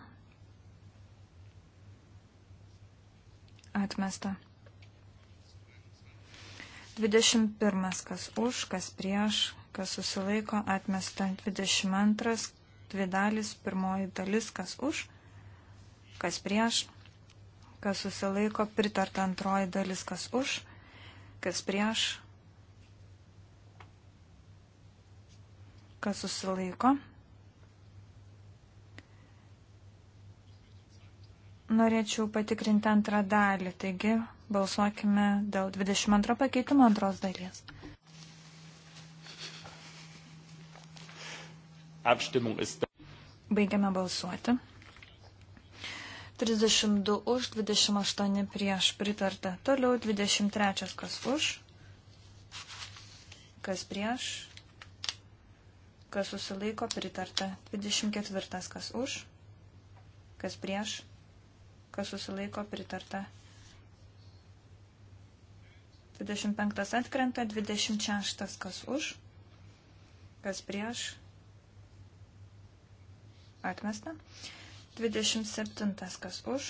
Atmesta. 21. Kas už, kas prieš, kas susilaiko, atmesta. 22. Dvi dalis, pirmoji dalis, kas už, kas prieš, kas susilaiko, pritarta antroji dalis, kas už, kas prieš, kas susilaiko, Norėčiau patikrinti antrą dalį, taigi balsuokime dėl 22 pakeitimo antros dalies. Baigiame balsuoti. 32 už, 28 prieš pritarta. Toliau 23 kas už, kas prieš, kas susilaiko pritarta. 24 kas už, kas prieš kas susilaiko pritarta. 25 atkrenta, 26 kas už, kas prieš, atmesta. 27 kas už,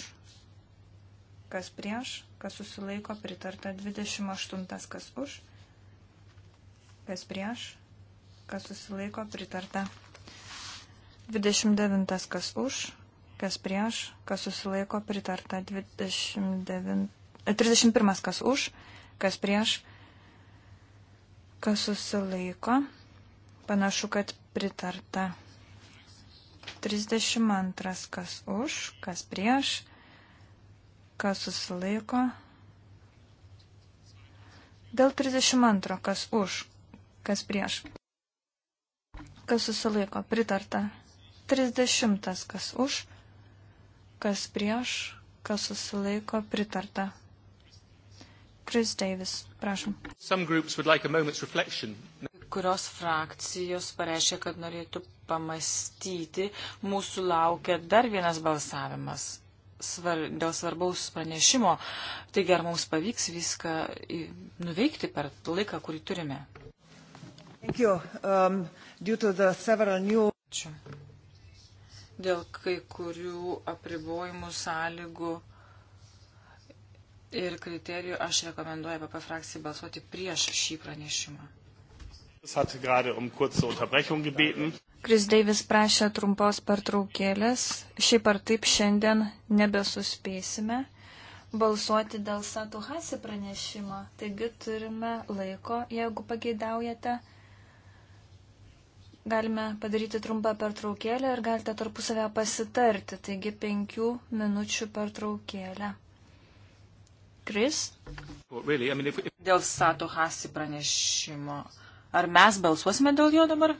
kas prieš, kas susilaiko pritarta. 28 kas už, kas prieš, kas susilaiko pritarta. 29 kas už, kas prieš, kas susilaiko pritarta 29, 31, e, kas už, kas prieš, kas susilaiko, panašu, kad pritarta 32, kas už, kas prieš, kas susilaiko. Dėl 32, kas už, kas prieš, kas susilaiko, pritarta 30, kas už kas prieš, kas susilaiko pritarta. Chris Davis, prašom. Like Kurios frakcijos pareiškia, kad norėtų pamastyti, mūsų laukia dar vienas balsavimas svar, dėl svarbaus pranešimo. Taigi ar mums pavyks viską nuveikti per laiką, kurį turime? Um, new... Ačiū dėl kai kurių apribojimų sąlygų ir kriterijų aš rekomenduoju PP frakcijai balsuoti prieš šį pranešimą. Um Kris Deivis prašė trumpos pertraukėlės. Šiaip ar taip šiandien nebesuspėsime balsuoti dėl Satuhasi pranešimo. Taigi turime laiko, jeigu pageidaujate. Galime padaryti trumpą pertraukėlę ir galite tarpusavę pasitarti, taigi penkių minučių pertraukėlę. Kris? Dėl Sato Hasi pranešimo. Ar mes balsuosime dėl jo dabar?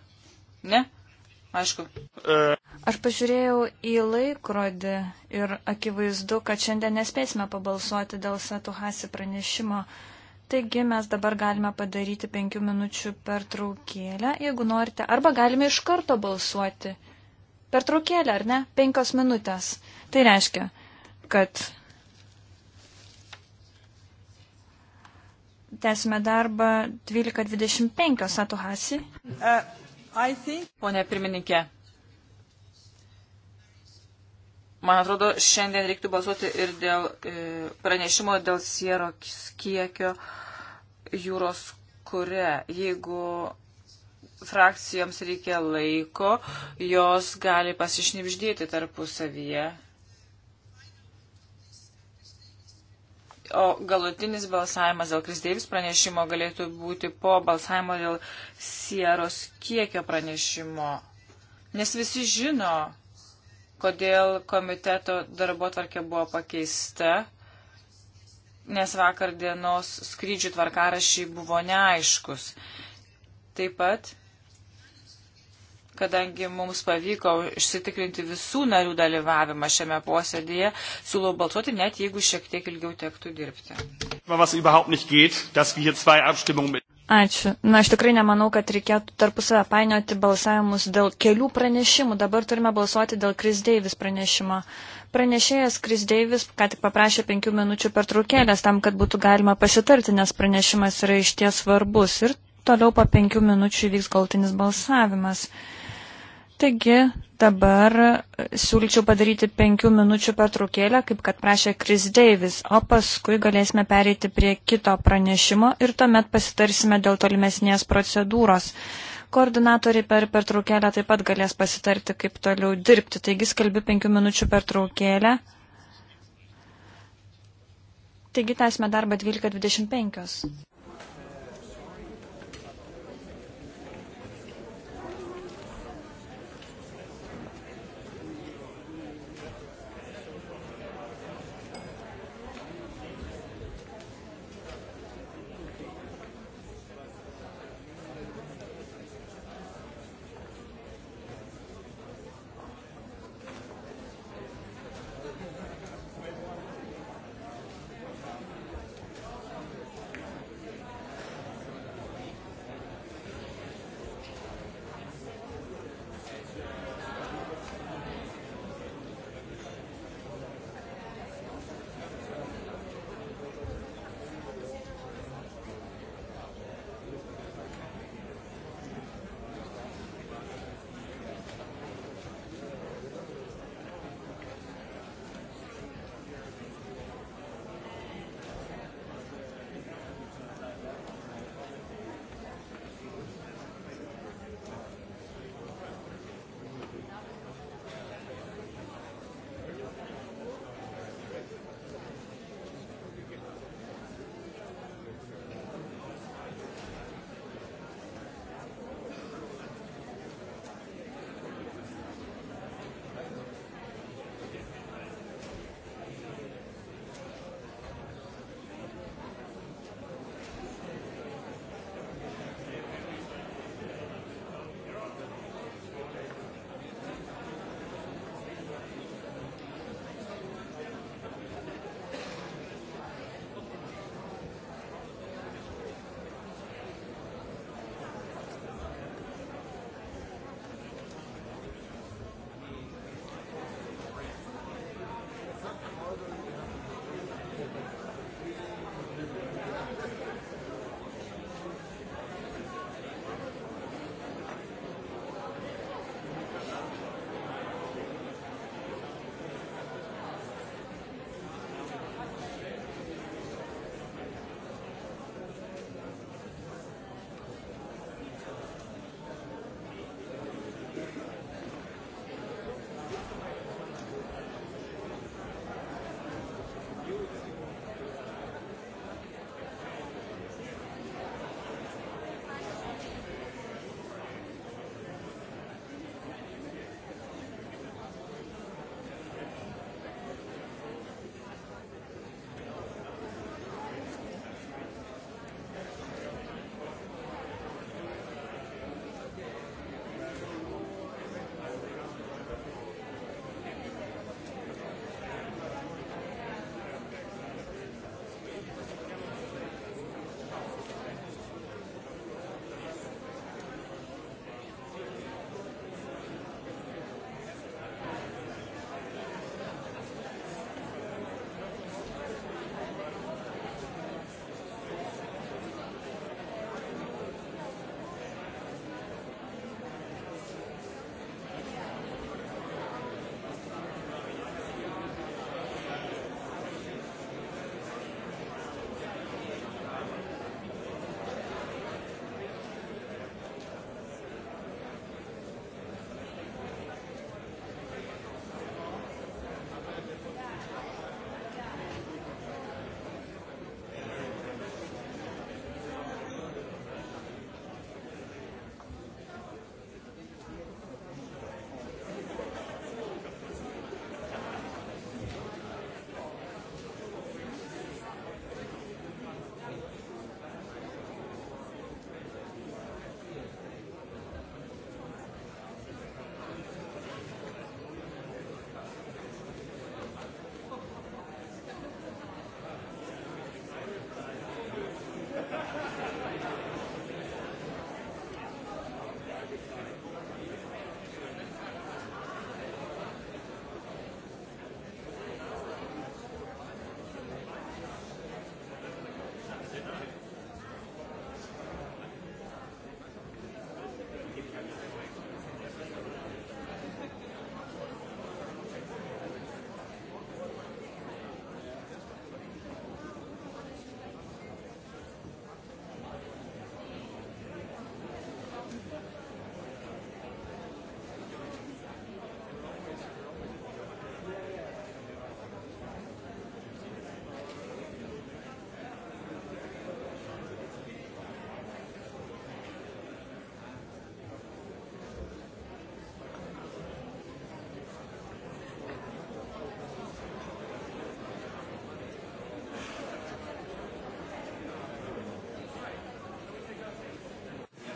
Ne? Aišku. Aš pažiūrėjau į laikrodį ir akivaizdu, kad šiandien nespėsime pabalsuoti dėl Sato Hasi pranešimo. Uh, Taigi mes dabar galime padaryti penkių minučių pertraukėlę, jeigu norite. Arba galime iš karto balsuoti. Pertraukėlę, ar ne? Penkios minutės. Tai reiškia, kad tęsime darbą 12.25, Satuhasi. Uh, think... Pone pirmininkė, Man atrodo, šiandien reiktų balsuoti ir dėl e, pranešimo dėl siero kiekio jūros kure. Jeigu frakcijoms reikia laiko, jos gali pasišnipždėti tarpusavyje. O galutinis balsavimas dėl Krisdėvis pranešimo galėtų būti po balsavimo dėl sieros kiekio pranešimo. Nes visi žino, kodėl komiteto darbo tvarkė buvo pakeista, nes vakar dienos skrydžių tvarkarašiai buvo neaiškus. Taip pat, kadangi mums pavyko išsitikrinti visų narių dalyvavimą šiame posėdėje, siūlau balsuoti net jeigu šiek tiek ilgiau tektų dirbti. Was überhaupt nicht geht, dass wir hier zwei Abstimmungen mit Ačiū. Na, aš tikrai nemanau, kad reikėtų tarpusavę painioti balsavimus dėl kelių pranešimų. Dabar turime balsuoti dėl Kris Deivis pranešimo. Pranešėjas Kris Deivis ką tik paprašė penkių minučių pertraukėlės tam, kad būtų galima pasitarti, nes pranešimas yra išties svarbus. Ir toliau po penkių minučių vyks galtinis balsavimas. Taigi dabar e, siūlyčiau padaryti penkių minučių pertraukėlę, kaip kad prašė Chris Davis, o paskui galėsime pereiti prie kito pranešimo ir tuomet pasitarsime dėl tolimesnės procedūros. Koordinatoriai per pertraukėlę taip pat galės pasitarti, kaip toliau dirbti. Taigi skalbi penkių minučių pertraukėlę. Taigi tęsime darbą 12.25.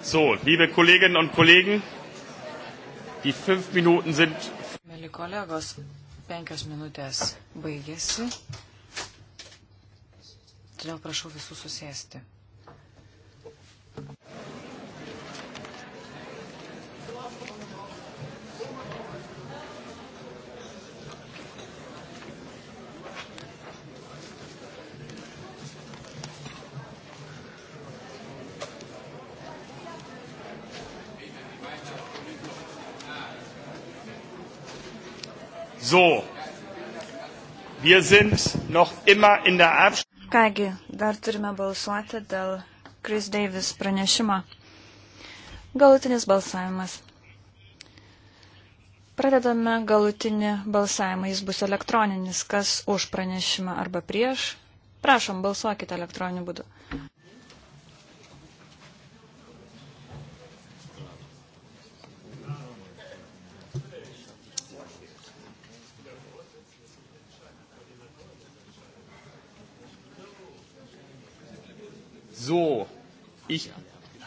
So, liebe Kolleginnen und Kollegen, die fünf Minuten sind. Mėly kolegos, penkios minutės baigėsi. Todėl prašau visų susėsti. Kągi, dar turime balsuoti dėl Chris Davis pranešimo. Galutinis balsavimas. Pradedame galutinį balsavimą. Jis bus elektroninis. Kas už pranešimą arba prieš? Prašom, balsuokite elektroniniu būdu.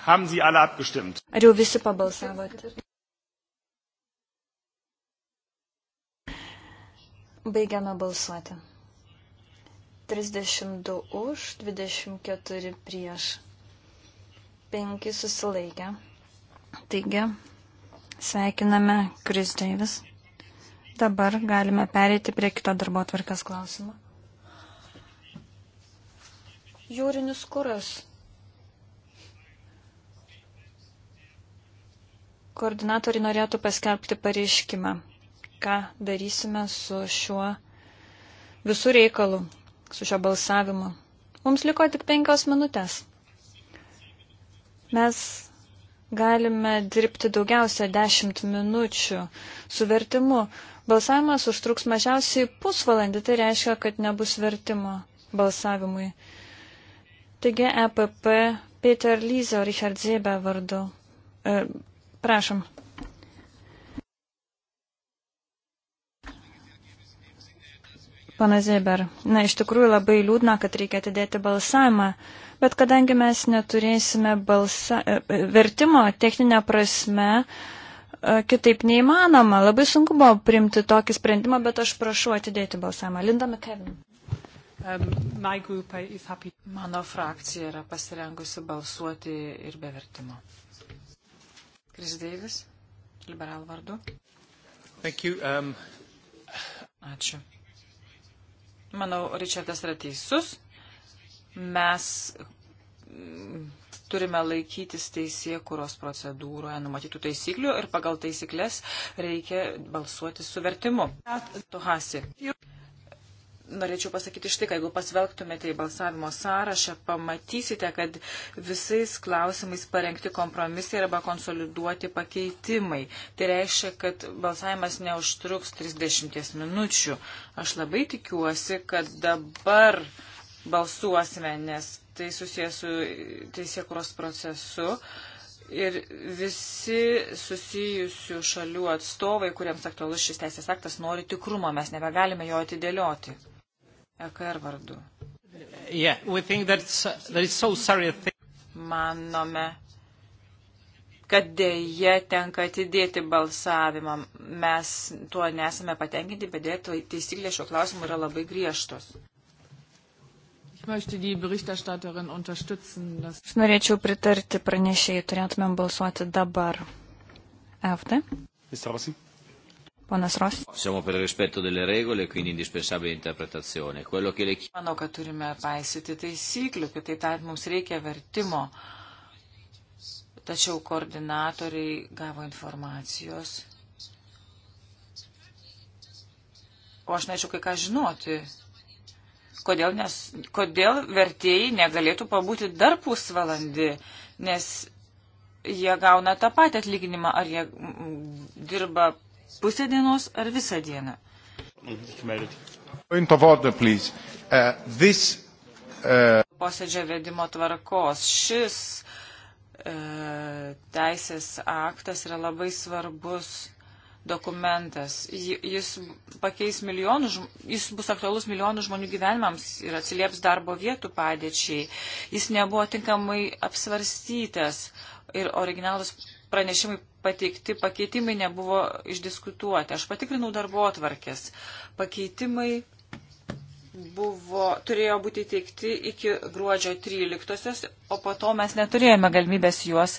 Haben Sie alle abgestimmt? Ar jau visi pabalsavote? Baigiame balsuoti. 32 už, 24 prieš, 5 susilaikę. Taigi, sveikiname Kris Deivis. Dabar galime pereiti prie kito darbo tvarkas klausimo. Jūrinis kuras koordinatoriai norėtų paskelbti pareiškimą, ką darysime su šiuo visų reikalų, su šio balsavimu. Mums liko tik penkios minutės. Mes galime dirbti daugiausia dešimt minučių su vertimu. Balsavimas užtruks mažiausiai pusvalandį, tai reiškia, kad nebus vertimo balsavimui. Taigi EPP Peter Lyze, Richard Zebe vardu. E, Prašom. Pana Zeber, na iš tikrųjų labai liūdna, kad reikia atidėti balsavimą, bet kadangi mes neturėsime balsa, e, e, vertimo techninę prasme, e, kitaip neįmanoma. Labai sunku buvo priimti tokį sprendimą, bet aš prašau atidėti balsavimą. Linda McKevin. Um, Mano frakcija yra pasirengusi balsuoti ir be vertimo. Kris Deivis, liberalų vardu. Um... Ačiū. Manau, Ričardas yra teisus. Mes mm, turime laikytis teisė, kurios procedūroje numatytų taisyklių ir pagal taisyklės reikia balsuoti su vertimu. Tuhasi norėčiau pasakyti štai, kad jeigu pasvelgtumėte į balsavimo sąrašą, pamatysite, kad visais klausimais parengti kompromisai arba konsoliduoti pakeitimai. Tai reiškia, kad balsavimas neužtruks 30 minučių. Aš labai tikiuosi, kad dabar balsuosime, nes tai susijęs su teisėkuros procesu. Ir visi susijusių šalių atstovai, kuriems aktualus šis teisės aktas, nori tikrumo, mes nebegalime jo atidėlioti. EKR vardu. Yeah, that's, that so Manome, kad dėje tenka atidėti balsavimą. Mes tuo nesame patenkinti, bet dėja tai taisyklės šio klausimu yra labai griežtos. Aš norėčiau pritarti pranešėjai, turėtumėm balsuoti dabar. FD. Mr. Rossi. Ponas Ros. E Manau, kad turime paisyti taisyklių, kitaip tariant, mums reikia vertimo. Tačiau koordinatoriai gavo informacijos. O aš nežinau, kai ką žinoti. Kodėl, nes, kodėl vertėjai negalėtų pabūti dar pusvalandį, nes jie gauna tą patį atlyginimą, ar jie mm, dirba pusę dienos ar visą dieną. Uh, uh, Posėdžio vedimo tvarkos. Šis e, teisės aktas yra labai svarbus dokumentas. Jis pakeis milijonų, jis bus aktualus milijonų žmonių gyvenimams ir atsilieps darbo vietų padėčiai. Jis nebuvo tinkamai apsvarstytas ir originalus pranešimai pateikti pakeitimai nebuvo išdiskutuoti. Aš patikrinau darbo atvarkės. Pakeitimai buvo, turėjo būti teikti iki gruodžio 13-osios, o po to mes neturėjome galimybės juos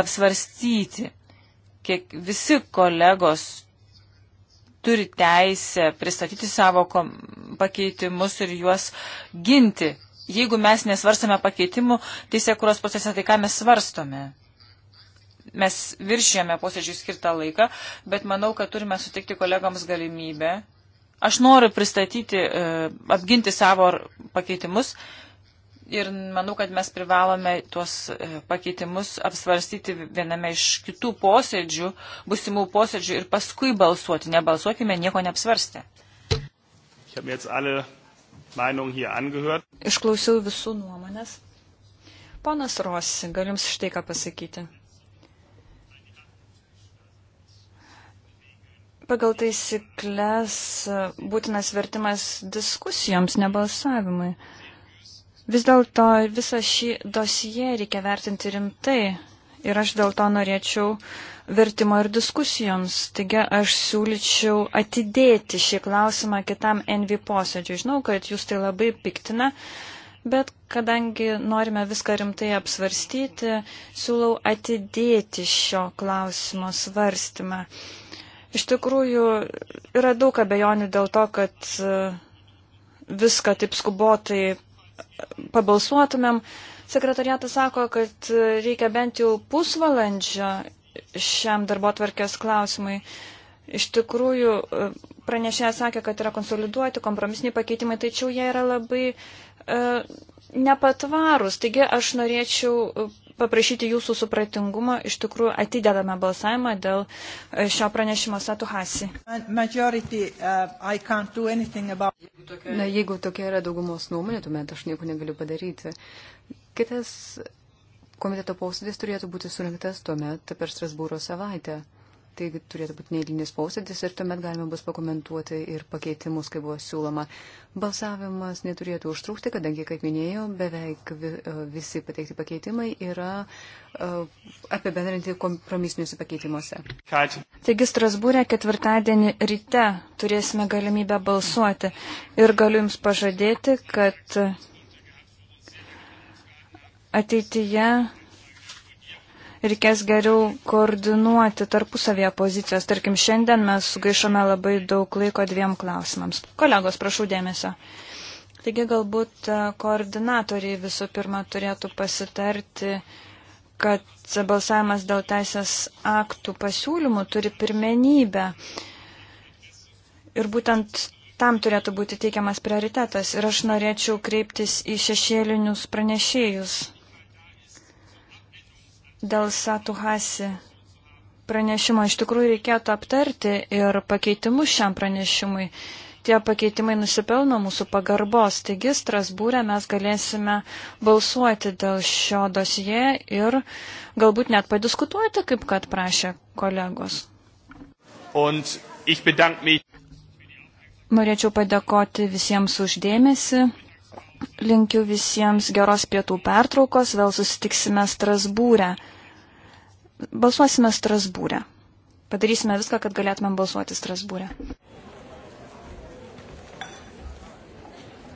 apsvarstyti. Kiek visi kolegos turi teisę pristatyti savo kom, pakeitimus ir juos ginti. Jeigu mes nesvarstame pakeitimų teisėkuros procese, tai ką mes svarstome? mes viršėjome posėdžiui skirtą laiką, bet manau, kad turime sutikti kolegams galimybę. Aš noriu pristatyti, e, apginti savo pakeitimus ir manau, kad mes privalome tuos e, pakeitimus apsvarstyti viename iš kitų posėdžių, busimų posėdžių ir paskui balsuoti. Nebalsuokime nieko neapsvarstę. Išklausiau visų nuomonės. Ponas Rosi, galiu Jums štai ką pasakyti. pagal taisyklės būtinas vertimas diskusijoms, nebalsavimui. Vis dėlto visą šį dosiją reikia vertinti rimtai ir aš dėl to norėčiau vertimo ir diskusijoms. Taigi aš siūlyčiau atidėti šį klausimą kitam NV posėdžiui. Žinau, kad jūs tai labai piktina, bet kadangi norime viską rimtai apsvarstyti, siūlau atidėti šio klausimo svarstymą. Iš tikrųjų, yra daug abejonių dėl to, kad e, viską taip skubotai pabalsuotumėm. Sekretariatas sako, kad e, reikia bent jau pusvalandžio šiam darbo tvarkės klausimui. Iš tikrųjų, e, pranešėjas sakė, kad yra konsoliduoti kompromisiniai pakeitimai, tačiau jie yra labai e, nepatvarūs. Taigi aš norėčiau paprašyti jūsų supratingumo, iš tikrųjų atidedame balsavimą dėl e, šio pranešimo Satuhasi. Uh, Na, jeigu tokia yra daugumos nuomonė, tuomet aš nieko negaliu padaryti. Kitas komiteto posėdis turėtų būti surinktas tuomet per Strasbūro savaitę. Tai turėtų būti neįlinis posėdis ir tuomet galima bus pakomentuoti ir pakeitimus, kaip buvo siūloma. Balsavimas neturėtų užtrukti, kadangi, kaip minėjau, beveik e, visi pateikti pakeitimai yra e, apibendrinti kompromisiniuose pakeitimuose. Taigi Strasbūrė ketvirtadienį ryte turėsime galimybę balsuoti ir galiu Jums pažadėti, kad ateityje reikės geriau koordinuoti tarpusavėje pozicijos. Tarkim, šiandien mes sugaišome labai daug laiko dviem klausimams. Kolegos, prašau dėmesio. Taigi galbūt e, koordinatoriai visų pirma turėtų pasitarti, kad balsavimas dėl teisės aktų pasiūlymų turi pirmenybę. Ir būtent tam turėtų būti teikiamas prioritetas. Ir aš norėčiau kreiptis į šešėlinius pranešėjus dėl Satuhasi pranešimo iš tikrųjų reikėtų aptarti ir pakeitimus šiam pranešimui. Tie pakeitimai nusipelno mūsų pagarbos, taigi Strasbūrė mes galėsime balsuoti dėl šio dosie ir galbūt net padiskutuoti, kaip kad prašė kolegos. Norėčiau padėkoti visiems uždėmesi. Linkiu visiems geros pietų pertraukos, vėl susitiksime Strasbūrę. Balsuosime Strasbūrę. Padarysime viską, kad galėtumėm balsuoti Strasbūrę.